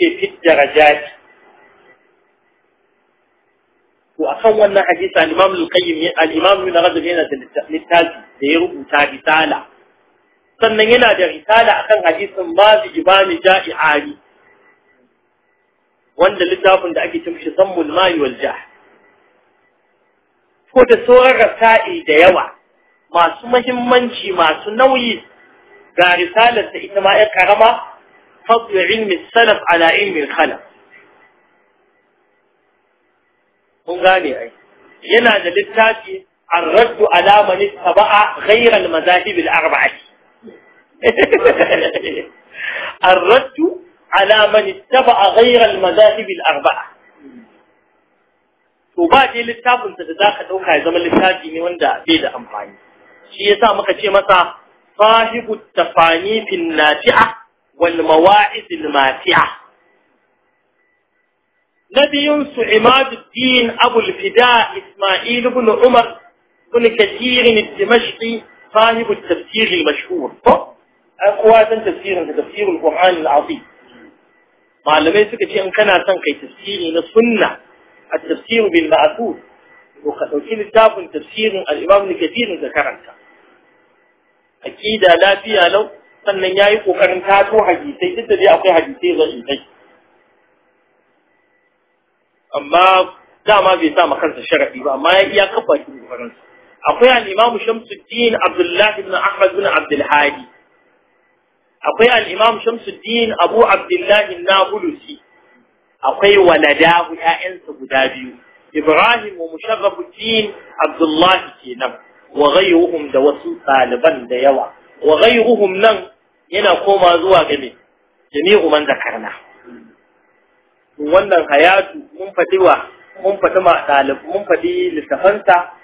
ce fit darajati to akan wannan hadisi al-Imam al-Qayyim al-Imam Ibn Rajab yana da littafi da ya rubuta risala sannan yana da risala akan hadisin mazi ibani ja'i ali wanda littafin da ake cin shi zammul mai wal jah ko da sauran rasa'i da yawa masu muhimmanci masu nauyi ga risalar da ita ma ya karama fadl ilmi salaf ala ilmi khalaf kun gane ai yana da littafi الرد على من اتبع غير المذاهب الأربعة الرد على من اتبع غير المذاهب الأربعة وبعد الكتاب انت تداخل اوكا زمن الكتابي من وندا بيد امفاني شي يسا مكا مسا صاحب التفاني في النافعة والمواعظ الماتعة. نبي عماد الدين ابو الفداء اسماعيل بن عمر بن كثير الدمشقي صاحب التفسير المشهور اقوى تفسير تفسير القران العظيم malamai suka ce in kana son kai tafsiri na sunna at-tafsir bil ma'qul ko ka dauki littafin tafsirin al-Imam Al-Kathir da karanta aqida lafiya lau sannan yayi kokarin tato hadisi duk da dai akwai hadisi zai dai amma dama bai sa ma kansa sharafi ba amma ya iya kafa shi da faransa akwai al-Imam Shamsuddin Abdullah ibn Ahmad ibn Abdul Hadi akwai al-imam Shamsuddin Abu Abdullah nabulusi akwai waladahu ƴaƴansa guda biyu Ibrahim wa Musharrafuddin Abdullah kenan wa ghayruhum da wasu ɗaliban da yawa wa ghayruhum nan yana koma zuwa ga jami'u man zakarna wannan hayatu mun fatiwa mun fati mun fati littafansa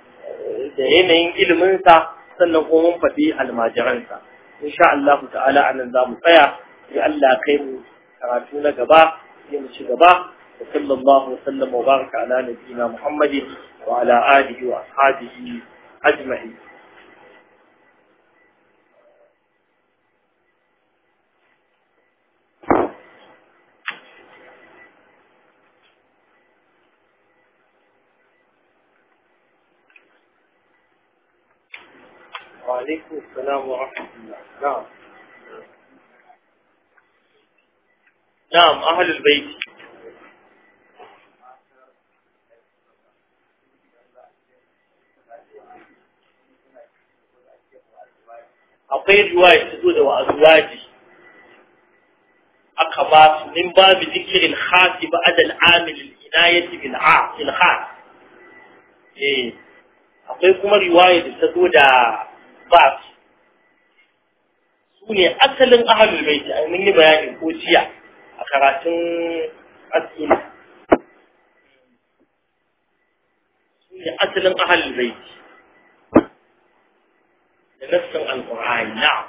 da yanayin iliminsa sannan kuma mun fati almajiransa إن شاء الله تعالى عن الزام القيا لألا قيم تراتون قبا يمشي قبا وصلى الله وسلم وبارك على نبينا محمد وعلى آله وأصحابه أجمعين وعليكم السلام ورحمة na'am ahlul bait akwai riwaya ta zo da wa'azuwaji aka ba su min babu zikirin khasi ba adal amil inayati bil a bil khas eh akwai kuma riwaya da ta zo da ba su su ne asalin ahalul baiti ai mun yi bayanin ko jiya a karatun asila su ne asalin ahalul baiti da nassin alqur'ani na'am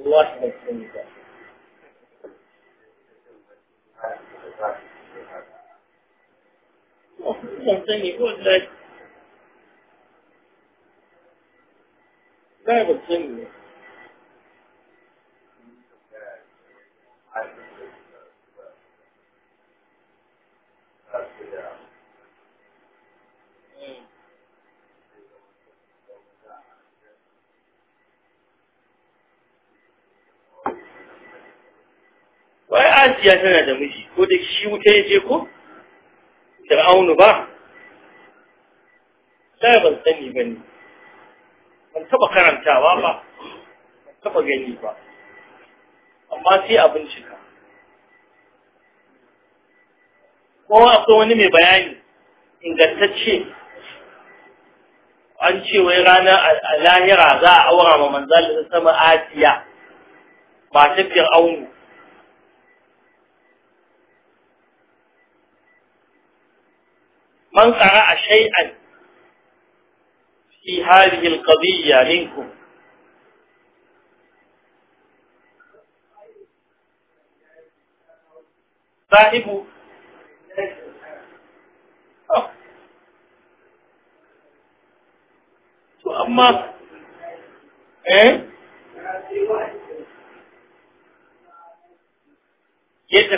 Allah ya 我不想跟你混在，再不跟你。wai asiya tana da miji ko da shi wuta ya je ko fir'aunu ba sai ban sani ba ne ban taɓa karantawa ba ban taɓa gani ba amma sai a bincika ko akwai wani mai bayani ingantacce an ce wai ranar lahira za a aura ma manzalin sama asiya ba ta fir'aunu man a shay'an fi hadhihi al-qadiyya minkum sahibu to amma ya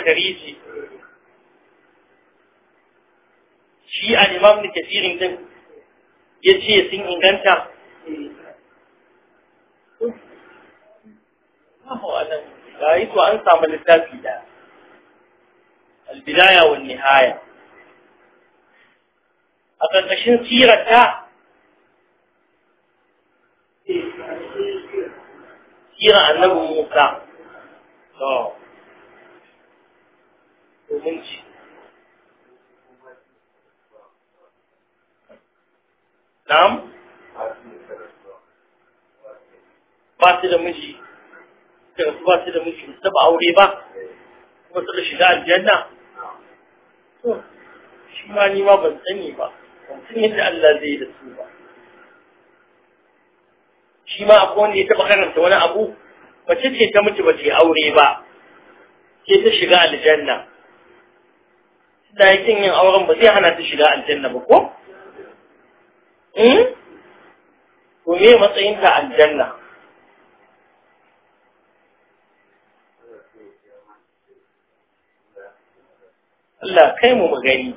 shi al-imam ne kasirin din yace sun inganta ga yi to an samu littafi da al-bidaya wa nihaya a ƙarƙashin sirata sira annabi Musa to mun ci na'am ba su da miji ba su da aure ba kuma suka shiga aljanna to ni ma ban sani ba ban san yadda Allah zai da su ba shi ma akwai wanda ya taba karanta wani abu mace ce ta mutu ba ta aure ba sai ta shiga aljanna da yakin yin auren ba zai hana ta shiga aljanna ba ko Eh? to ne matsayin ta aljanna Allah kai mu magani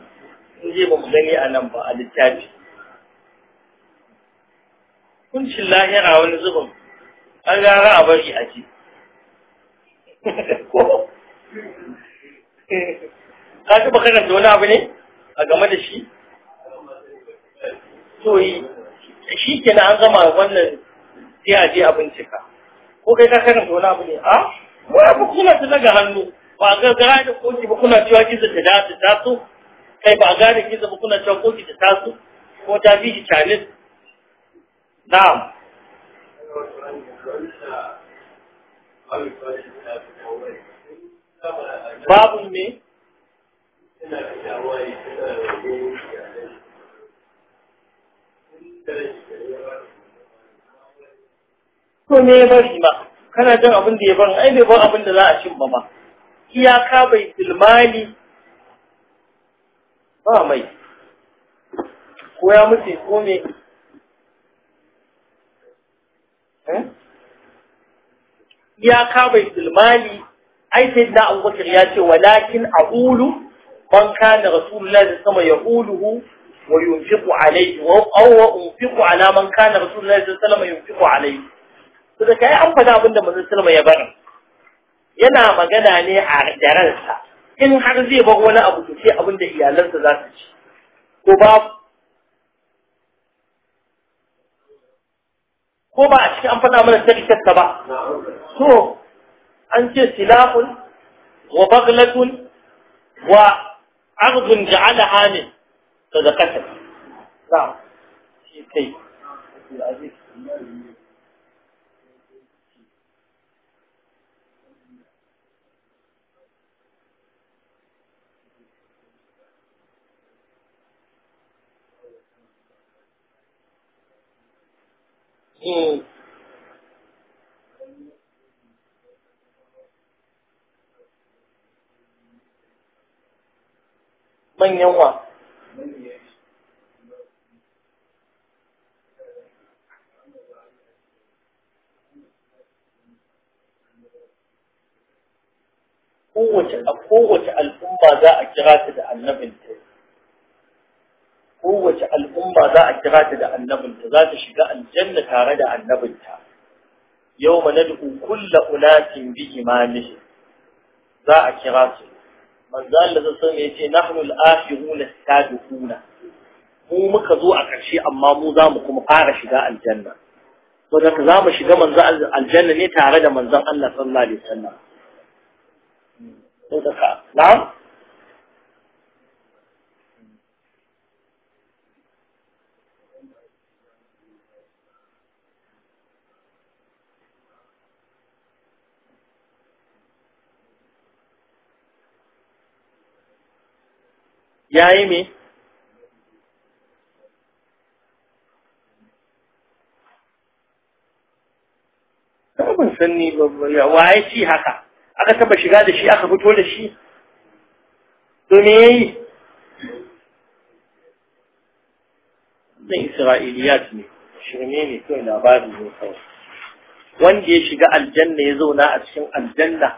in je ba mu gani a nan ba a littafi kuncin lahira wani zubin an gara a bari a ji ko ka taɓa karanta wani abu ne a game da shi so yi shi na an gama wannan sai a je bincika ko kai ka karanta wani abu ne a wani abu kuna ta daga hannu ba ga gara da koki ba kuna cewa gizo ta dace ta so kai ba da gizo ba kuna cewa koki ta ta taso ko ta fi shi canis na'am babu ne ko me bari ma kana jin abin da ya bar ai bai ban abin da za a cin ba ma iyaka bai tilmali ba mai ko ya mutu ko me eh? iyaka bai tilmali ai sai da abubakar ya ce walakin a man kana rasulullahi sama ya وينفق عليه أو أنفق على من كان رسول الله صلى الله عليه وسلم ينفق عليه da kai an faɗa abin da manzon sallama ya bari yana magana ne a jaransa in har zai ba wani abu to sai abin da iyalansa za su ci ko ba ko ba a cikin an faɗa mana tarikarsa ba so an ce silahun wa baglatun wa ardun ja'ala amin sadaqatan na'am shi kai Mm. manyan wa kowace a kowace al'umma za a kira ta da annabin ta kowace al'umma za a kira ta da annabin ta za ta shiga aljanna tare da annabin ta yawma nad'u kullu unatin bi imamihi za a kira su manzo Allah sallallahu alaihi yace nahnu al-akhiruna as-sabiquna mu muka zo a ƙarshe amma mu za mu kuma fara shiga aljanna saboda za mu shiga manzo aljanna ne tare da manzon Allah sallallahu alaihi wasallam صدقاء نعم ya yi Ban san ni ba ya ci haka. aka taba shiga da shi aka fito da shi to me yayi na isra'iliyat ne shirme ne kawai labari ne kawai wanda ya shiga aljanna ya zauna a cikin aljanna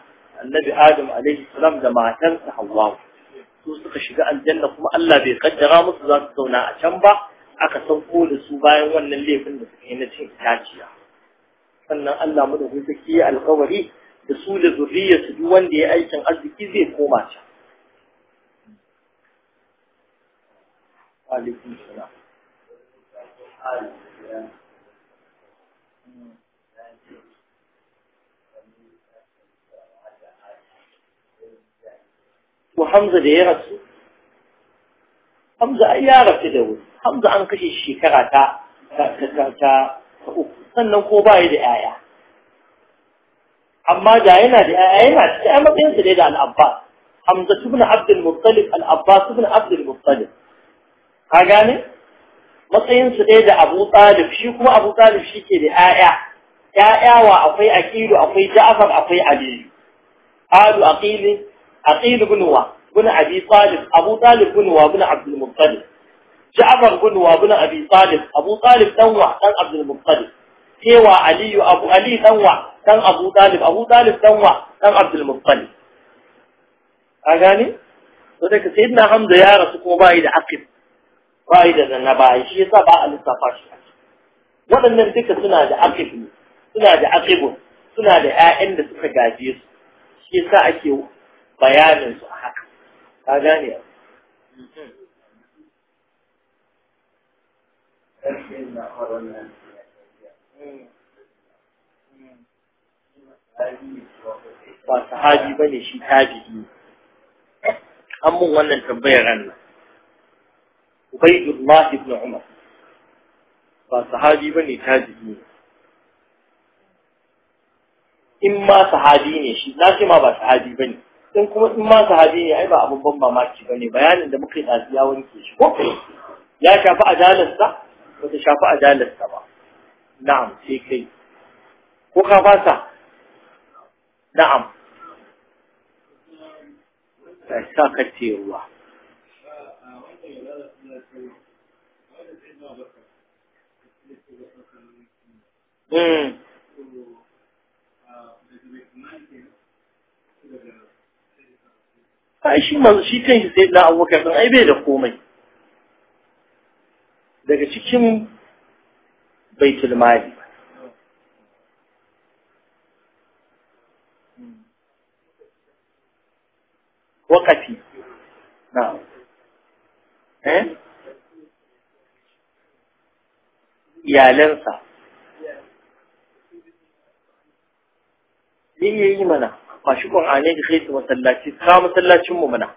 annabi adam alaihi salam da matarsa hawwa su suka shiga aljanna kuma Allah bai kaddara musu za su zauna a can ba aka sauko da su bayan wannan laifin da suka yi na cin itaciya sannan Allah mu da kuka alƙawari da su da zurriyarsu duk wanda ya aikin arziki zai koma can ko Hamza da ya rasu Hamza ya rasu da wuri Hamza an kashe shekara ta uku sannan ko ba da 'ya'ya amma da yana da ƴaƴa yana cikin ƴaƴan matsayin sa ne da al Hamza ibn Abdul Muttalib al-Abbas ibn Abdul Muttalib ka gane matsayin su ɗaya da Abu Talib shi kuma Abu Talib shi ke da ƴaƴa ƴaƴa wa akwai Aqilu akwai Ja'far akwai Aliyu. Alu Aqili Aqilu ibn wa ibn Abi Talib Abu Talib ibn wa ibn Abdul Muttalib Ja'far ibn wa ibn Abi Talib Abu Talib dan wa dan Abdul Muttalib cewa aliyu abu ali danwa dan abu talib abu talib danwa dan abdul muttalib a gani to daga sayyidina hamza ya rasu kuma bai da aqib bai da zanna bai shi yasa ba a lissafa wadannan duka suna da aqib ne suna da aqibun suna da ƴaƴan da suka gaje su shi yasa ake bayanin su a haka A gane Thank mm-hmm. you. ba sahabi ba ne shi tabi'i an mun wannan tambayar ranar ubaidullah ibn umar ba sahabi ba ne tabi'i ne in ma sahabi ne shi na ce ma ba sahabi ba ne in kuma in ma sahabi ne ai ba abin ban mamaki ba ne bayanin da muka yi ɗazu ya wanke shi ko ya shafi adalarsa ba ta shafi adalarsa ba na'am sai kai ko ka fasa na'am sa ka ce ruwa Mm. ai shi manzo shi kan shi sai na abubakar din ai bai da komai daga cikin baitul mali wakati na eh iyalansa zai iya yi mana kun ane da kai su masallaci ka masallacinmu mana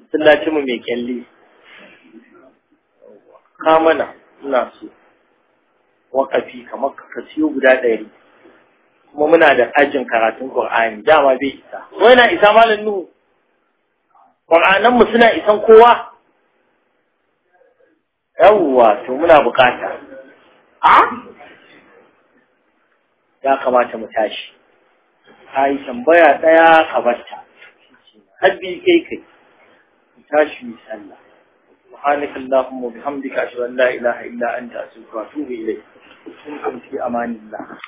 masallacinmu mai kyalli ka mana ina so wakati kamar ka siyo guda ɗari kuma muna da ajin karatun Qur'ani dama bai isa wai na isa malam nuhu mu suna isan kowa? yawwa to muna bukata a? ya kamata mu tashi a yi tambaya ɗaya kabarta haɗi kai kai mu tashi misalla muhannika allahunmu bihamdika shirar la'ila'ila'ila'anta su kwatu ilai sun kamci amanin la'a